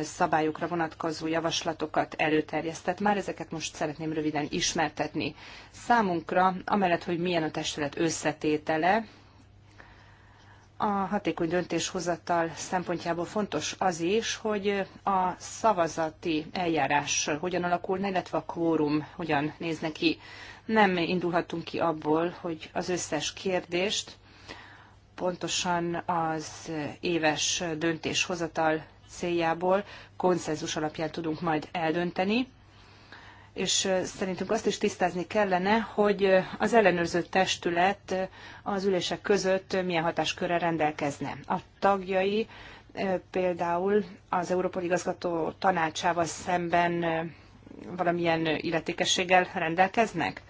szabályokra vonatkozó javaslatokat előterjesztett. Már ezeket most szeretném röviden ismertetni. Számunkra, amellett, hogy milyen a testület összetétele, a hatékony döntéshozatal szempontjából fontos az is, hogy a szavazati eljárás hogyan alakulna, illetve a kvórum hogyan néz neki. Nem indulhatunk ki abból, hogy az összes kérdést pontosan az éves döntéshozatal céljából konszenzus alapján tudunk majd eldönteni, és szerintünk azt is tisztázni kellene, hogy az ellenőrző testület az ülések között milyen hatáskörrel rendelkezne. A tagjai például az európai igazgató tanácsával szemben valamilyen illetékességgel rendelkeznek?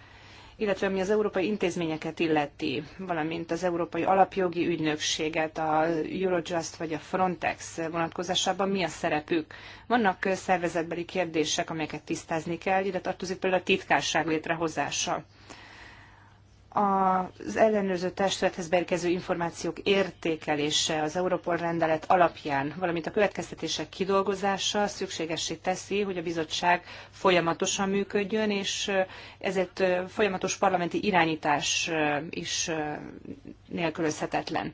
illetve ami az európai intézményeket illeti, valamint az Európai Alapjogi Ügynökséget, a Eurojust vagy a Frontex vonatkozásában mi a szerepük? Vannak szervezetbeli kérdések, amelyeket tisztázni kell, ide tartozik például a titkárság létrehozása az ellenőrző testülethez beérkező információk értékelése az Europol rendelet alapján, valamint a következtetések kidolgozása szükségessé teszi, hogy a bizottság folyamatosan működjön, és ezért folyamatos parlamenti irányítás is nélkülözhetetlen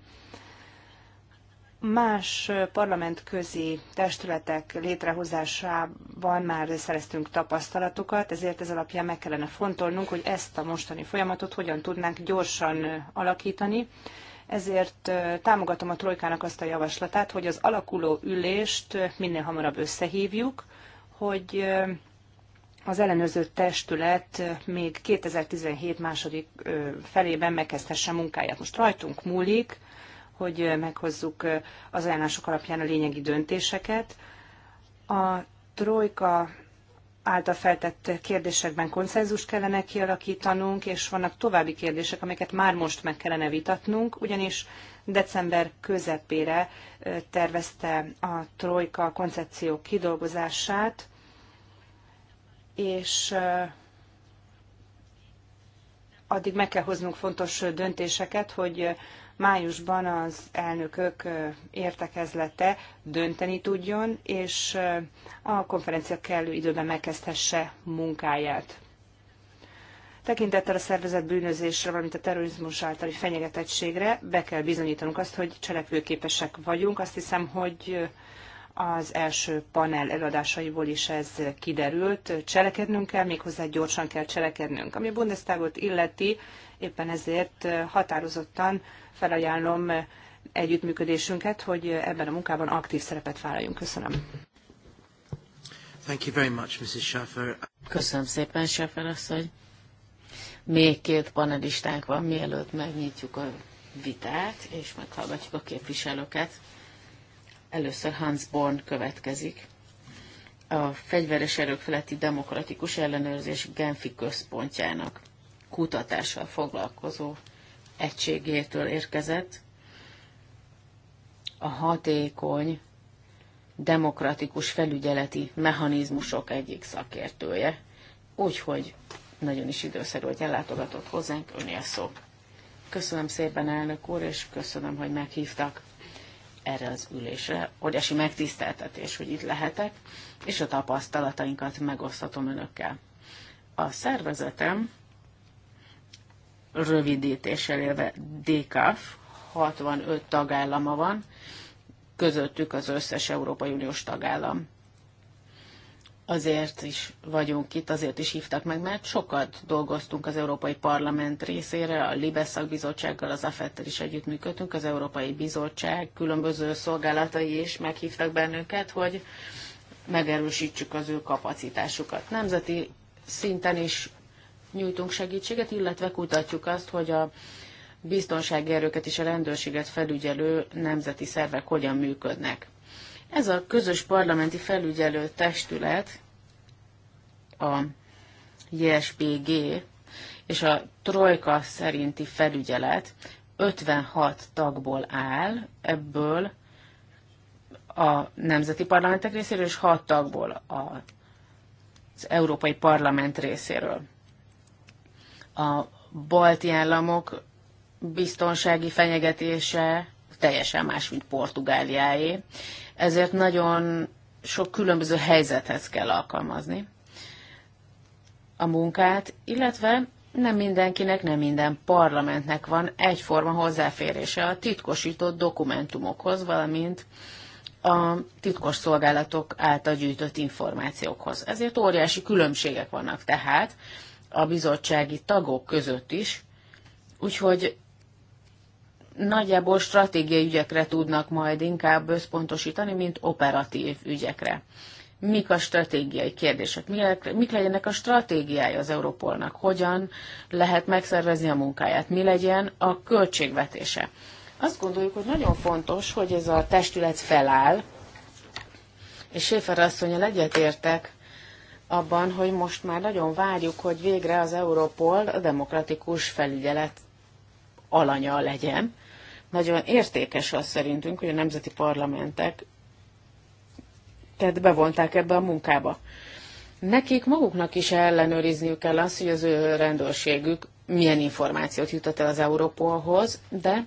más parlamentközi testületek létrehozásában már szereztünk tapasztalatokat, ezért ez alapján meg kellene fontolnunk, hogy ezt a mostani folyamatot hogyan tudnánk gyorsan alakítani. Ezért támogatom a Trojkának azt a javaslatát, hogy az alakuló ülést minél hamarabb összehívjuk, hogy az ellenőrző testület még 2017 második felében megkezdhesse munkáját. Most rajtunk múlik, hogy meghozzuk az ajánlások alapján a lényegi döntéseket. A trojka által feltett kérdésekben konszenzus kellene kialakítanunk, és vannak további kérdések, amiket már most meg kellene vitatnunk, ugyanis december közepére tervezte a Trojka koncepció kidolgozását, és addig meg kell hoznunk fontos döntéseket, hogy májusban az elnökök értekezlete dönteni tudjon, és a konferencia kellő időben megkezdhesse munkáját. Tekintettel a szervezet bűnözésre, valamint a terrorizmus általi fenyegetettségre be kell bizonyítanunk azt, hogy cselekvőképesek vagyunk. Azt hiszem, hogy az első panel előadásaiból is ez kiderült. Cselekednünk kell, méghozzá gyorsan kell cselekednünk. Ami a Bundestagot illeti, Éppen ezért határozottan felajánlom együttműködésünket, hogy ebben a munkában aktív szerepet vállaljunk. Köszönöm. Thank you very much, Mrs. Schaffer. Köszönöm szépen, Schaffer asszony. Még két panelistánk van, mielőtt megnyitjuk a vitát, és meghallgatjuk a képviselőket. Először Hans Born következik. A Fegyveres Erők Feletti Demokratikus Ellenőrzés Genfi Központjának kutatással foglalkozó egységétől érkezett. A hatékony demokratikus felügyeleti mechanizmusok egyik szakértője, úgyhogy nagyon is időszerű, hogy ellátogatott hozzánk, önél szó. Köszönöm szépen, elnök úr, és köszönöm, hogy meghívtak erre az ülésre. Óriási megtiszteltetés, hogy itt lehetek, és a tapasztalatainkat megosztatom önökkel. A szervezetem rövidítéssel élve DKF, 65 tagállama van, közöttük az összes Európai Uniós tagállam. Azért is vagyunk itt, azért is hívtak meg, mert sokat dolgoztunk az Európai Parlament részére, a Libeszak Bizottsággal, az AFET-tel is együttműködtünk, az Európai Bizottság különböző szolgálatai is meghívtak bennünket, hogy megerősítsük az ő kapacitásukat. Nemzeti szinten is nyújtunk segítséget, illetve kutatjuk azt, hogy a biztonsági erőket és a rendőrséget felügyelő nemzeti szervek hogyan működnek. Ez a közös parlamenti felügyelő testület, a JSPG és a Trojka szerinti felügyelet 56 tagból áll, ebből a nemzeti parlamentek részéről és 6 tagból az Európai Parlament részéről a balti államok biztonsági fenyegetése teljesen más, mint Portugáliáé. Ezért nagyon sok különböző helyzethez kell alkalmazni a munkát, illetve nem mindenkinek, nem minden parlamentnek van egyforma hozzáférése a titkosított dokumentumokhoz, valamint a titkos szolgálatok által gyűjtött információkhoz. Ezért óriási különbségek vannak tehát a bizottsági tagok között is, úgyhogy nagyjából stratégiai ügyekre tudnak majd inkább összpontosítani, mint operatív ügyekre. Mik a stratégiai kérdések? Mik legyenek a stratégiája az európolnak, Hogyan lehet megszervezni a munkáját? Mi legyen a költségvetése? Azt gondoljuk, hogy nagyon fontos, hogy ez a testület feláll, és Séfer asszonya értek, abban, hogy most már nagyon várjuk, hogy végre az Europol a demokratikus felügyelet alanya legyen. Nagyon értékes az szerintünk, hogy a nemzeti parlamentek tehát bevonták ebbe a munkába. Nekik maguknak is ellenőrizniük kell azt, hogy az ő rendőrségük milyen információt jutott el az Europolhoz, de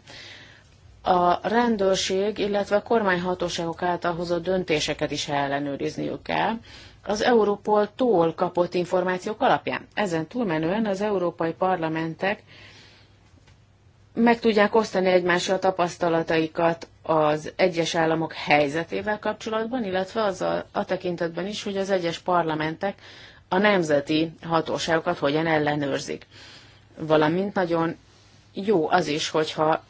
a rendőrség, illetve a kormányhatóságok által hozott döntéseket is ellenőrizniük kell, az Európoltól kapott információk alapján. Ezen túlmenően az európai parlamentek meg tudják osztani egymással tapasztalataikat az egyes államok helyzetével kapcsolatban, illetve az a, a tekintetben is, hogy az egyes parlamentek a nemzeti hatóságokat hogyan ellenőrzik. Valamint nagyon jó az is, hogyha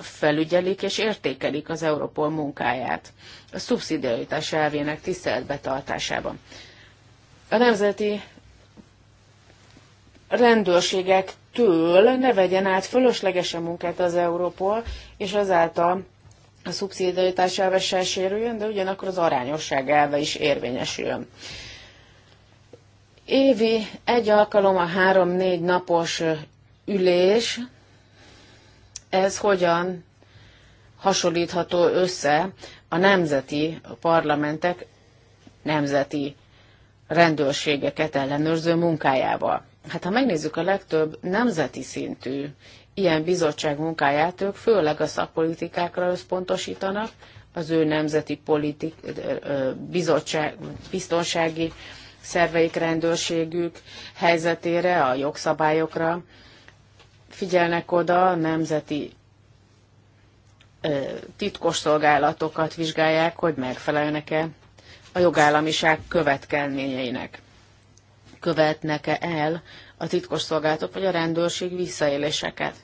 felügyelik és értékelik az Europol munkáját a szubszidiaritás elvének tiszteletbetartásában. A nemzeti rendőrségektől ne vegyen át fölöslegesen munkát az Europol, és azáltal a szubszidiaritás elve se sérüljön, de ugyanakkor az arányosság elve is érvényesüljön. Évi egy alkalom a három-négy napos ülés, ez hogyan hasonlítható össze a nemzeti parlamentek nemzeti rendőrségeket ellenőrző munkájával. Hát ha megnézzük a legtöbb nemzeti szintű ilyen bizottság munkáját, ők főleg a szakpolitikákra összpontosítanak, az ő nemzeti politik, bizottság, biztonsági szerveik, rendőrségük helyzetére, a jogszabályokra, figyelnek oda, nemzeti titkosszolgálatokat vizsgálják, hogy megfelelnek-e a jogállamiság követkelményeinek. Követnek-e el a titkosszolgálatok vagy a rendőrség visszaéléseket.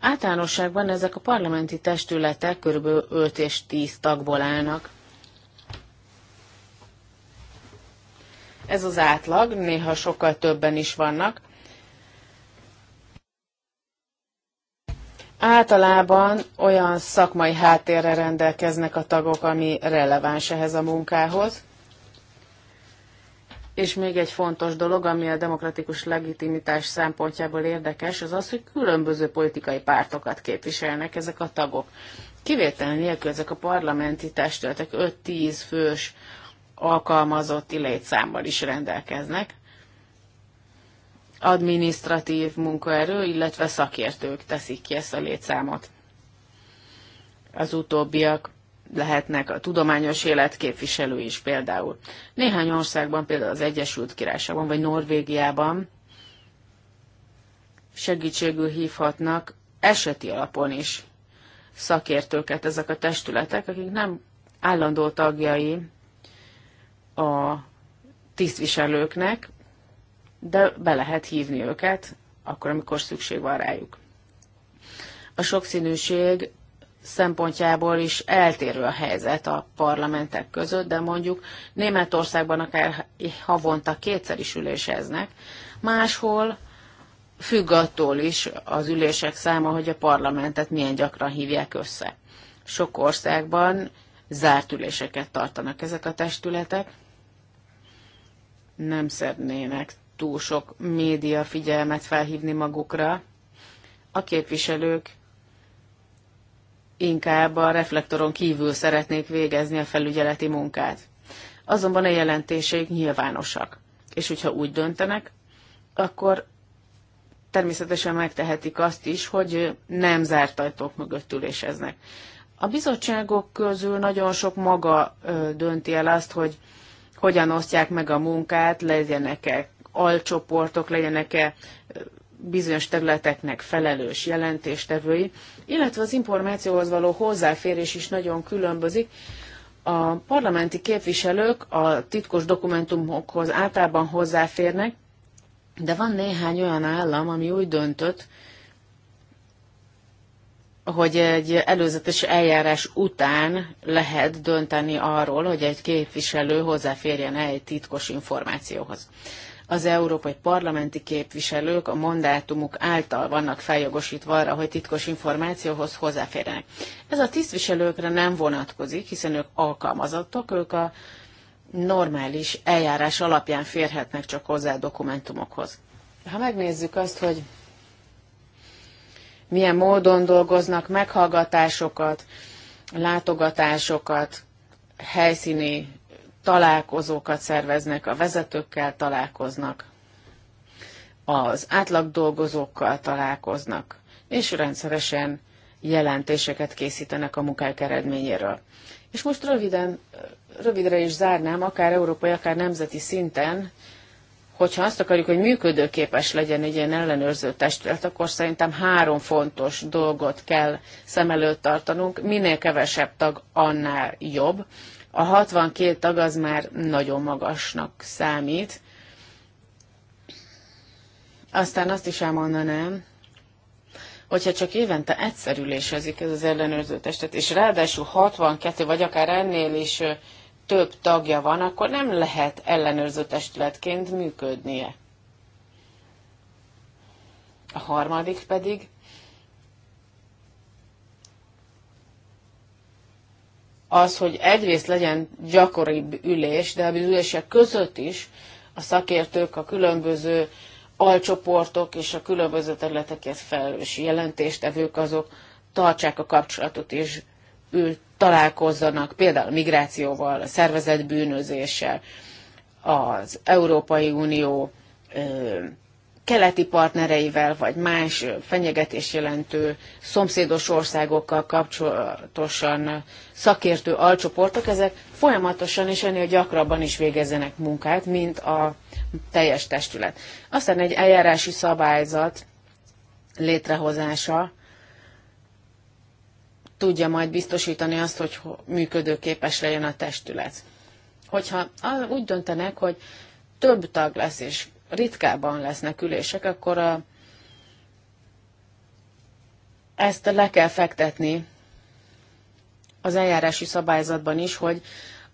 Általánosságban ezek a parlamenti testületek kb. 5 és 10 tagból állnak. Ez az átlag, néha sokkal többen is vannak, Általában olyan szakmai háttérre rendelkeznek a tagok, ami releváns ehhez a munkához. És még egy fontos dolog, ami a demokratikus legitimitás szempontjából érdekes, az az, hogy különböző politikai pártokat képviselnek ezek a tagok. Kivétel nélkül ezek a parlamenti testületek 5-10 fős alkalmazotti létszámmal is rendelkeznek, administratív munkaerő, illetve szakértők teszik ki ezt a létszámot. Az utóbbiak lehetnek a tudományos élet is például. Néhány országban, például az Egyesült Királyságban vagy Norvégiában segítségül hívhatnak eseti alapon is szakértőket ezek a testületek, akik nem állandó tagjai a tisztviselőknek, de be lehet hívni őket, akkor, amikor szükség van rájuk. A sokszínűség szempontjából is eltérő a helyzet a parlamentek között, de mondjuk Németországban akár havonta kétszer is üléseznek, máshol függ attól is az ülések száma, hogy a parlamentet milyen gyakran hívják össze. Sok országban zárt üléseket tartanak ezek a testületek, nem szednének túl sok média figyelmet felhívni magukra. A képviselők inkább a reflektoron kívül szeretnék végezni a felügyeleti munkát. Azonban a jelentéség nyilvánosak, és hogyha úgy döntenek, akkor természetesen megtehetik azt is, hogy nem zárt ajtók mögött üléseznek. A bizottságok közül nagyon sok maga dönti el azt, hogy hogyan osztják meg a munkát, legyenek-e alcsoportok legyenek-e bizonyos területeknek felelős jelentéstevői, illetve az információhoz való hozzáférés is nagyon különbözik. A parlamenti képviselők a titkos dokumentumokhoz általában hozzáférnek, de van néhány olyan állam, ami úgy döntött, hogy egy előzetes eljárás után lehet dönteni arról, hogy egy képviselő hozzáférjen -e egy titkos információhoz az európai parlamenti képviselők a mandátumuk által vannak feljogosítva arra, hogy titkos információhoz hozzáférjenek. Ez a tisztviselőkre nem vonatkozik, hiszen ők alkalmazottak, ők a normális eljárás alapján férhetnek csak hozzá a dokumentumokhoz. Ha megnézzük azt, hogy milyen módon dolgoznak, meghallgatásokat, látogatásokat, helyszíni találkozókat szerveznek, a vezetőkkel találkoznak, az átlag dolgozókkal találkoznak, és rendszeresen jelentéseket készítenek a munkák eredményéről. És most röviden, rövidre is zárnám, akár európai, akár nemzeti szinten, hogyha azt akarjuk, hogy működőképes legyen egy ilyen ellenőrző testület, akkor szerintem három fontos dolgot kell szem előtt tartanunk. Minél kevesebb tag, annál jobb. A 62 tag az már nagyon magasnak számít. Aztán azt is elmondanám, hogyha csak évente egyszer ülésezik ez az ellenőrző testet, és ráadásul 62 vagy akár ennél is több tagja van, akkor nem lehet ellenőrző testületként működnie. A harmadik pedig az, hogy egyrészt legyen gyakoribb ülés, de a ülések között is a szakértők, a különböző alcsoportok és a különböző területekért felelős jelentéstevők azok tartsák a kapcsolatot és ül, találkozzanak például a migrációval, a szervezett bűnözéssel, az Európai Unió keleti partnereivel, vagy más fenyegetés jelentő szomszédos országokkal kapcsolatosan szakértő alcsoportok, ezek folyamatosan és ennél gyakrabban is végezzenek munkát, mint a teljes testület. Aztán egy eljárási szabályzat létrehozása tudja majd biztosítani azt, hogy működőképes legyen a testület. Hogyha úgy döntenek, hogy több tag lesz és ritkában lesznek ülések, akkor a, ezt le kell fektetni az eljárási szabályzatban is, hogy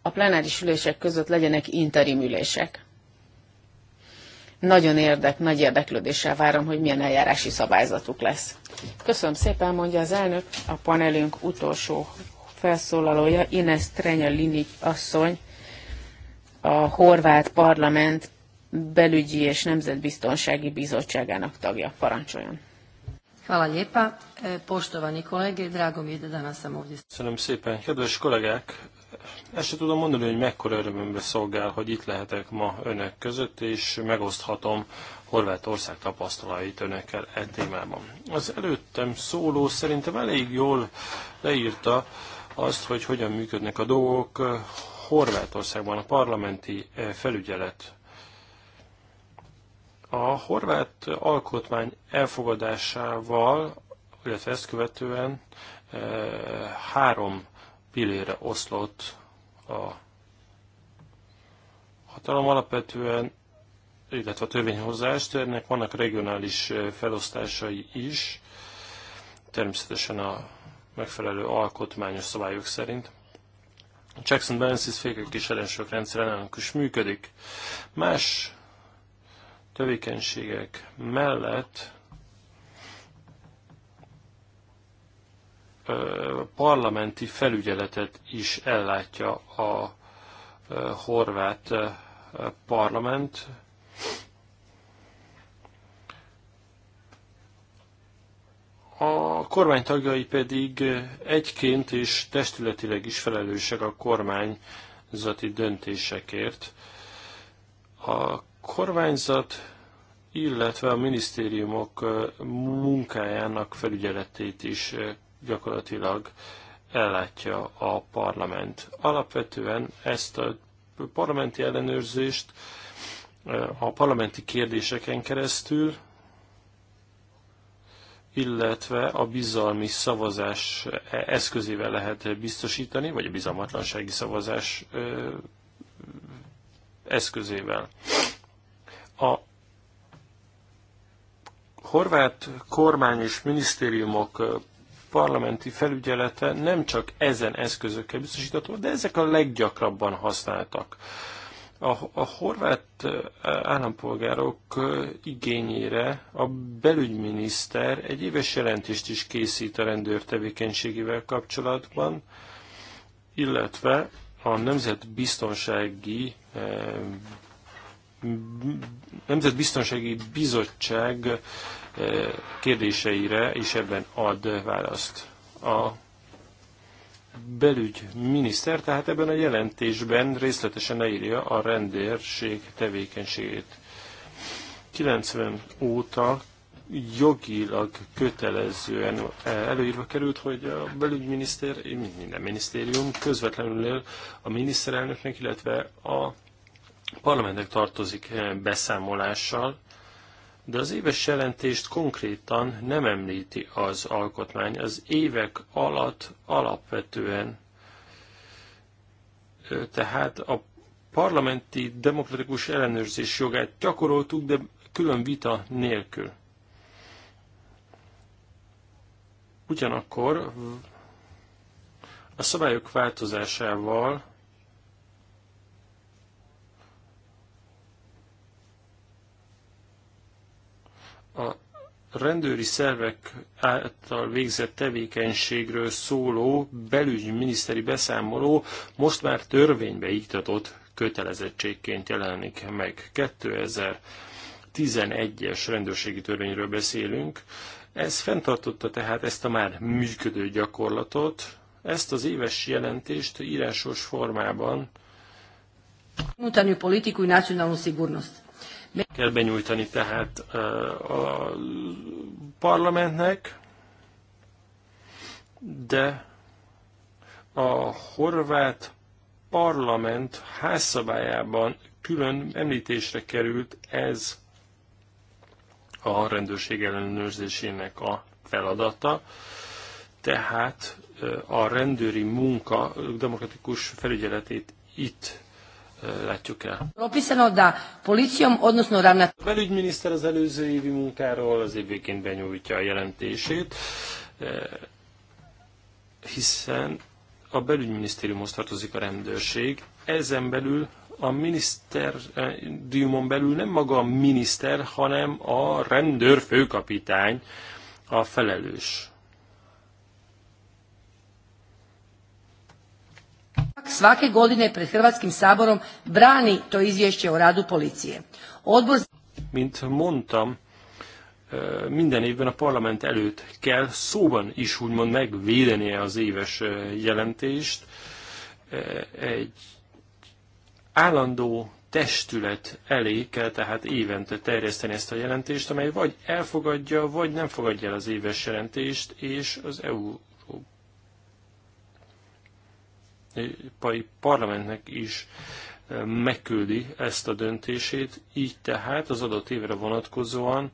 a plenáris ülések között legyenek interim ülések. Nagyon érdek, nagy érdeklődéssel várom, hogy milyen eljárási szabályzatuk lesz. Köszönöm szépen, mondja az elnök, a panelünk utolsó felszólalója, Ines Trenya linik asszony, a horvát parlament belügyi és nemzetbiztonsági bizottságának tagja. Parancsoljon! Hvala lijepa. E, poštovani kolege, drago mi je da danas sam ovdje. Köszönöm szépen. Kedves kollégák, ezt se tudom mondani, hogy mekkora örömömbe szolgál, hogy itt lehetek ma önök között, és megoszthatom Horvátország tapasztalait önökkel e témában. Az előttem szóló szerintem elég jól leírta azt, hogy hogyan működnek a dolgok. Horvátországban a parlamenti e, felügyelet a horvát alkotmány elfogadásával, illetve ezt követően e, három pillére oszlott a hatalom alapvetően, illetve a törvényhozást, ennek vannak regionális e, felosztásai is, természetesen a megfelelő alkotmányos szabályok szerint. A checks and balances fékek és ellensők rendszeren is működik. Más tevékenységek mellett parlamenti felügyeletet is ellátja a horvát parlament. A kormány tagjai pedig egyként és testületileg is felelősek a kormányzati döntésekért. A kormányzat, illetve a minisztériumok munkájának felügyeletét is gyakorlatilag ellátja a parlament. Alapvetően ezt a parlamenti ellenőrzést a parlamenti kérdéseken keresztül, illetve a bizalmi szavazás eszközével lehet biztosítani, vagy a bizalmatlansági szavazás eszközével. A horvát kormány és minisztériumok parlamenti felügyelete nem csak ezen eszközökkel biztosítható, de ezek a leggyakrabban használtak. A, a horvát állampolgárok igényére a belügyminiszter egy éves jelentést is készít a rendőr tevékenységével kapcsolatban, illetve a nemzetbiztonsági Nemzetbiztonsági Bizottság eh, kérdéseire is ebben ad választ. A belügyminiszter, tehát ebben a jelentésben részletesen leírja a rendőrség tevékenységét. 90 óta jogilag kötelezően előírva került, hogy a belügyminiszter, minden minisztérium közvetlenül él a miniszterelnöknek, illetve a parlamentnek tartozik eh, beszámolással, de az éves jelentést konkrétan nem említi az alkotmány. Az évek alatt alapvetően tehát a parlamenti demokratikus ellenőrzés jogát gyakoroltuk, de külön vita nélkül. Ugyanakkor a szabályok változásával a rendőri szervek által végzett tevékenységről szóló belügyminiszteri beszámoló most már törvénybe iktatott kötelezettségként jelenik meg. 2011-es rendőrségi törvényről beszélünk. Ez fenntartotta tehát ezt a már működő gyakorlatot, ezt az éves jelentést írásos formában. Mutani politikai nacionalnu szigurnost kell benyújtani tehát a parlamentnek, de a horvát parlament házszabályában külön említésre került ez a rendőrség ellenőrzésének a feladata, tehát a rendőri munka demokratikus felügyeletét itt látjuk el. A belügyminiszter az előző évi munkáról az év végén benyújtja a jelentését, eh, hiszen a belügyminisztériumhoz tartozik a rendőrség. Ezen belül a eh, Dumon belül nem maga a miniszter, hanem a rendőr főkapitány a felelős svake godine pred Hrvatskim saborom brani to izvješće o radu policije. Odbor... Mint mondtam, minden évben a parlament előtt kell szóban is úgymond megvédenie az éves jelentést. Egy állandó testület elé kell tehát évente terjeszteni ezt a jelentést, amely vagy elfogadja, vagy nem fogadja el az éves jelentést, és az EU Európai Parlamentnek is megküldi ezt a döntését, így tehát az adott évre vonatkozóan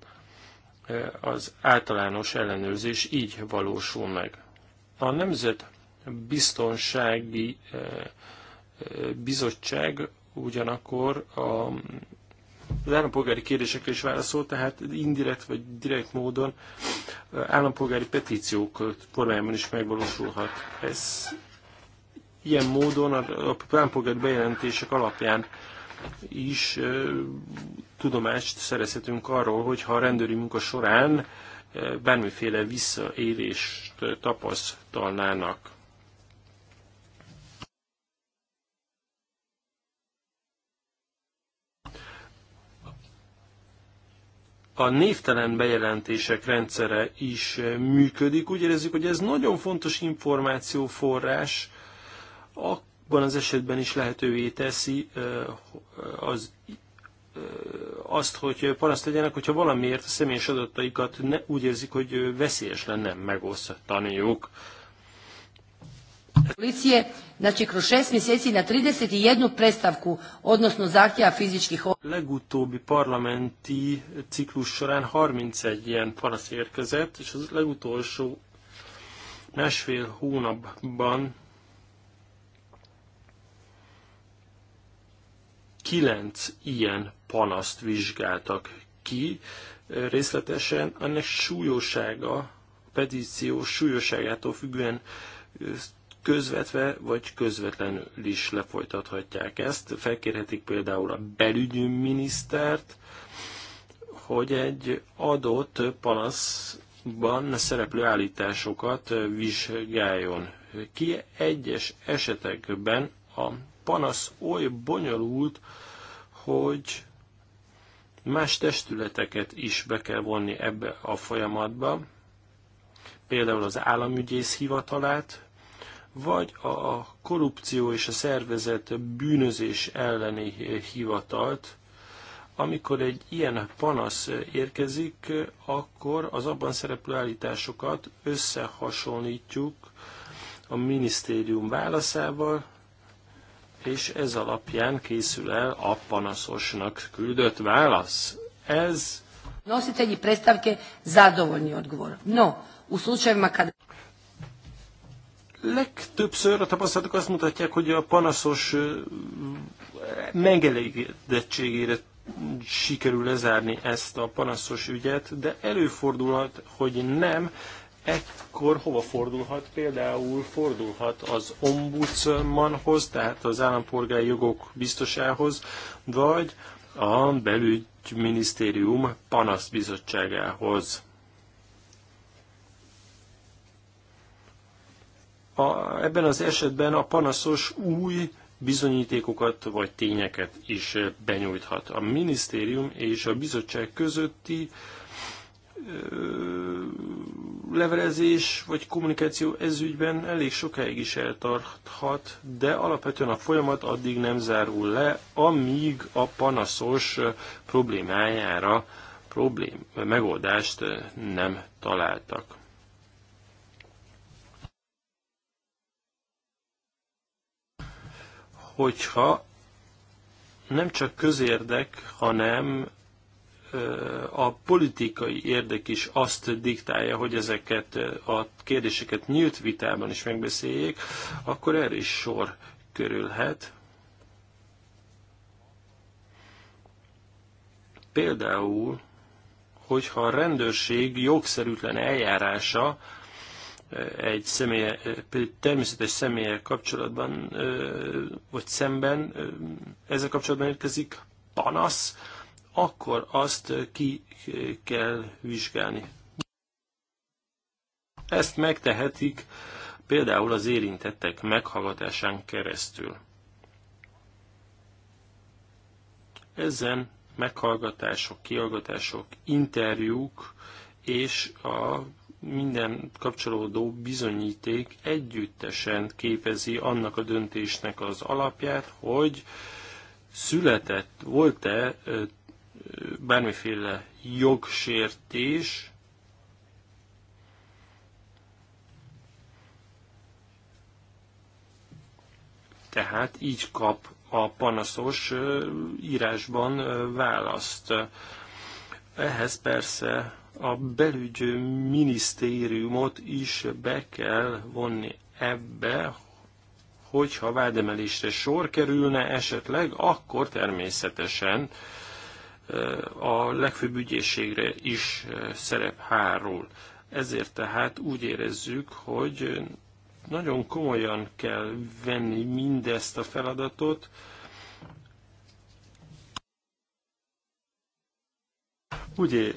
az általános ellenőrzés így valósul meg. A Nemzet Biztonsági Bizottság ugyanakkor a az állampolgári kérdésekre is válaszol, tehát indirekt vagy direkt módon állampolgári petíciók formájában is megvalósulhat. Ez Ilyen módon a, a állampolgári bejelentések alapján is e, tudomást szerezhetünk arról, hogy ha a rendőri munka során e, bármiféle visszaélést tapasztalnának. a névtelen bejelentések rendszere is működik. Úgy érezzük, hogy ez nagyon fontos információforrás, abban az esetben is lehetővé teszi az azt, hogy paraszt legyenek, hogyha valamiért a személyes adataikat ne, úgy érzik, hogy veszélyes lenne megosztaniuk. Policije, znači kroz 6 mjeseci na 31 predstavku, odnosno zahtjeva fizičkih... Legutóbbi parlamenti ciklus során 31 ilyen panasz érkezett, és az legutolsó másfél hónapban kilenc ilyen panaszt vizsgáltak ki részletesen, ennek súlyossága, petíció súlyosságától függően közvetve vagy közvetlenül is lefolytathatják ezt. Felkérhetik például a belügyminisztert, hogy egy adott panaszban szereplő állításokat vizsgáljon ki. Egyes esetekben a panasz oly bonyolult, hogy más testületeket is be kell vonni ebbe a folyamatba, például az államügyész hivatalát, vagy a korrupció és a szervezet bűnözés elleni hivatalt. Amikor egy ilyen panasz érkezik, akkor az abban szereplő állításokat összehasonlítjuk a minisztérium válaszával, és ez alapján készül el a panaszosnak küldött válasz. Ez nositelji presztávke zádovolni odgvor. No, u slučajevima Legtöbbször a tapasztalatok azt mutatják, hogy a panaszos megelégedettségére sikerül lezárni ezt a panaszos ügyet, de előfordulhat, hogy nem, Ekkor hova fordulhat? Például fordulhat az ombudsmanhoz, tehát az állampolgári jogok biztosához, vagy a belügyminisztérium panaszbizottságához. A, ebben az esetben a panaszos új bizonyítékokat vagy tényeket is benyújthat. A minisztérium és a bizottság közötti levelezés vagy kommunikáció ezügyben elég sokáig is eltarthat, de alapvetően a folyamat addig nem zárul le, amíg a panaszos problémájára problém, megoldást nem találtak. Hogyha nem csak közérdek, hanem a politikai érdek is azt diktálja, hogy ezeket a kérdéseket nyílt vitában is megbeszéljék, akkor erre is sor körülhet. Például, hogyha a rendőrség jogszerűtlen eljárása egy személy, természetes személyek kapcsolatban, vagy szemben ezzel kapcsolatban érkezik panasz, akkor azt eh, ki eh, kell vizsgálni. Ezt megtehetik például az érintettek meghallgatásán keresztül. Ezen meghallgatások, kihallgatások, interjúk és a minden kapcsolódó bizonyíték együttesen képezi annak a döntésnek az alapját, hogy született, volt-e eh, bármiféle jogsértés tehát így kap a panaszos írásban választ. Ehhez persze a belügy minisztériumot is be kell vonni ebbe, hogyha vádemelésre sor kerülne esetleg, akkor természetesen a legfőbb ügyészségre is e, szerep hárul. Ezért tehát úgy érezzük, hogy nagyon komolyan kell venni mindezt a feladatot, Ugye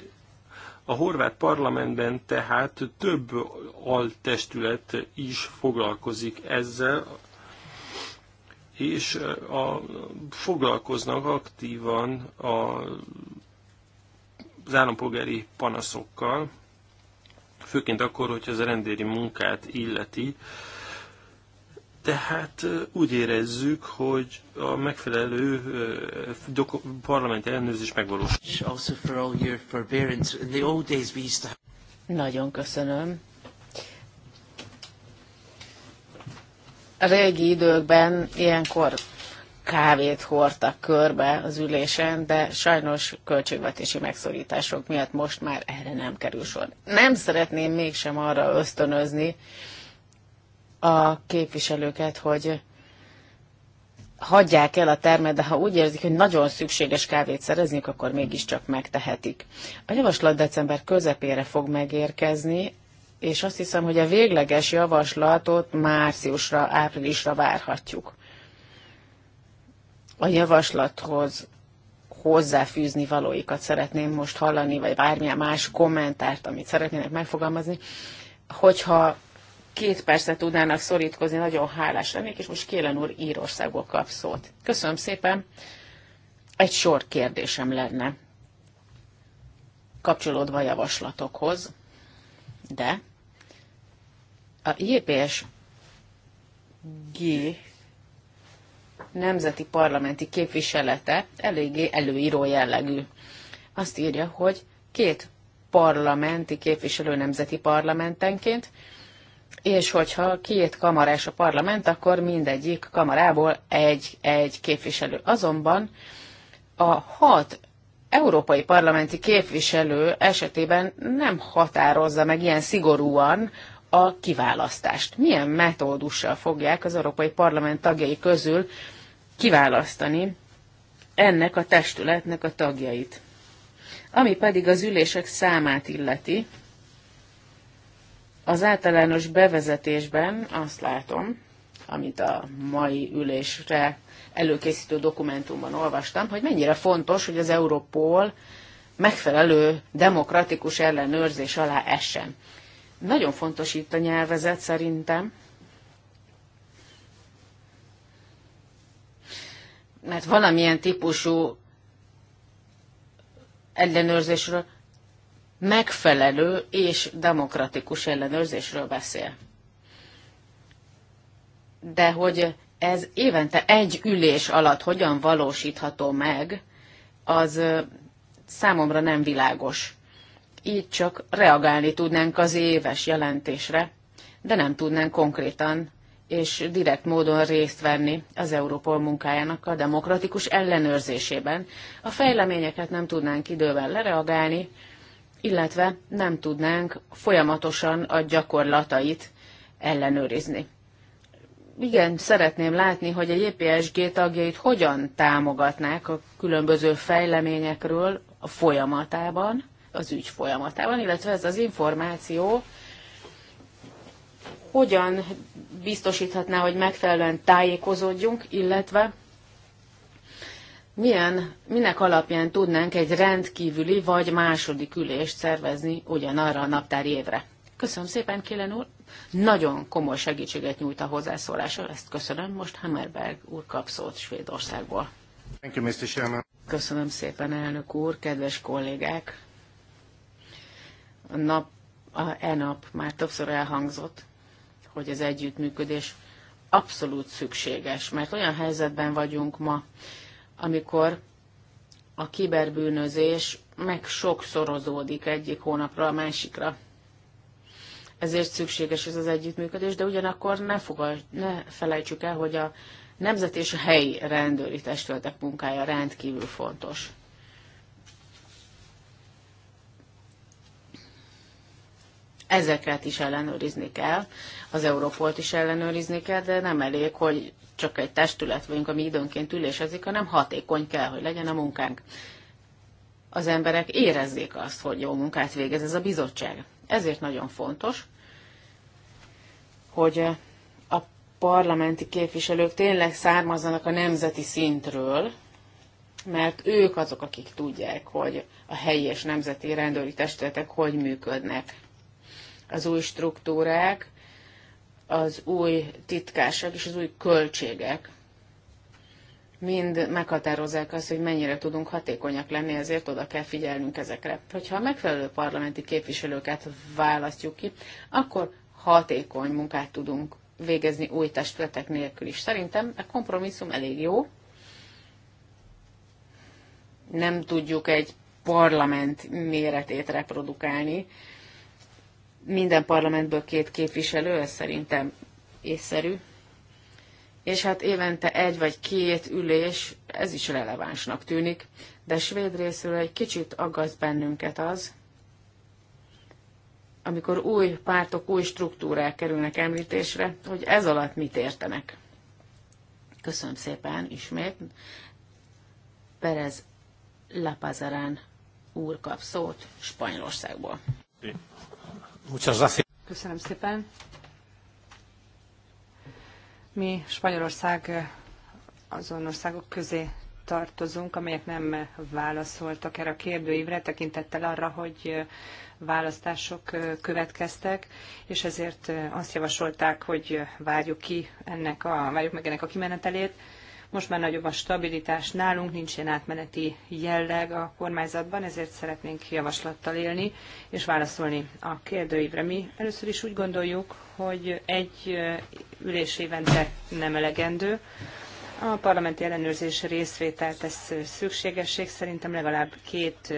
a horvát parlamentben tehát több altestület is foglalkozik ezzel, és a, foglalkoznak aktívan a, az állampolgári panaszokkal, főként akkor, hogyha az rendéri munkát illeti. Tehát úgy érezzük, hogy a megfelelő parlamenti ellenőrzés megvalósul. Nagyon köszönöm A régi időkben ilyenkor kávét hordtak körbe az ülésen, de sajnos költségvetési megszorítások miatt most már erre nem kerül sor. Nem szeretném mégsem arra ösztönözni a képviselőket, hogy hagyják el a termet, de ha úgy érzik, hogy nagyon szükséges kávét szerezniük, akkor mégiscsak megtehetik. A javaslat december közepére fog megérkezni, és azt hiszem, hogy a végleges javaslatot márciusra, áprilisra várhatjuk. A javaslathoz hozzáfűzni valóikat szeretném most hallani, vagy bármilyen más kommentárt, amit szeretnének megfogalmazni. Hogyha két percet tudnának szorítkozni, nagyon hálás lennék, és most Kélen úr Írországból kap szót. Köszönöm szépen. Egy sor kérdésem lenne kapcsolódva a javaslatokhoz, de a JPSG nemzeti parlamenti képviselete eléggé előíró jellegű. Azt írja, hogy két parlamenti képviselő nemzeti parlamentenként, és hogyha két kamarás a parlament, akkor mindegyik kamarából egy-egy képviselő. Azonban a hat európai parlamenti képviselő esetében nem határozza meg ilyen szigorúan a kiválasztást. Milyen metódussal fogják az Európai Parlament tagjai közül kiválasztani ennek a testületnek a tagjait. Ami pedig az ülések számát illeti, az általános bevezetésben azt látom, amit a mai ülésre előkészítő dokumentumban olvastam, hogy mennyire fontos, hogy az Európol megfelelő demokratikus ellenőrzés alá essen. Nagyon fontos itt a nyelvezet szerintem, mert valamilyen típusú ellenőrzésről, megfelelő és demokratikus ellenőrzésről beszél. De hogy ez évente egy ülés alatt hogyan valósítható meg, az számomra nem világos így csak reagálni tudnánk az éves jelentésre, de nem tudnánk konkrétan és direkt módon részt venni az Európol munkájának a demokratikus ellenőrzésében. A fejleményeket nem tudnánk idővel lereagálni, illetve nem tudnánk folyamatosan a gyakorlatait ellenőrizni. Igen, szeretném látni, hogy a JPSG tagjait hogyan támogatnák a különböző fejleményekről a folyamatában, az ügy folyamatában, illetve ez az információ hogyan biztosíthatná, hogy megfelelően tájékozódjunk, illetve milyen, minek alapján tudnánk egy rendkívüli vagy második ülést szervezni ugyanarra a naptári évre. Köszönöm szépen, Kélen úr. Nagyon komoly segítséget nyújt a hozzászólása, ezt köszönöm. Most Hammerberg úr kap szót Svédországból. Thank you, Mr. Köszönöm szépen, elnök úr, kedves kollégák a nap, a e-nap már többször elhangzott, hogy az együttműködés abszolút szükséges, mert olyan helyzetben vagyunk ma, amikor a kiberbűnözés meg sokszorozódik egyik hónapra a másikra. Ezért szükséges ez az együttműködés, de ugyanakkor ne, fogal, ne felejtsük el, hogy a nemzet és a helyi rendőri testületek munkája rendkívül fontos. ezeket is ellenőrizni kell, az Európolt is ellenőrizni kell, de nem elég, hogy csak egy testület vagyunk, ami időnként ülésezik, hanem hatékony kell, hogy legyen a munkánk. Az emberek érezzék azt, hogy jó munkát végez ez a bizottság. Ezért nagyon fontos, hogy a parlamenti képviselők tényleg származzanak a nemzeti szintről, mert ők azok, akik tudják, hogy a helyi és nemzeti rendőri testületek hogy működnek az új struktúrák, az új titkások és az új költségek mind meghatározzák azt, hogy mennyire tudunk hatékonyak lenni, ezért oda kell figyelnünk ezekre. Hogyha a megfelelő parlamenti képviselőket választjuk ki, akkor hatékony munkát tudunk végezni új testületek nélkül is. Szerintem a kompromisszum elég jó. Nem tudjuk egy parlament méretét reprodukálni, minden parlamentből két képviselő, ez szerintem észszerű. És hát évente egy vagy két ülés, ez is relevánsnak tűnik, de svéd részről egy kicsit aggaszt bennünket az, amikor új pártok, új struktúrák kerülnek említésre, hogy ez alatt mit értenek. Köszönöm szépen ismét. Perez Lapazarán úr kap szót Spanyolországból. Köszönöm szépen. Mi Spanyolország azon országok közé tartozunk, amelyek nem válaszoltak erre a kérdőívre, tekintettel arra, hogy választások következtek, és ezért azt javasolták, hogy várjuk ki ennek a, várjuk meg ennek a kimenetelét. Most már nagyobb a stabilitás nálunk, nincsen átmeneti jelleg a kormányzatban, ezért szeretnénk javaslattal élni és válaszolni a kérdőívre. Mi először is úgy gondoljuk, hogy egy ülés évente nem elegendő, a parlamenti ellenőrzés részvételt tesz szükségesség, szerintem legalább két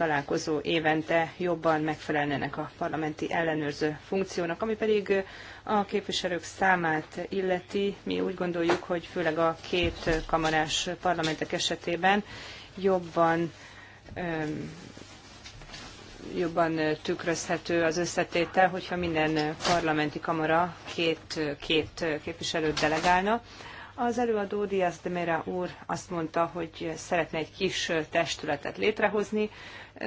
találkozó évente jobban megfelelnének a parlamenti ellenőrző funkciónak, ami pedig a képviselők számát illeti. Mi úgy gondoljuk, hogy főleg a két kamarás parlamentek esetében jobban jobban tükrözhető az összetétel, hogyha minden parlamenti kamara két, két képviselőt delegálna. Az előadó Diaz de Mera úr azt mondta, hogy szeretne egy kis testületet létrehozni,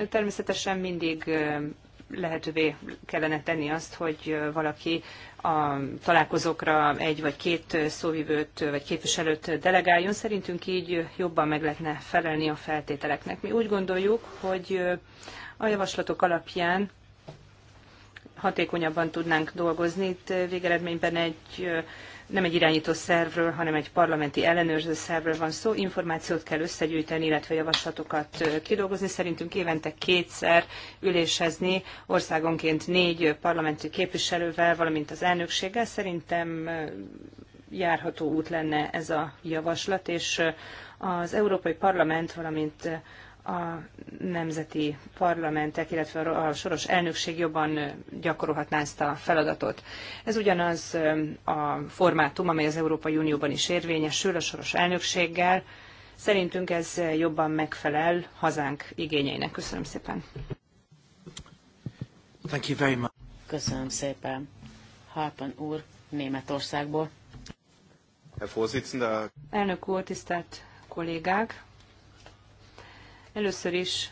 Természetesen mindig lehetővé kellene tenni azt, hogy valaki a találkozókra egy vagy két szóvivőt vagy képviselőt delegáljon. Szerintünk így jobban meg lehetne felelni a feltételeknek. Mi úgy gondoljuk, hogy a javaslatok alapján hatékonyabban tudnánk dolgozni. Itt végeredményben egy nem egy irányító szervről, hanem egy parlamenti ellenőrző szervről van szó. Információt kell összegyűjteni, illetve javaslatokat kidolgozni. Szerintünk évente kétszer ülésezni, országonként négy parlamenti képviselővel, valamint az elnökséggel. Szerintem járható út lenne ez a javaslat, és az Európai Parlament, valamint a nemzeti parlamentek, illetve a soros elnökség jobban gyakorolhatná ezt a feladatot. Ez ugyanaz a formátum, amely az Európai Unióban is érvényesül a soros elnökséggel. Szerintünk ez jobban megfelel hazánk igényeinek. Köszönöm szépen. Thank you very much. Köszönöm szépen. Harpan úr, Németországból. Elnök úr, tisztelt kollégák! Először is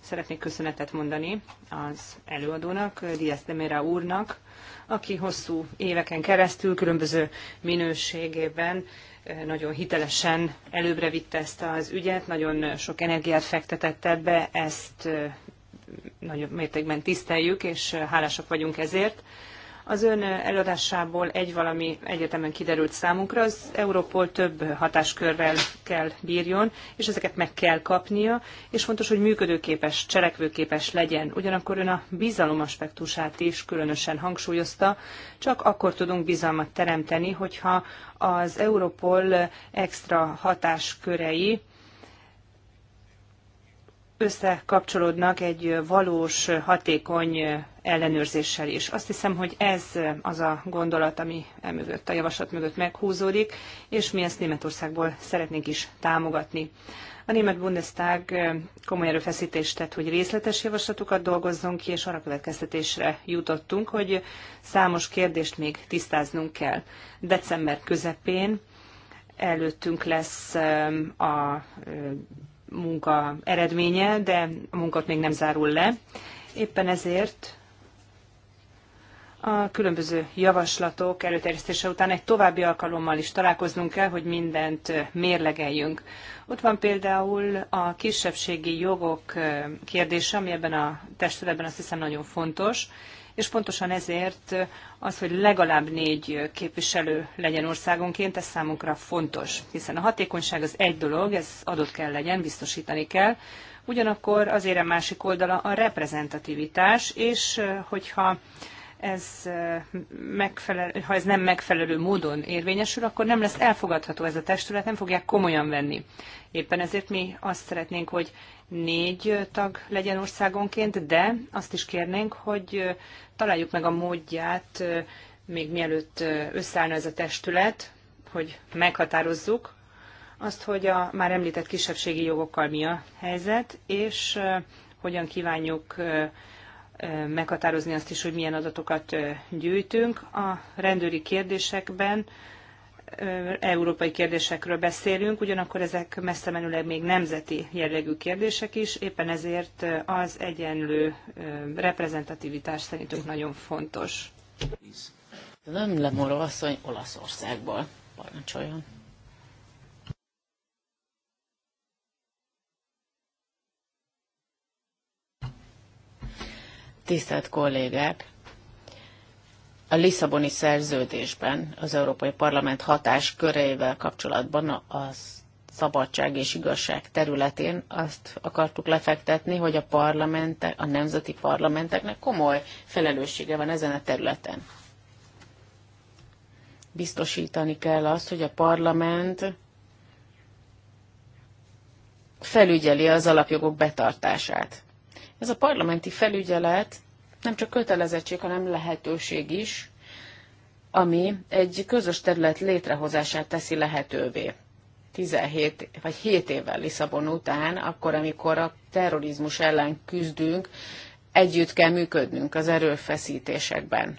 szeretnék köszönetet mondani az előadónak, Díaz Demera úrnak, aki hosszú éveken keresztül különböző minőségében eh, nagyon hitelesen előbbre vitte ezt az ügyet, nagyon sok energiát fektetett ebbe, ezt eh, nagyon mértékben tiszteljük, és eh, hálásak vagyunk ezért. Az ön előadásából egy valami egyetemen kiderült számunkra, az Európol több hatáskörrel kell bírjon, és ezeket meg kell kapnia, és fontos, hogy működőképes, cselekvőképes legyen. Ugyanakkor ön a bizalom aspektusát is különösen hangsúlyozta, csak akkor tudunk bizalmat teremteni, hogyha az Európol extra hatáskörei összekapcsolódnak egy valós, hatékony ellenőrzéssel is. Azt hiszem, hogy ez az a gondolat, ami e mögött, a javaslat mögött meghúzódik, és mi ezt Németországból szeretnénk is támogatni. A német Bundestag komoly erőfeszítést tett, hogy részletes javaslatokat dolgozzon ki, és arra következtetésre jutottunk, hogy számos kérdést még tisztáznunk kell. December közepén előttünk lesz a munka eredménye, de a munkat még nem zárul le. Éppen ezért a különböző javaslatok előterjesztése után egy további alkalommal is találkoznunk kell, hogy mindent mérlegeljünk. Ott van például a kisebbségi jogok kérdése, ami ebben a testületben azt hiszem nagyon fontos, és pontosan ezért az, hogy legalább négy képviselő legyen országonként, ez számunkra fontos, hiszen a hatékonyság az egy dolog, ez adott kell legyen, biztosítani kell, ugyanakkor azért a másik oldala a reprezentativitás, és hogyha ez megfelel, ha ez nem megfelelő módon érvényesül, akkor nem lesz elfogadható ez a testület, nem fogják komolyan venni. Éppen ezért mi azt szeretnénk, hogy négy tag legyen országonként, de azt is kérnénk, hogy találjuk meg a módját, még mielőtt összeállna ez a testület, hogy meghatározzuk azt, hogy a már említett kisebbségi jogokkal mi a helyzet, és hogyan kívánjuk meghatározni azt is, hogy milyen adatokat gyűjtünk. A rendőri kérdésekben európai kérdésekről beszélünk, ugyanakkor ezek messze menőleg még nemzeti jellegű kérdések is, éppen ezért az egyenlő reprezentativitás szerintünk nagyon fontos. Nem lemorva asszony Olaszországból parancsoljon. tisztelt kollégák, a Lisszaboni szerződésben az Európai Parlament hatás köreivel kapcsolatban a szabadság és igazság területén azt akartuk lefektetni, hogy a parlamentek, a nemzeti parlamenteknek komoly felelőssége van ezen a területen. Biztosítani kell azt, hogy a parlament felügyeli az alapjogok betartását. Ez a parlamenti felügyelet nem csak kötelezettség, hanem lehetőség is, ami egy közös terület létrehozását teszi lehetővé. 17 vagy 7 évvel Lisszabon után, akkor, amikor a terrorizmus ellen küzdünk, együtt kell működnünk az erőfeszítésekben,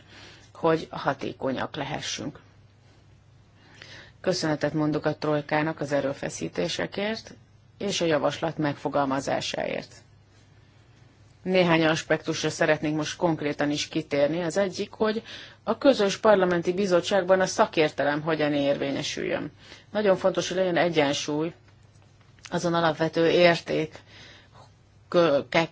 hogy hatékonyak lehessünk. Köszönetet mondok a Trojkának az erőfeszítésekért és a javaslat megfogalmazásáért. Néhány aspektusra szeretnék most konkrétan is kitérni. Az egyik, hogy a közös parlamenti bizottságban a szakértelem hogyan érvényesüljön. Nagyon fontos, hogy legyen egyensúly azon alapvető érték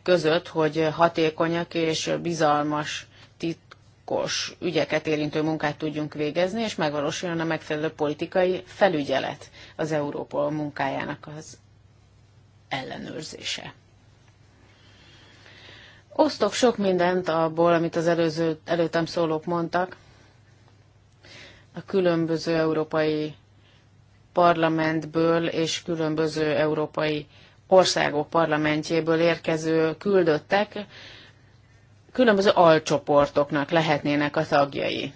között, hogy hatékonyak és bizalmas titkos ügyeket érintő munkát tudjunk végezni, és megvalósuljon a megfelelő politikai felügyelet az Európol munkájának az ellenőrzése. Osztok sok mindent abból, amit az előző, előttem szólók mondtak. A különböző európai parlamentből és különböző európai országok parlamentjéből érkező küldöttek különböző alcsoportoknak lehetnének a tagjai.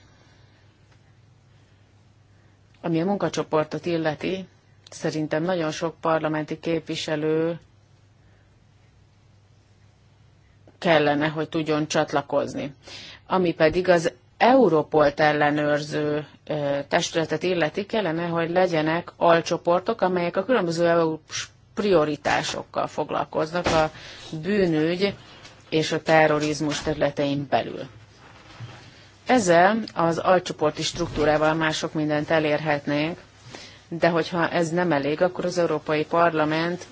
Ami a munkacsoportot illeti, szerintem nagyon sok parlamenti képviselő kellene, hogy tudjon csatlakozni. Ami pedig az Európolt ellenőrző testületet illeti, kellene, hogy legyenek alcsoportok, amelyek a különböző EU prioritásokkal foglalkoznak a bűnügy és a terrorizmus területein belül. Ezzel az alcsoporti struktúrával mások mindent elérhetnénk, de hogyha ez nem elég, akkor az Európai Parlament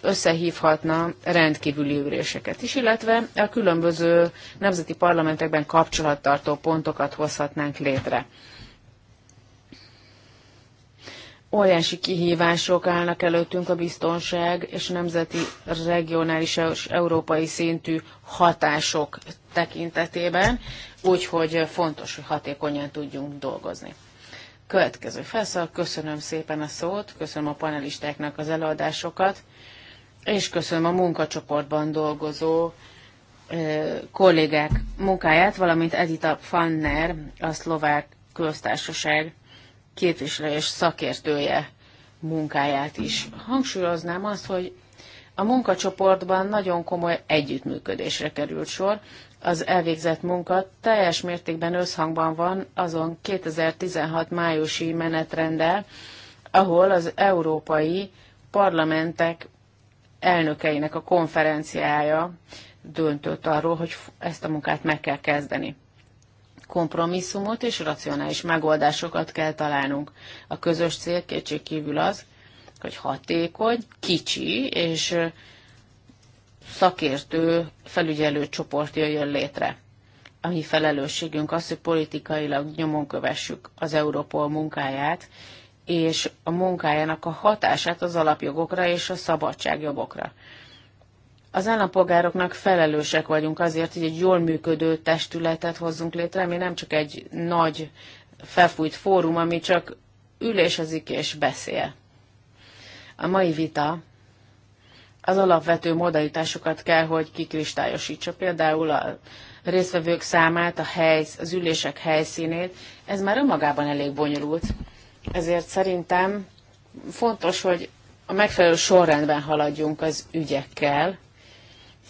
összehívhatna rendkívüli üléseket is, illetve a különböző nemzeti parlamentekben kapcsolattartó pontokat hozhatnánk létre. Óriási kihívások állnak előttünk a biztonság és a nemzeti, regionális és európai szintű hatások tekintetében, úgyhogy fontos, hogy hatékonyan tudjunk dolgozni következő felszal. Köszönöm szépen a szót, köszönöm a panelistáknak az előadásokat és köszönöm a munkacsoportban dolgozó kollégák munkáját, valamint Edita Fanner, a szlovák köztársaság képviselő és szakértője munkáját is. Hangsúlyoznám azt, hogy a munkacsoportban nagyon komoly együttműködésre került sor. Az elvégzett munka teljes mértékben összhangban van azon 2016 májusi menetrendel, ahol az európai parlamentek elnökeinek a konferenciája döntött arról, hogy ezt a munkát meg kell kezdeni. Kompromisszumot és racionális megoldásokat kell találnunk. A közös cél kétség kívül az, hogy hatékony, kicsi és szakértő felügyelő csoport jöjjön létre. A mi felelősségünk az, hogy politikailag nyomon kövessük az Európol munkáját, és a munkájának a hatását az alapjogokra és a szabadságjogokra. Az állampolgároknak felelősek vagyunk azért, hogy egy jól működő testületet hozzunk létre, ami nem csak egy nagy felfújt fórum, ami csak ülésezik és beszél. A mai vita az alapvető modalitásokat kell, hogy kikristályosítsa, például a résztvevők számát, a helysz, az ülések helyszínét. Ez már önmagában elég bonyolult, ezért szerintem fontos, hogy a megfelelő sorrendben haladjunk az ügyekkel,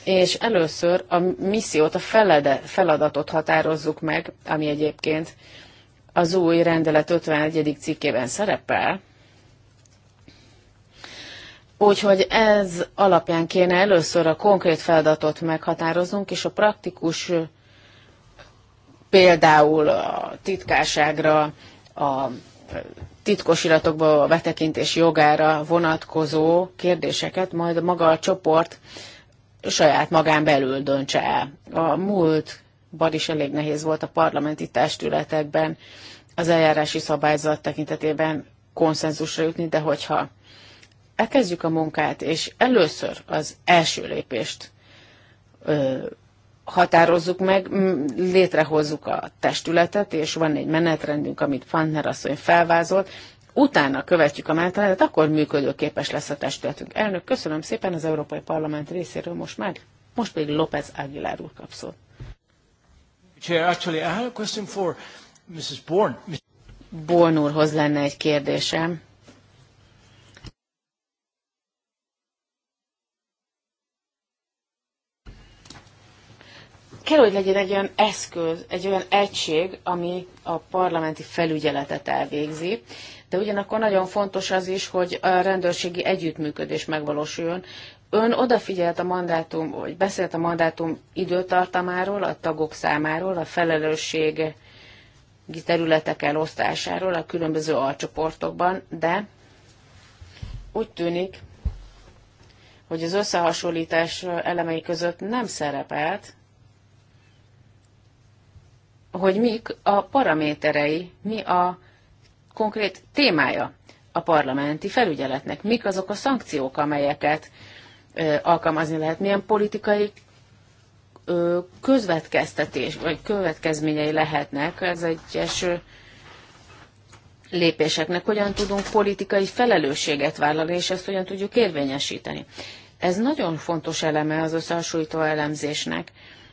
és először a missziót, a felede, feladatot határozzuk meg, ami egyébként az új rendelet 51. cikkében szerepel. Úgyhogy ez alapján kéne először a konkrét feladatot meghatároznunk, és a praktikus például a titkárságra, a titkos iratokba a betekintés jogára vonatkozó kérdéseket majd maga a csoport saját magán belül döntse el. A múltban is elég nehéz volt a parlamenti testületekben az eljárási szabályzat tekintetében konszenzusra jutni, de hogyha elkezdjük a munkát, és először az első lépést ö, határozzuk meg, létrehozzuk a testületet, és van egy menetrendünk, amit Fantner asszony felvázolt, utána követjük a menetrendet, akkor működőképes lesz a testületünk. Elnök, köszönöm szépen az Európai Parlament részéről most már, most pedig López Aguilar úr kap szót. Chair, actually, I a question for Mrs. úrhoz lenne egy kérdésem. kell, hogy legyen egy olyan eszköz, egy olyan egység, ami a parlamenti felügyeletet elvégzi, de ugyanakkor nagyon fontos az is, hogy a rendőrségi együttműködés megvalósuljon. Ön odafigyelt a mandátum, vagy beszélt a mandátum időtartamáról, a tagok számáról, a felelősség területek elosztásáról a különböző alcsoportokban, de úgy tűnik, hogy az összehasonlítás elemei között nem szerepelt hogy mik a paraméterei, mi a konkrét témája a parlamenti felügyeletnek, mik azok a szankciók, amelyeket ö, alkalmazni lehet, milyen politikai ö, közvetkeztetés vagy következményei lehetnek az egyes lépéseknek, hogyan tudunk politikai felelősséget vállalni, és ezt hogyan tudjuk érvényesíteni. Ez nagyon fontos eleme az összehasonlító elemzésnek,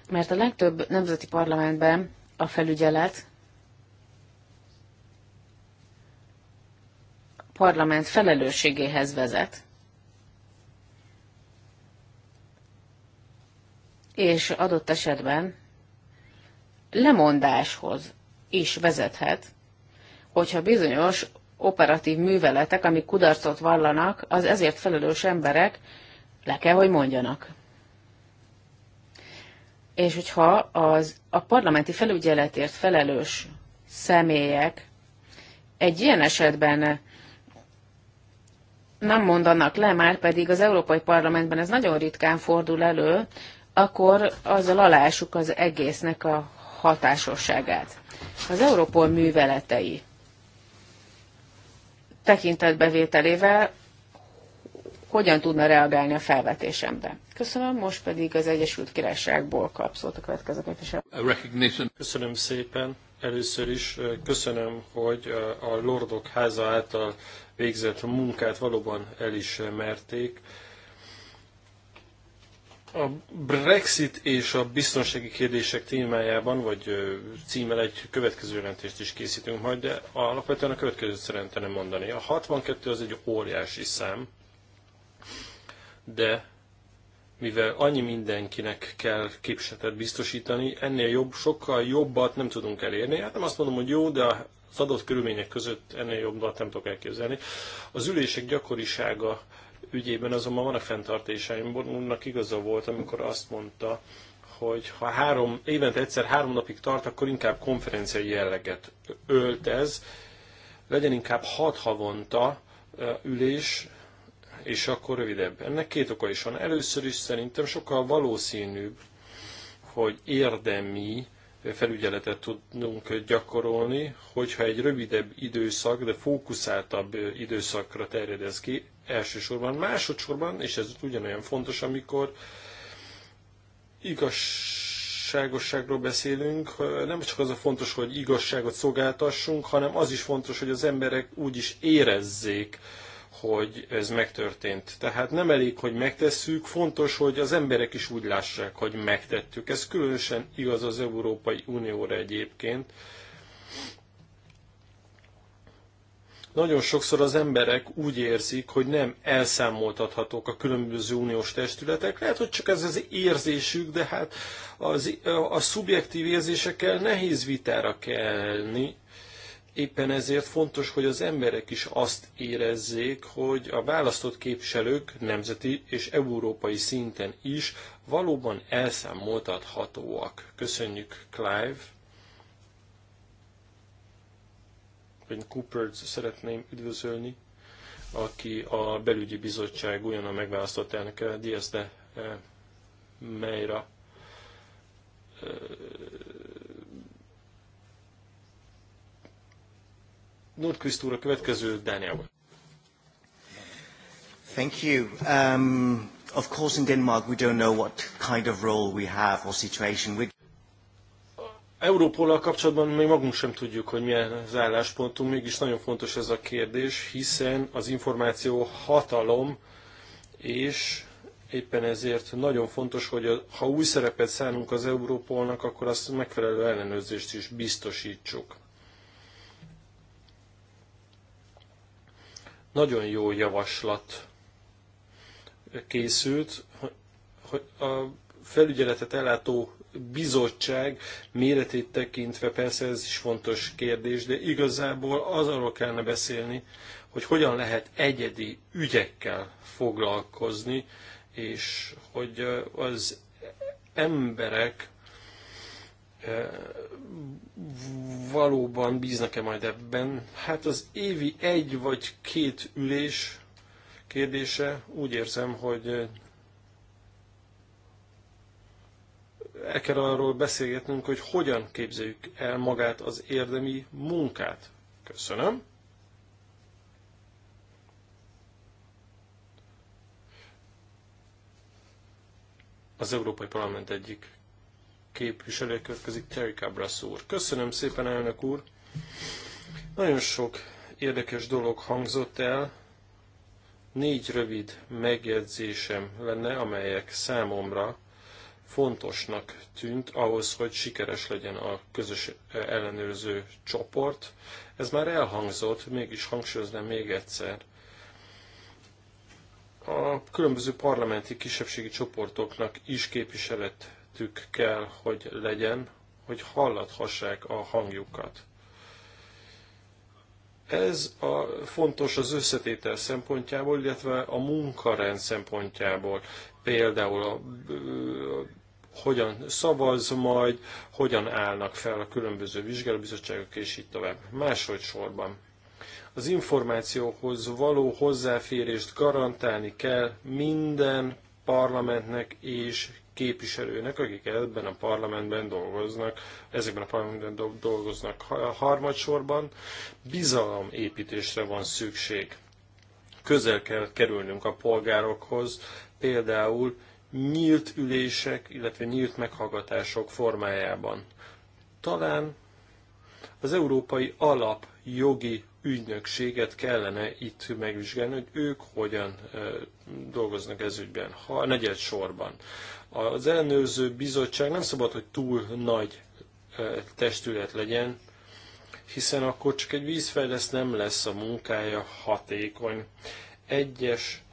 mert a legtöbb nemzeti parlamentben a felügyelet parlament felelősségéhez vezet, és adott esetben lemondáshoz is vezethet, hogyha bizonyos operatív műveletek, amik kudarcot vallanak, az ezért felelős emberek le kell, hogy mondjanak és hogyha az, a parlamenti felügyeletért felelős személyek egy ilyen esetben nem mondanak le, már pedig az Európai Parlamentben ez nagyon ritkán fordul elő, akkor azzal alássuk az egésznek a hatásosságát. Az Európol műveletei tekintetbevételével hogyan tudna reagálni a felvetésemre. Köszönöm, most pedig az Egyesült Királyságból kapszolt a következő képviselő. Köszönöm szépen. Először is köszönöm, hogy a Lordok háza által végzett munkát valóban elismerték. A Brexit és a biztonsági kérdések témájában, vagy címmel egy következő jelentést is készítünk majd, de alapvetően a következőt szerintem mondani. A 62 az egy óriási szám, de mivel annyi mindenkinek kell képsetet biztosítani, ennél jobb, sokkal jobbat nem tudunk elérni. Hát nem azt mondom, hogy jó, de az adott körülmények között ennél jobbat nem tudok elképzelni. Az ülések gyakorisága ügyében azonban a fenntartásaim. Bornulnak igaza volt, amikor azt mondta, hogy ha három, évente egyszer három napig tart, akkor inkább konferenciai jelleget ölt ez. Legyen inkább hat havonta ülés, és akkor rövidebb. Ennek két oka is van. Először is szerintem sokkal valószínűbb, hogy érdemi felügyeletet tudunk gyakorolni, hogyha egy rövidebb időszak, de fókuszáltabb időszakra terjed ez ki elsősorban. Másodszorban, és ez ugyanolyan fontos, amikor igazságosságról beszélünk, nem csak az a fontos, hogy igazságot szolgáltassunk, hanem az is fontos, hogy az emberek úgy is érezzék, hogy ez megtörtént. Tehát nem elég, hogy megtesszük, fontos, hogy az emberek is úgy lássák, hogy megtettük. Ez különösen igaz az Európai Unióra egyébként. Nagyon sokszor az emberek úgy érzik, hogy nem elszámoltathatók a különböző uniós testületek. Lehet, hogy csak ez az érzésük, de hát az, a szubjektív érzésekkel nehéz vitára kelni, Éppen ezért fontos, hogy az emberek is azt érezzék, hogy a választott képviselők nemzeti és európai szinten is valóban elszámoltathatóak. Köszönjük, Clive! Én cooper szeretném üdvözölni, aki a belügyi bizottság olyan megválasztott elnöke, Diaz de eh, Meira eh, Nordqvist úr a következő Dániában. Thank you. Um, of course in Denmark we don't know what kind of role we have or situation. We... Európollal kapcsolatban még magunk sem tudjuk, hogy milyen az álláspontunk, mégis nagyon fontos ez a kérdés, hiszen az információ hatalom, és éppen ezért nagyon fontos, hogy ha új szerepet szánunk az Európolnak, akkor azt megfelelő ellenőrzést is biztosítsuk. Nagyon jó javaslat készült, hogy a felügyeletet ellátó bizottság méretét tekintve persze ez is fontos kérdés, de igazából az arról kellene beszélni, hogy hogyan lehet egyedi ügyekkel foglalkozni, és hogy az emberek valóban bíznak-e majd ebben? Hát az évi egy vagy két ülés kérdése úgy érzem, hogy el kell arról beszélgetnünk, hogy hogyan képzeljük el magát az érdemi munkát. Köszönöm. Az Európai Parlament egyik képviselő következik Terry Cabras úr. Köszönöm szépen, elnök úr! Nagyon sok érdekes dolog hangzott el. Négy rövid megjegyzésem lenne, amelyek számomra fontosnak tűnt ahhoz, hogy sikeres legyen a közös ellenőrző csoport. Ez már elhangzott, mégis hangsúlyoznám még egyszer. A különböző parlamenti kisebbségi csoportoknak is képviselet közöttük kell, hogy legyen, hogy hallathassák a hangjukat. Ez a, fontos az összetétel szempontjából, illetve a munkarend szempontjából. Például a, a hogyan szavaz majd, hogyan állnak fel a különböző vizsgálóbizottságok, és így tovább. Máshogy sorban. Az információhoz való hozzáférést garantálni kell minden parlamentnek és képviselőnek, akik ebben a parlamentben dolgoznak, ezekben a parlamentben dolgoznak harmadsorban, bizalomépítésre van szükség. Közel kell kerülnünk a polgárokhoz, például nyílt ülések, illetve nyílt meghallgatások formájában. Talán az Európai Alap jogi ügynökséget kellene itt megvizsgálni, hogy ők hogyan dolgoznak ez ügyben, ha negyed sorban. Az ellenőrző bizottság nem szabad, hogy túl nagy testület legyen, hiszen akkor csak egy vízfejleszt nem lesz a munkája hatékony. Egyes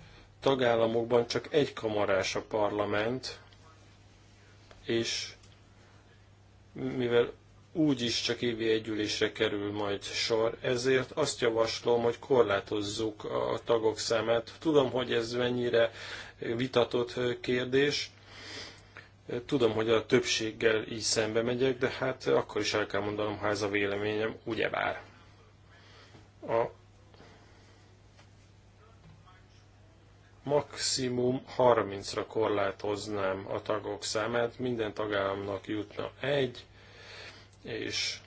tagállamokban csak egy kamarás a parlament, és mivel úgyis csak évi együlésre kerül majd sor, ezért azt javaslom, hogy korlátozzuk a tagok számát. Tudom, hogy ez mennyire vitatott kérdés, Tudom, hogy a többséggel így szembe megyek, de hát akkor is el kell mondanom, ha ez a véleményem, ugyebár. A maximum 30-ra korlátoznám a tagok számát, minden tagállamnak jutna egy, és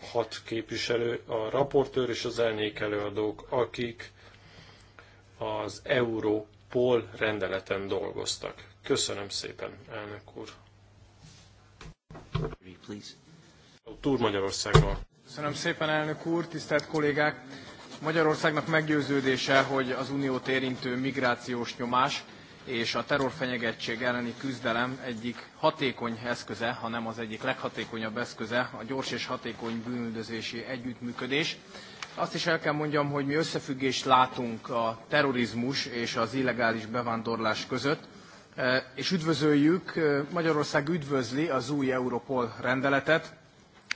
hat képviselő, a raportőr és az elnékelőadók, akik az euró POL rendeleten dolgoztak. Köszönöm szépen, elnök úr. Túr Magyarországgal. Köszönöm szépen, elnök úr, tisztelt kollégák! Magyarországnak meggyőződése, hogy az uniót érintő migrációs nyomás és a terrorfenyegettség elleni küzdelem egyik hatékony eszköze, hanem az egyik leghatékonyabb eszköze a gyors és hatékony bűnüldözési együttműködés azt is el kell mondjam, hogy mi összefüggést látunk a terrorizmus és az illegális bevándorlás között, e, és üdvözöljük, e, Magyarország üdvözli az új Europol rendeletet,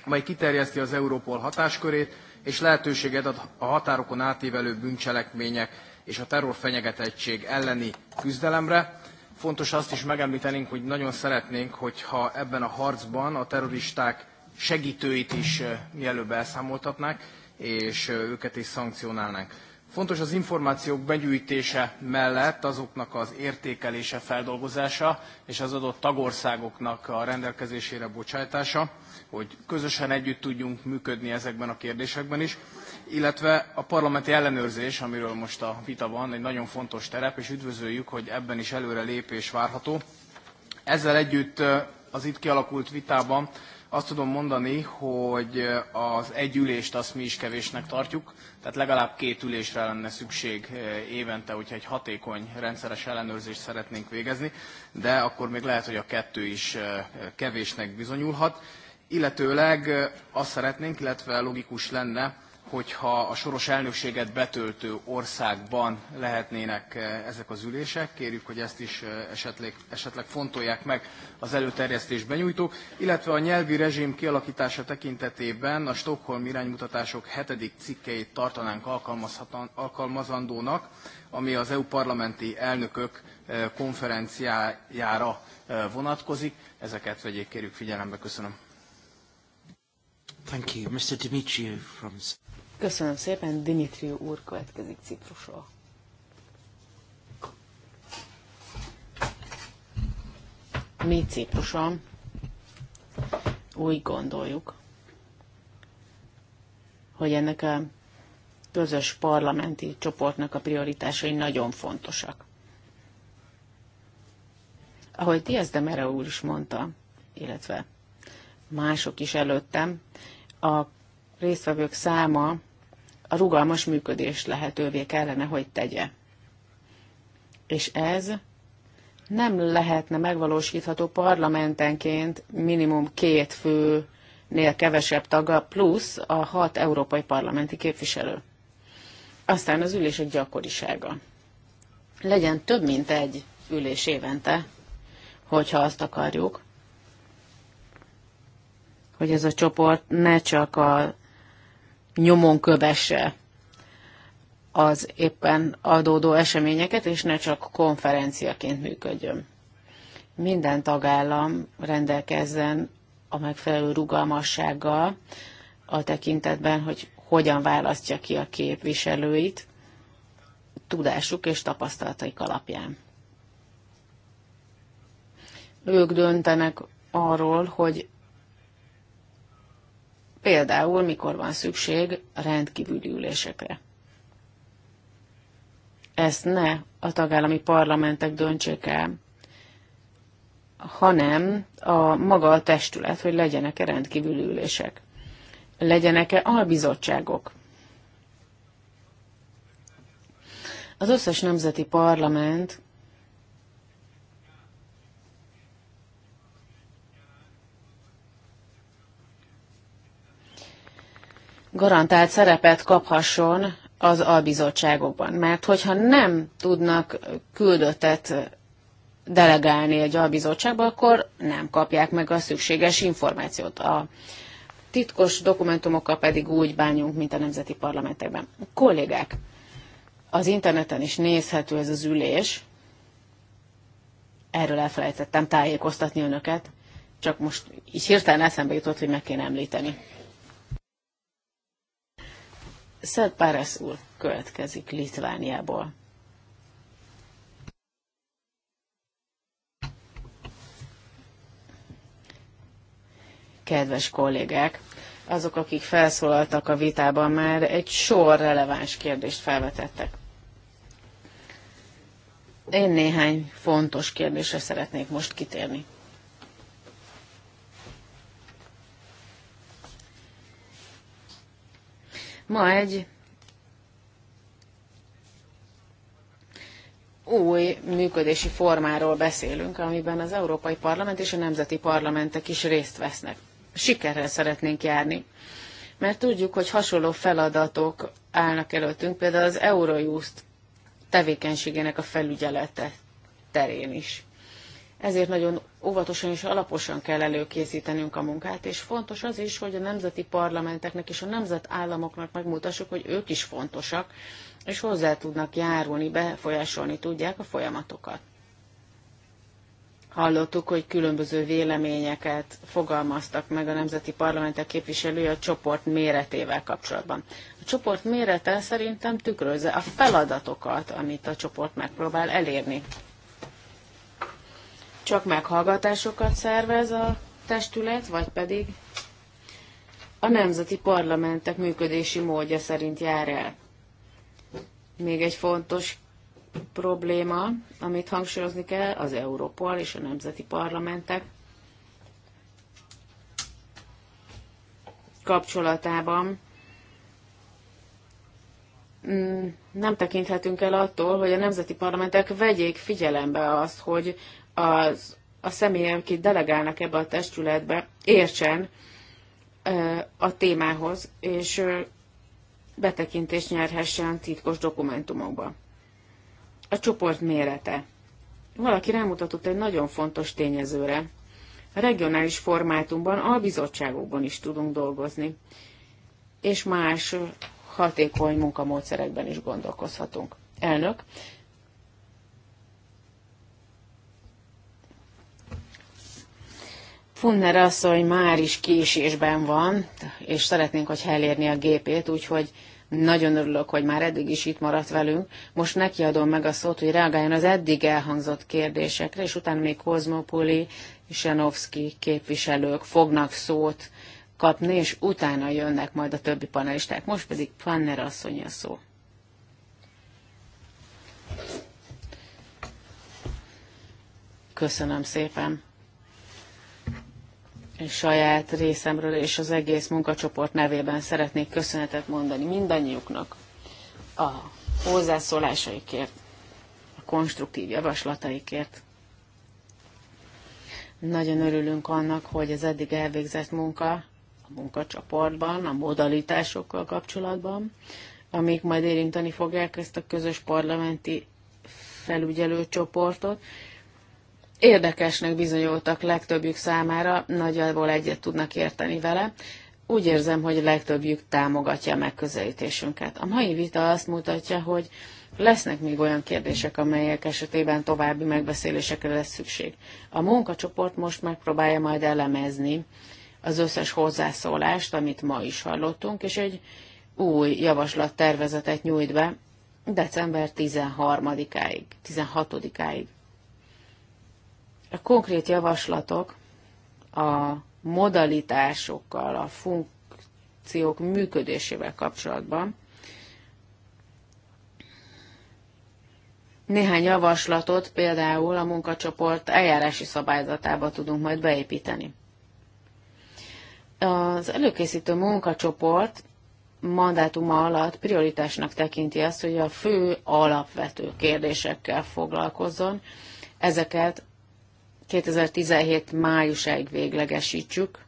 mely kiterjeszti az Europol hatáskörét, és lehetőséget ad a határokon átívelő bűncselekmények és a terrorfenyegetettség elleni küzdelemre. Fontos azt is megemlítenünk, hogy nagyon szeretnénk, hogyha ebben a harcban a terroristák segítőit is e, mielőbb elszámoltatnák, és őket is szankcionálnánk. Fontos az információk begyűjtése mellett azoknak az értékelése, feldolgozása és az adott tagországoknak a rendelkezésére bocsájtása, hogy közösen együtt tudjunk működni ezekben a kérdésekben is, illetve a parlamenti ellenőrzés, amiről most a vita van, egy nagyon fontos terep, és üdvözöljük, hogy ebben is előre lépés várható. Ezzel együtt az itt kialakult vitában azt tudom mondani, hogy az egy ülést azt mi is kevésnek tartjuk, tehát legalább két ülésre lenne szükség évente, hogyha egy hatékony, rendszeres ellenőrzést szeretnénk végezni, de akkor még lehet, hogy a kettő is kevésnek bizonyulhat. Illetőleg azt szeretnénk, illetve logikus lenne, hogyha a soros elnökséget betöltő országban lehetnének eh, ezek az ülések. Kérjük, hogy ezt is eh, esetleg, esetleg fontolják meg az előterjesztés benyújtók, illetve a nyelvi rezsim kialakítása tekintetében a Stockholm iránymutatások hetedik cikkeit tartanánk alkalmazandónak, ami az EU parlamenti elnökök eh, konferenciájára vonatkozik. Ezeket vegyék, kérjük figyelembe. Köszönöm. Thank you. Mr. Dimitriou from... Köszönöm szépen, Dimitri úr következik Ciprusról. Mi Cipruson úgy gondoljuk, hogy ennek a közös parlamenti csoportnak a prioritásai nagyon fontosak. Ahogy Diaz de Mera úr is mondta, illetve mások is előttem, a résztvevők száma a rugalmas működés lehetővé kellene, hogy tegye. És ez nem lehetne megvalósítható parlamentenként minimum két főnél kevesebb taga, plusz a hat európai parlamenti képviselő. Aztán az ülések gyakorisága. Legyen több, mint egy ülés évente, hogyha azt akarjuk, hogy ez a csoport ne csak a nyomon kövesse az éppen adódó eseményeket, és ne csak konferenciaként működjön. Minden tagállam rendelkezzen a megfelelő rugalmassággal a tekintetben, hogy hogyan választja ki a képviselőit tudásuk és tapasztalataik alapján. Ők döntenek arról, hogy például mikor van szükség rendkívüli ülésekre. Ezt ne a tagállami parlamentek döntsék el, hanem a maga a testület, hogy legyenek-e rendkívüli ülések, legyenek-e albizottságok. Az összes nemzeti parlament garantált szerepet kaphasson az albizottságokban. Mert hogyha nem tudnak küldöttet delegálni egy albizottságba, akkor nem kapják meg a szükséges információt. A titkos dokumentumokkal pedig úgy bánjunk, mint a nemzeti parlamentekben. Kollégák, az interneten is nézhető ez az ülés. Erről elfelejtettem tájékoztatni önöket, csak most így hirtelen eszembe jutott, hogy meg kéne említeni. Szent Párász úr következik Litvániából. Kedves kollégák, azok, akik felszólaltak a vitában, már egy sor releváns kérdést felvetettek. Én néhány fontos kérdésre szeretnék most kitérni. Ma egy új működési formáról beszélünk, amiben az Európai Parlament és a nemzeti parlamentek is részt vesznek. Sikerrel szeretnénk járni, mert tudjuk, hogy hasonló feladatok állnak előttünk, például az Eurojust tevékenységének a felügyelete terén is. Ezért nagyon óvatosan és alaposan kell előkészítenünk a munkát, és fontos az is, hogy a nemzeti parlamenteknek és a nemzetállamoknak megmutassuk, hogy ők is fontosak, és hozzá tudnak járulni, befolyásolni tudják a folyamatokat. Hallottuk, hogy különböző véleményeket fogalmaztak meg a nemzeti parlamentek képviselői a csoport méretével kapcsolatban. A csoport mérete szerintem tükrözze a feladatokat, amit a csoport megpróbál elérni csak meghallgatásokat szervez a testület, vagy pedig a nemzeti parlamentek működési módja szerint jár el. Még egy fontos probléma, amit hangsúlyozni kell, az Európol és a nemzeti parlamentek kapcsolatában mm, nem tekinthetünk el attól, hogy a nemzeti parlamentek vegyék figyelembe azt, hogy az, a személy, akit delegálnak ebbe a testületbe, értsen a témához, és betekintést nyerhessen titkos dokumentumokba. A csoport mérete. Valaki rámutatott egy nagyon fontos tényezőre. A regionális formátumban, a bizottságokban is tudunk dolgozni, és más hatékony munkamódszerekben is gondolkozhatunk. Elnök, Funner asszony már is késésben van, és szeretnénk, hogy elérni a gépét, úgyhogy nagyon örülök, hogy már eddig is itt maradt velünk. Most nekiadom meg a szót, hogy reagáljon az eddig elhangzott kérdésekre, és utána még Kozmopoli és Janowski képviselők fognak szót kapni, és utána jönnek majd a többi panelisták. Most pedig Panner asszony a szó. Köszönöm szépen saját részemről és az egész munkacsoport nevében szeretnék köszönetet mondani mindannyiuknak a hozzászólásaikért, a konstruktív javaslataikért. Nagyon örülünk annak, hogy az eddig elvégzett munka a munkacsoportban, a modalitásokkal kapcsolatban, amik majd érinteni fogják ezt a közös parlamenti felügyelőcsoportot, csoportot, érdekesnek bizonyultak legtöbbjük számára, nagyjából egyet tudnak érteni vele. Úgy érzem, hogy legtöbbjük támogatja a megközelítésünket. A mai vita azt mutatja, hogy lesznek még olyan kérdések, amelyek esetében további megbeszélésekre lesz szükség. A munkacsoport most megpróbálja majd elemezni az összes hozzászólást, amit ma is hallottunk, és egy új javaslattervezetet nyújt be december 13-áig, 16-áig. A konkrét javaslatok a modalitásokkal, a funkciók működésével kapcsolatban. Néhány javaslatot például a munkacsoport eljárási szabályzatába tudunk majd beépíteni. Az előkészítő munkacsoport mandátuma alatt prioritásnak tekinti azt, hogy a fő alapvető kérdésekkel foglalkozzon, ezeket 2017 májusáig véglegesítsük.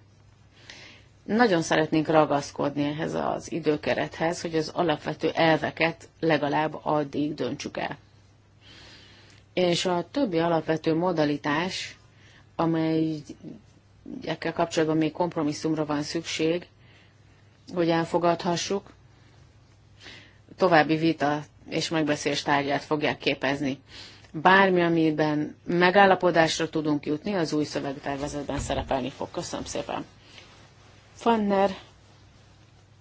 Nagyon szeretnénk ragaszkodni ehhez az időkerethez, hogy az alapvető elveket legalább addig döntsük el. És a többi alapvető modalitás, amelyekkel kapcsolatban még kompromisszumra van szükség, hogy elfogadhassuk, további vita és megbeszélés tárgyát fogják képezni bármi, amiben megállapodásra tudunk jutni, az új szövegtervezetben szerepelni fog. Köszönöm szépen. Fanner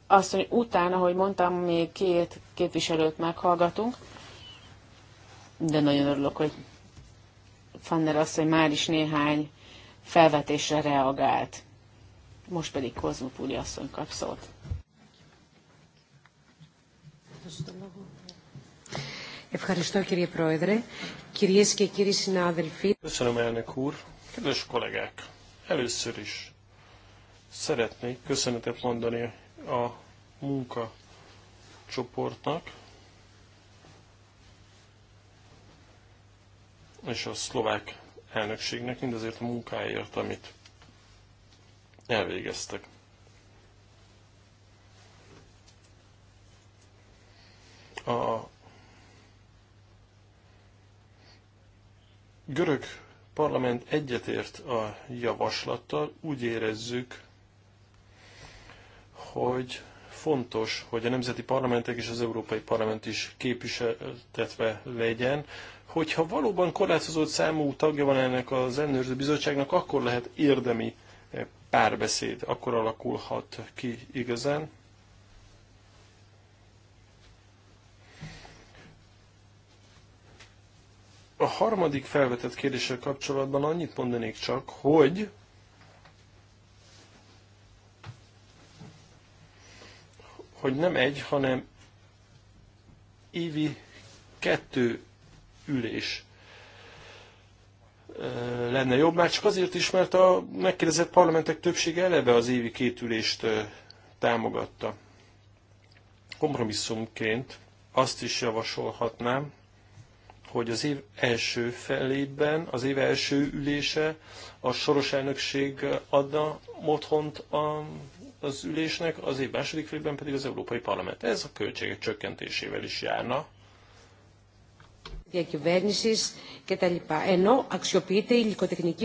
azt, hogy utána, ahogy mondtam, még két képviselőt meghallgatunk, de nagyon örülök, hogy Fanner azt, hogy már is néhány felvetésre reagált. Most pedig Kozmopúli asszony kap szót. Ευχαριστώ κύριε Πρόεδρε. Κυρίες και κύριοι συνάδελφοι. Köszönöm, elnök úr. Kedves kollégák, először is szeretnék köszönetet mondani a munka csoportnak és a szlovák elnökségnek mindazért a munkáért, amit elvégeztek. A görög parlament egyetért a javaslattal, úgy érezzük, hogy fontos, hogy a nemzeti parlamentek és az Európai Parlament is képviseltetve legyen. Hogyha valóban korlátozott számú tagja van ennek az ellenőrző bizottságnak, akkor lehet érdemi párbeszéd, akkor alakulhat ki igazán. A harmadik felvetett kérdéssel kapcsolatban annyit mondanék csak, hogy hogy nem egy, hanem évi kettő ülés lenne jobb, már csak azért is, mert a megkérdezett parlamentek többsége eleve az évi két ülést támogatta. Kompromisszumként azt is javasolhatnám, hogy az év első felében, az év első ülése a soros elnökség adna otthont a, az ülésnek, az év második felében pedig az Európai Parlament. Ez a költségek csökkentésével is járna.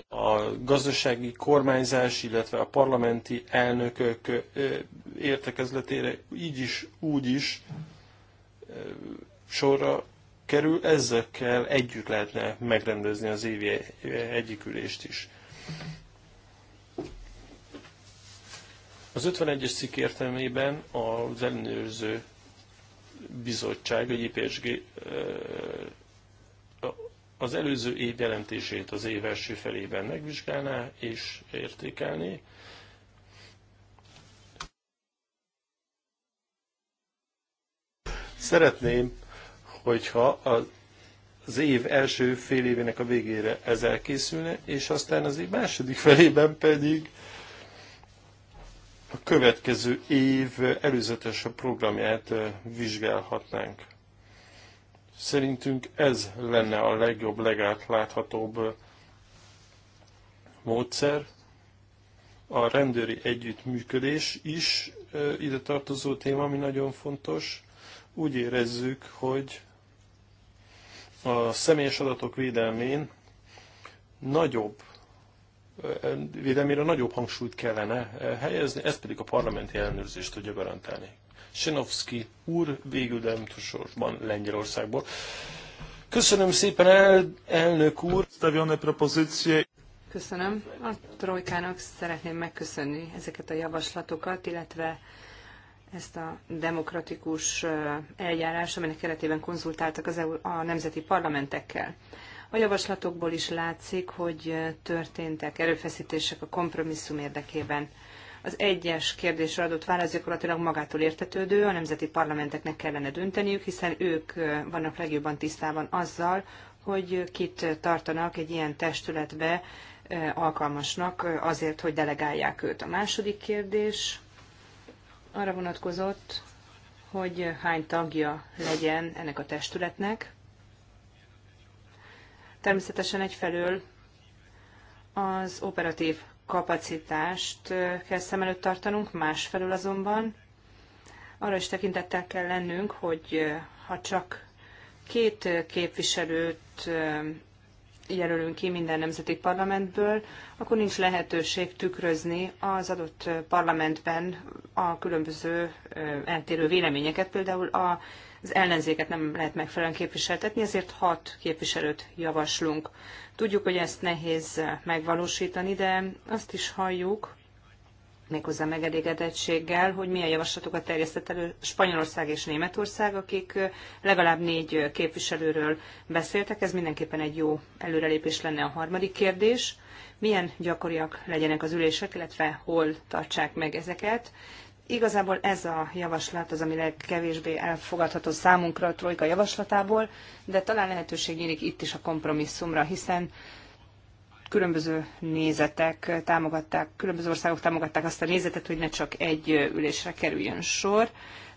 A gazdasági kormányzás, illetve a parlamenti elnökök értekezletére így is, úgy is sorra kerül, ezekkel együtt lehetne megrendezni az évi egyik ülést is. Az 51-es cikk értelmében az ellenőrző bizottság, a JPSG az előző év jelentését az év első felében megvizsgálná és értékelné. Szeretném hogyha az év első fél évének a végére ez elkészülne, és aztán az év második (laughs) felében pedig a következő év előzetes programját vizsgálhatnánk. Szerintünk ez lenne a legjobb, legátláthatóbb módszer. A rendőri együttműködés is ide tartozó téma, ami nagyon fontos. Úgy érezzük, hogy a személyes adatok védelmén nagyobb eh, védelmére nagyobb hangsúlyt kellene eh, helyezni, Ez pedig a parlamenti ellenőrzést tudja garantálni. Sinovski úr, végül de sorban Lengyelországból. Köszönöm szépen, el, elnök úr! Köszönöm. A trojkának szeretném megköszönni ezeket a javaslatokat, illetve ezt a demokratikus eljárás, amelynek keretében konzultáltak az EU, a nemzeti parlamentekkel. A javaslatokból is látszik, hogy történtek erőfeszítések a kompromisszum érdekében. Az egyes kérdésre adott válasz gyakorlatilag magától értetődő, a nemzeti parlamenteknek kellene dönteniük, hiszen ők vannak legjobban tisztában azzal, hogy kit tartanak egy ilyen testületbe alkalmasnak azért, hogy delegálják őt. A második kérdés arra vonatkozott, hogy hány tagja legyen ennek a testületnek. Természetesen egyfelől az operatív kapacitást kell szem előtt tartanunk, másfelől azonban arra is tekintettel kell lennünk, hogy ha csak két képviselőt jelölünk ki minden nemzeti parlamentből, akkor nincs lehetőség tükrözni az adott parlamentben a különböző eltérő véleményeket, például az ellenzéket nem lehet megfelelően képviseltetni, ezért hat képviselőt javaslunk. Tudjuk, hogy ezt nehéz megvalósítani, de azt is halljuk, méghozzá megelégedettséggel, hogy milyen javaslatokat terjesztett elő Spanyolország és Németország, akik legalább négy képviselőről beszéltek. Ez mindenképpen egy jó előrelépés lenne a harmadik kérdés. Milyen gyakoriak legyenek az ülések, illetve hol tartsák meg ezeket? Igazából ez a javaslat az, ami legkevésbé elfogadható számunkra a trojka javaslatából, de talán lehetőség nyílik itt is a kompromisszumra, hiszen különböző nézetek támogatták, különböző országok támogatták azt a nézetet, hogy ne csak egy ülésre kerüljön sor.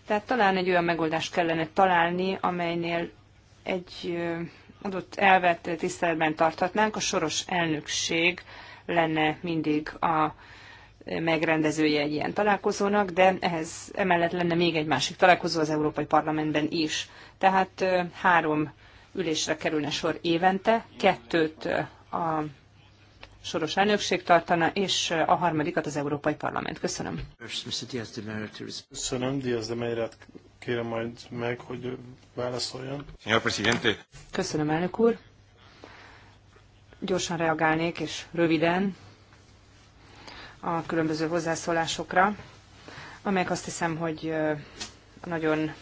Tehát talán egy olyan megoldást kellene találni, amelynél egy adott elvet tiszteletben tarthatnánk. A soros elnökség lenne mindig a megrendezője egy ilyen találkozónak, de ehhez emellett lenne még egy másik találkozó az Európai Parlamentben is. Tehát három ülésre kerülne sor évente, kettőt a soros elnökség tartana, és a harmadikat az Európai Parlament. Köszönöm. Köszönöm, Diaz de Meirát kérem majd meg, hogy válaszoljon. Köszönöm, elnök úr. Gyorsan reagálnék, és röviden a különböző hozzászólásokra, amelyek azt hiszem, hogy nagyon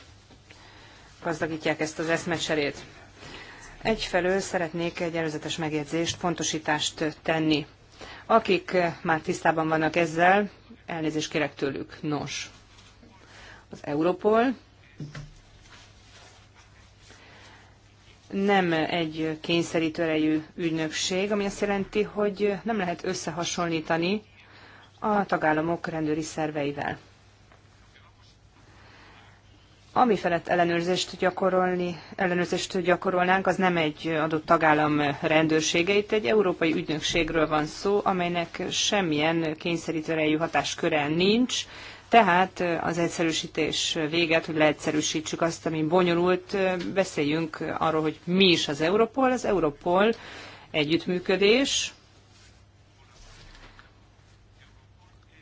gazdagítják ezt az eszmecserét. Egyfelől szeretnék egy előzetes megjegyzést, pontosítást tenni. Akik már tisztában vannak ezzel, elnézést kérek tőlük. Nos, az Europol nem egy kényszerítő erejű ügynökség, ami azt jelenti, hogy nem lehet összehasonlítani a tagállamok rendőri szerveivel ami felett ellenőrzést, gyakorolni, ellenőrzést gyakorolnánk, az nem egy adott tagállam rendőrsége. Itt egy európai ügynökségről van szó, amelynek semmilyen kényszerítőrejű hatásköre nincs, tehát az egyszerűsítés véget, hogy leegyszerűsítsük azt, ami bonyolult, beszéljünk arról, hogy mi is az Europol. Az Europol együttműködés,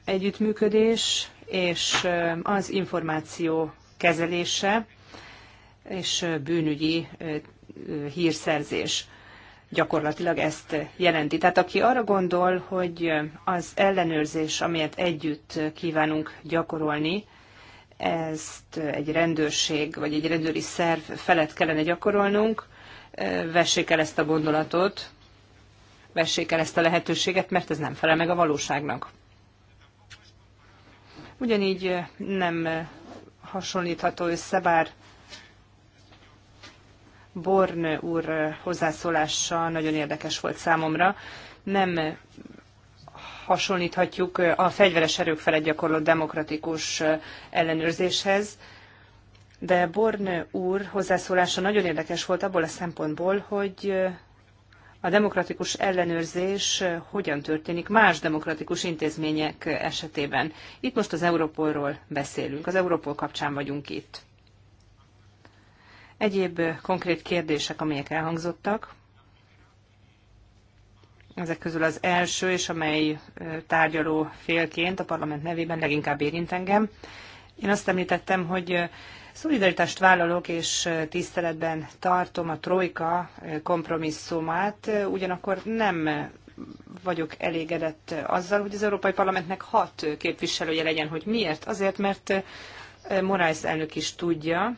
együttműködés és az információ kezelése és bűnügyi hírszerzés gyakorlatilag ezt jelenti. Tehát aki arra gondol, hogy az ellenőrzés, amelyet együtt kívánunk gyakorolni, ezt egy rendőrség vagy egy rendőri szerv felett kellene gyakorolnunk, vessék el ezt a gondolatot, vessék el ezt a lehetőséget, mert ez nem felel meg a valóságnak. Ugyanígy nem hasonlítható össze, bár Born úr hozzászólása nagyon érdekes volt számomra. Nem hasonlíthatjuk a fegyveres erők felett gyakorlott demokratikus ellenőrzéshez, de Born úr hozzászólása nagyon érdekes volt abból a szempontból, hogy a demokratikus ellenőrzés hogyan történik más demokratikus intézmények esetében. Itt most az Európolról beszélünk, az Európol kapcsán vagyunk itt. Egyéb konkrét kérdések, amelyek elhangzottak, ezek közül az első, és amely tárgyaló félként a parlament nevében leginkább érint engem. Én azt említettem, hogy Szolidaritást vállalok és tiszteletben tartom a trojka kompromisszumát, ugyanakkor nem vagyok elégedett azzal, hogy az Európai Parlamentnek hat képviselője legyen, hogy miért. Azért, mert Morales elnök is tudja,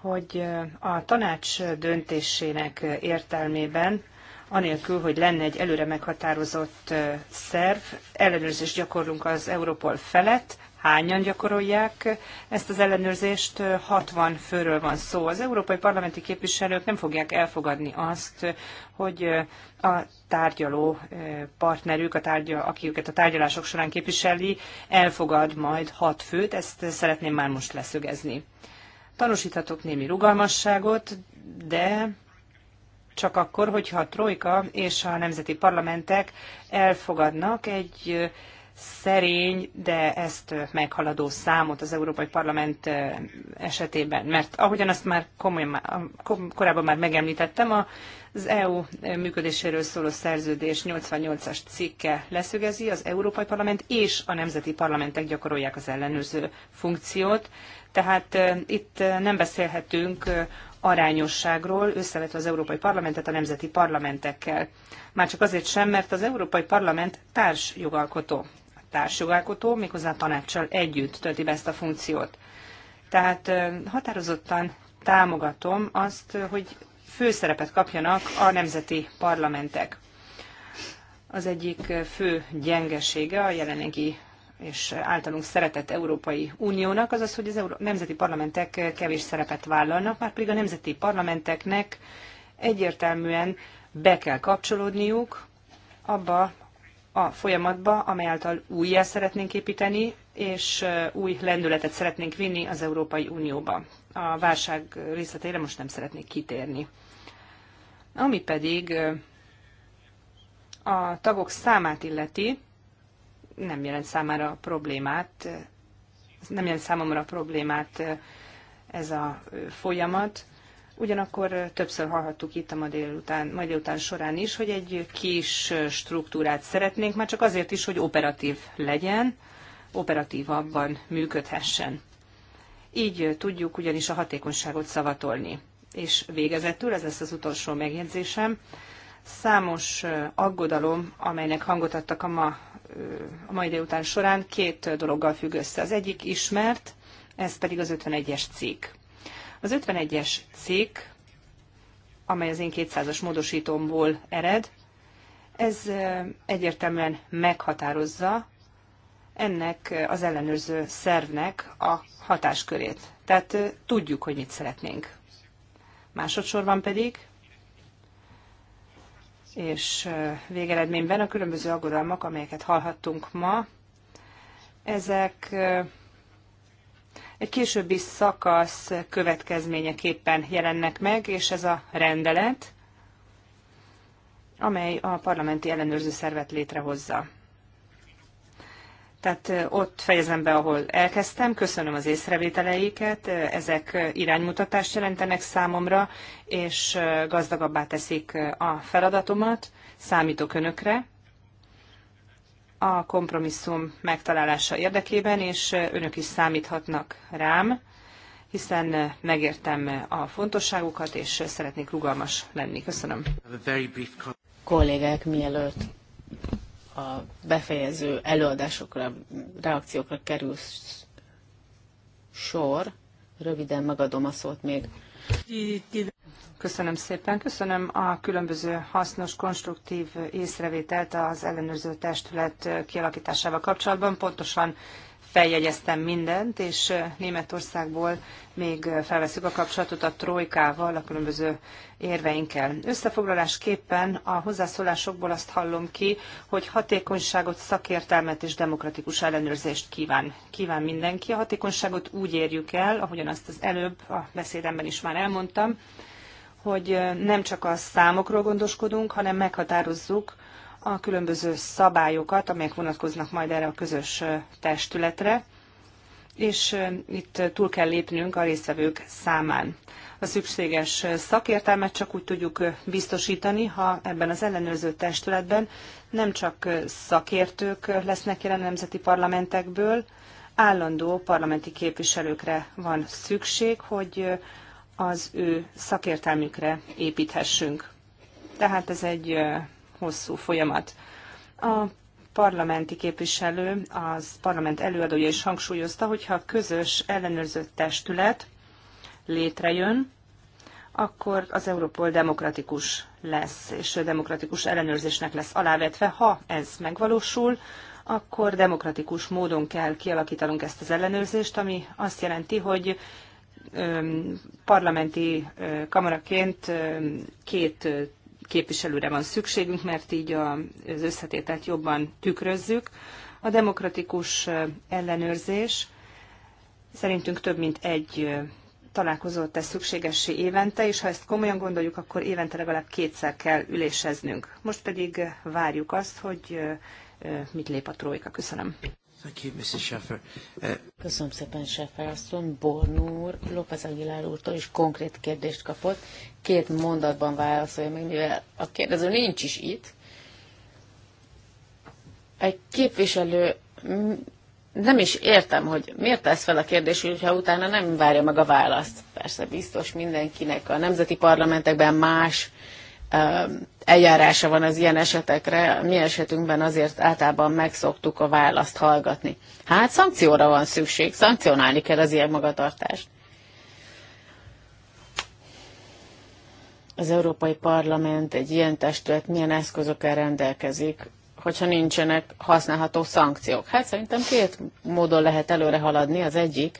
hogy a tanács döntésének értelmében, anélkül, hogy lenne egy előre meghatározott szerv, ellenőrzést gyakorlunk az Europol felett, hányan gyakorolják ezt az ellenőrzést, 60 főről van szó. Az európai parlamenti képviselők nem fogják elfogadni azt, hogy a tárgyaló eh, partnerük, a tárgyal, aki őket a tárgyalások során képviseli, elfogad majd 6 főt, ezt szeretném már most leszögezni. Tanúsíthatok némi rugalmasságot, de csak akkor, hogyha a Trojka és a nemzeti parlamentek elfogadnak egy eh, szerény, de ezt meghaladó számot az Európai Parlament esetében. Mert ahogyan azt már komolyan, korábban már megemlítettem, az EU működéséről szóló szerződés 88-as cikke leszögezi, az Európai Parlament és a nemzeti parlamentek gyakorolják az ellenőrző funkciót. Tehát itt nem beszélhetünk arányosságról, összevetve az Európai Parlamentet a nemzeti parlamentekkel. Már csak azért sem, mert az Európai Parlament társjogalkotó társjogalkotó, méghozzá a tanácssal együtt tölti be ezt a funkciót. Tehát határozottan támogatom azt, hogy főszerepet kapjanak a nemzeti parlamentek. Az egyik fő gyengesége a jelenlegi és általunk szeretett Európai Uniónak az az, hogy az Euró- nemzeti parlamentek kevés szerepet vállalnak, már pedig a nemzeti parlamenteknek egyértelműen be kell kapcsolódniuk abba a folyamatba, amely által újjá szeretnénk építeni, és új lendületet szeretnénk vinni az Európai Unióba. A válság részletére most nem szeretnék kitérni. Ami pedig a tagok számát illeti, nem jelent számára problémát, nem jelent számomra problémát ez a folyamat. Ugyanakkor többször hallhattuk itt a ma délután, ma délután során is, hogy egy kis struktúrát szeretnénk, már csak azért is, hogy operatív legyen, operatívabban működhessen. Így tudjuk ugyanis a hatékonyságot szavatolni. És végezetül, ez lesz az utolsó megjegyzésem, számos aggodalom, amelynek hangot adtak a, ma, a mai délután során, két dologgal függ össze. Az egyik ismert, ez pedig az 51-es cikk. Az 51-es cikk, amely az én 200-as módosítomból ered, ez egyértelműen meghatározza ennek az ellenőrző szervnek a hatáskörét. Tehát tudjuk, hogy mit szeretnénk. Másodszorban pedig, és végeredményben a különböző aggodalmak, amelyeket hallhattunk ma, ezek egy későbbi szakasz következményeképpen jelennek meg, és ez a rendelet, amely a parlamenti ellenőrző szervet létrehozza. Tehát ott fejezem be, ahol elkezdtem. Köszönöm az észrevételeiket. Ezek iránymutatást jelentenek számomra, és gazdagabbá teszik a feladatomat. Számítok önökre a kompromisszum megtalálása érdekében, és önök is számíthatnak rám, hiszen megértem a fontosságukat, és szeretnék rugalmas lenni. Köszönöm. Kollégák, mielőtt a befejező előadásokra, reakciókra kerül sor, röviden megadom a szót még. Köszönöm szépen. Köszönöm a különböző hasznos, konstruktív észrevételt az ellenőrző testület kialakításával kapcsolatban. Pontosan feljegyeztem mindent, és Németországból még felveszük a kapcsolatot a trojkával, a különböző érveinkkel. Összefoglalásképpen a hozzászólásokból azt hallom ki, hogy hatékonyságot, szakértelmet és demokratikus ellenőrzést kíván. Kíván mindenki. A hatékonyságot úgy érjük el, ahogyan azt az előbb a beszédemben is már elmondtam, hogy nem csak a számokról gondoskodunk, hanem meghatározzuk a különböző szabályokat, amelyek vonatkoznak majd erre a közös testületre, és itt túl kell lépnünk a résztvevők számán. A szükséges szakértelmet csak úgy tudjuk biztosítani, ha ebben az ellenőrző testületben nem csak szakértők lesznek jelen nemzeti parlamentekből, állandó parlamenti képviselőkre van szükség, hogy az ő szakértelmükre építhessünk. Tehát ez egy hosszú folyamat. A parlamenti képviselő, az parlament előadója is hangsúlyozta, hogyha közös ellenőrzött testület létrejön, akkor az Európol demokratikus lesz, és demokratikus ellenőrzésnek lesz alávetve. Ha ez megvalósul, akkor demokratikus módon kell kialakítanunk ezt az ellenőrzést, ami azt jelenti, hogy parlamenti kamaraként két képviselőre van szükségünk, mert így az összetételt jobban tükrözzük. A demokratikus ellenőrzés szerintünk több mint egy találkozót tesz szükségessé évente, és ha ezt komolyan gondoljuk, akkor évente legalább kétszer kell üléseznünk. Most pedig várjuk azt, hogy mit lép a trójka. Köszönöm. Thank you, Mrs. Schaffer. Uh, Köszönöm szépen, Schaffer asszony. Born úr, López Aguilar úrtól is konkrét kérdést kapott. Két mondatban válaszolja meg, mivel a kérdező nincs is itt. Egy képviselő nem is értem, hogy miért tesz fel a kérdés, hogyha utána nem várja meg a választ. Persze biztos mindenkinek a nemzeti parlamentekben más uh, eljárása van az ilyen esetekre, mi esetünkben azért általában megszoktuk a választ hallgatni. Hát szankcióra van szükség, szankcionálni kell az ilyen magatartást. Az Európai Parlament, egy ilyen testület milyen eszközökkel rendelkezik, hogyha nincsenek használható szankciók? Hát szerintem két módon lehet előre haladni. Az egyik,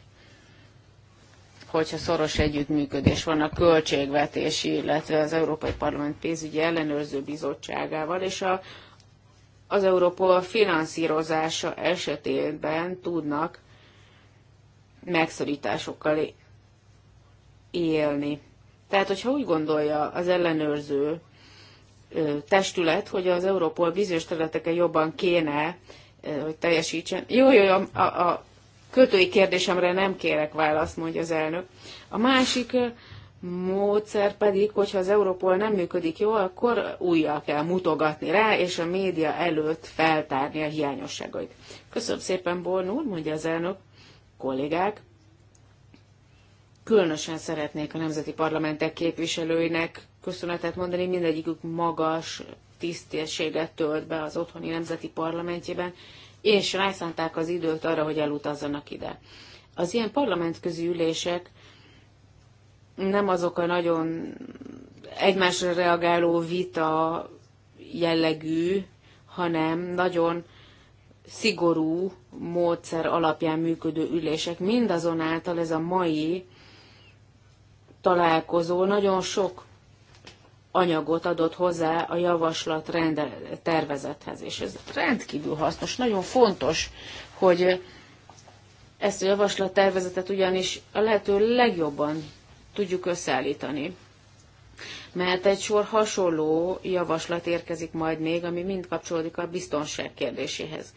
hogyha szoros együttműködés van a költségvetési, illetve az Európai Parlament pénzügyi ellenőrző bizottságával, és a, az Európa finanszírozása esetében tudnak megszorításokkal élni. Tehát, hogyha úgy gondolja az ellenőrző testület, hogy az Európol bizonyos területeken jobban kéne, hogy teljesítsen. Jó, jó, a, a, költői kérdésemre nem kérek választ, mondja az elnök. A másik módszer pedig, hogyha az Európol nem működik jól, akkor újjal kell mutogatni rá, és a média előtt feltárni a hiányosságait. Köszönöm szépen, Born úr, mondja az elnök, kollégák. Különösen szeretnék a nemzeti parlamentek képviselőinek köszönetet mondani, mindegyikük magas tisztességet tölt be az otthoni nemzeti parlamentjében, és rászánták az időt arra, hogy elutazzanak ide. Az ilyen parlamentközi ülések nem azok a nagyon egymásra reagáló vita jellegű, hanem nagyon szigorú módszer alapján működő ülések. Mindazonáltal ez a mai találkozó nagyon sok anyagot adott hozzá a javaslat rende, tervezethez. És ez rendkívül hasznos, nagyon fontos, hogy ezt a javaslat tervezetet ugyanis a lehető legjobban tudjuk összeállítani. Mert egy sor hasonló javaslat érkezik majd még, ami mind kapcsolódik a biztonság kérdéséhez.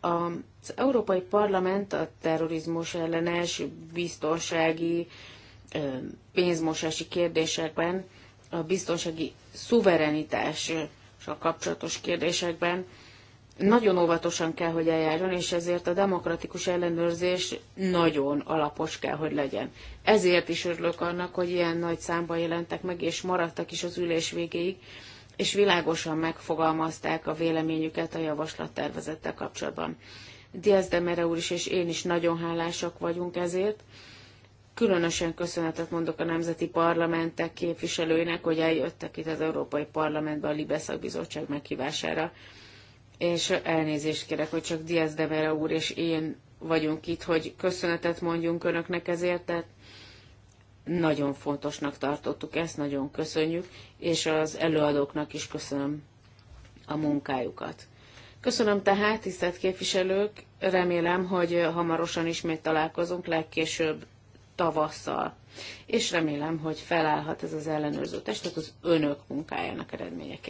Az Európai Parlament a terrorizmus ellenes biztonsági pénzmosási kérdésekben a biztonsági szuverenitással kapcsolatos kérdésekben nagyon óvatosan kell, hogy eljárjon, és ezért a demokratikus ellenőrzés nagyon alapos kell, hogy legyen. Ezért is örülök annak, hogy ilyen nagy számban jelentek meg, és maradtak is az ülés végéig, és világosan megfogalmazták a véleményüket a javaslattervezettel kapcsolatban. Diaz de úr is és én is nagyon hálásak vagyunk ezért, Különösen köszönetet mondok a nemzeti parlamentek képviselőinek, hogy eljöttek itt az Európai Parlamentbe a Libeszak Bizottság meghívására. És elnézést kérek, hogy csak Diaz de Vera úr és én vagyunk itt, hogy köszönetet mondjunk önöknek ezért, tehát nagyon fontosnak tartottuk ezt, nagyon köszönjük, és az előadóknak is köszönöm a munkájukat. Köszönöm tehát, tisztelt képviselők, remélem, hogy hamarosan ismét találkozunk, legkésőbb tavasszal. És remélem, hogy felállhat ez az ellenőrző testet az önök munkájának eredményeként.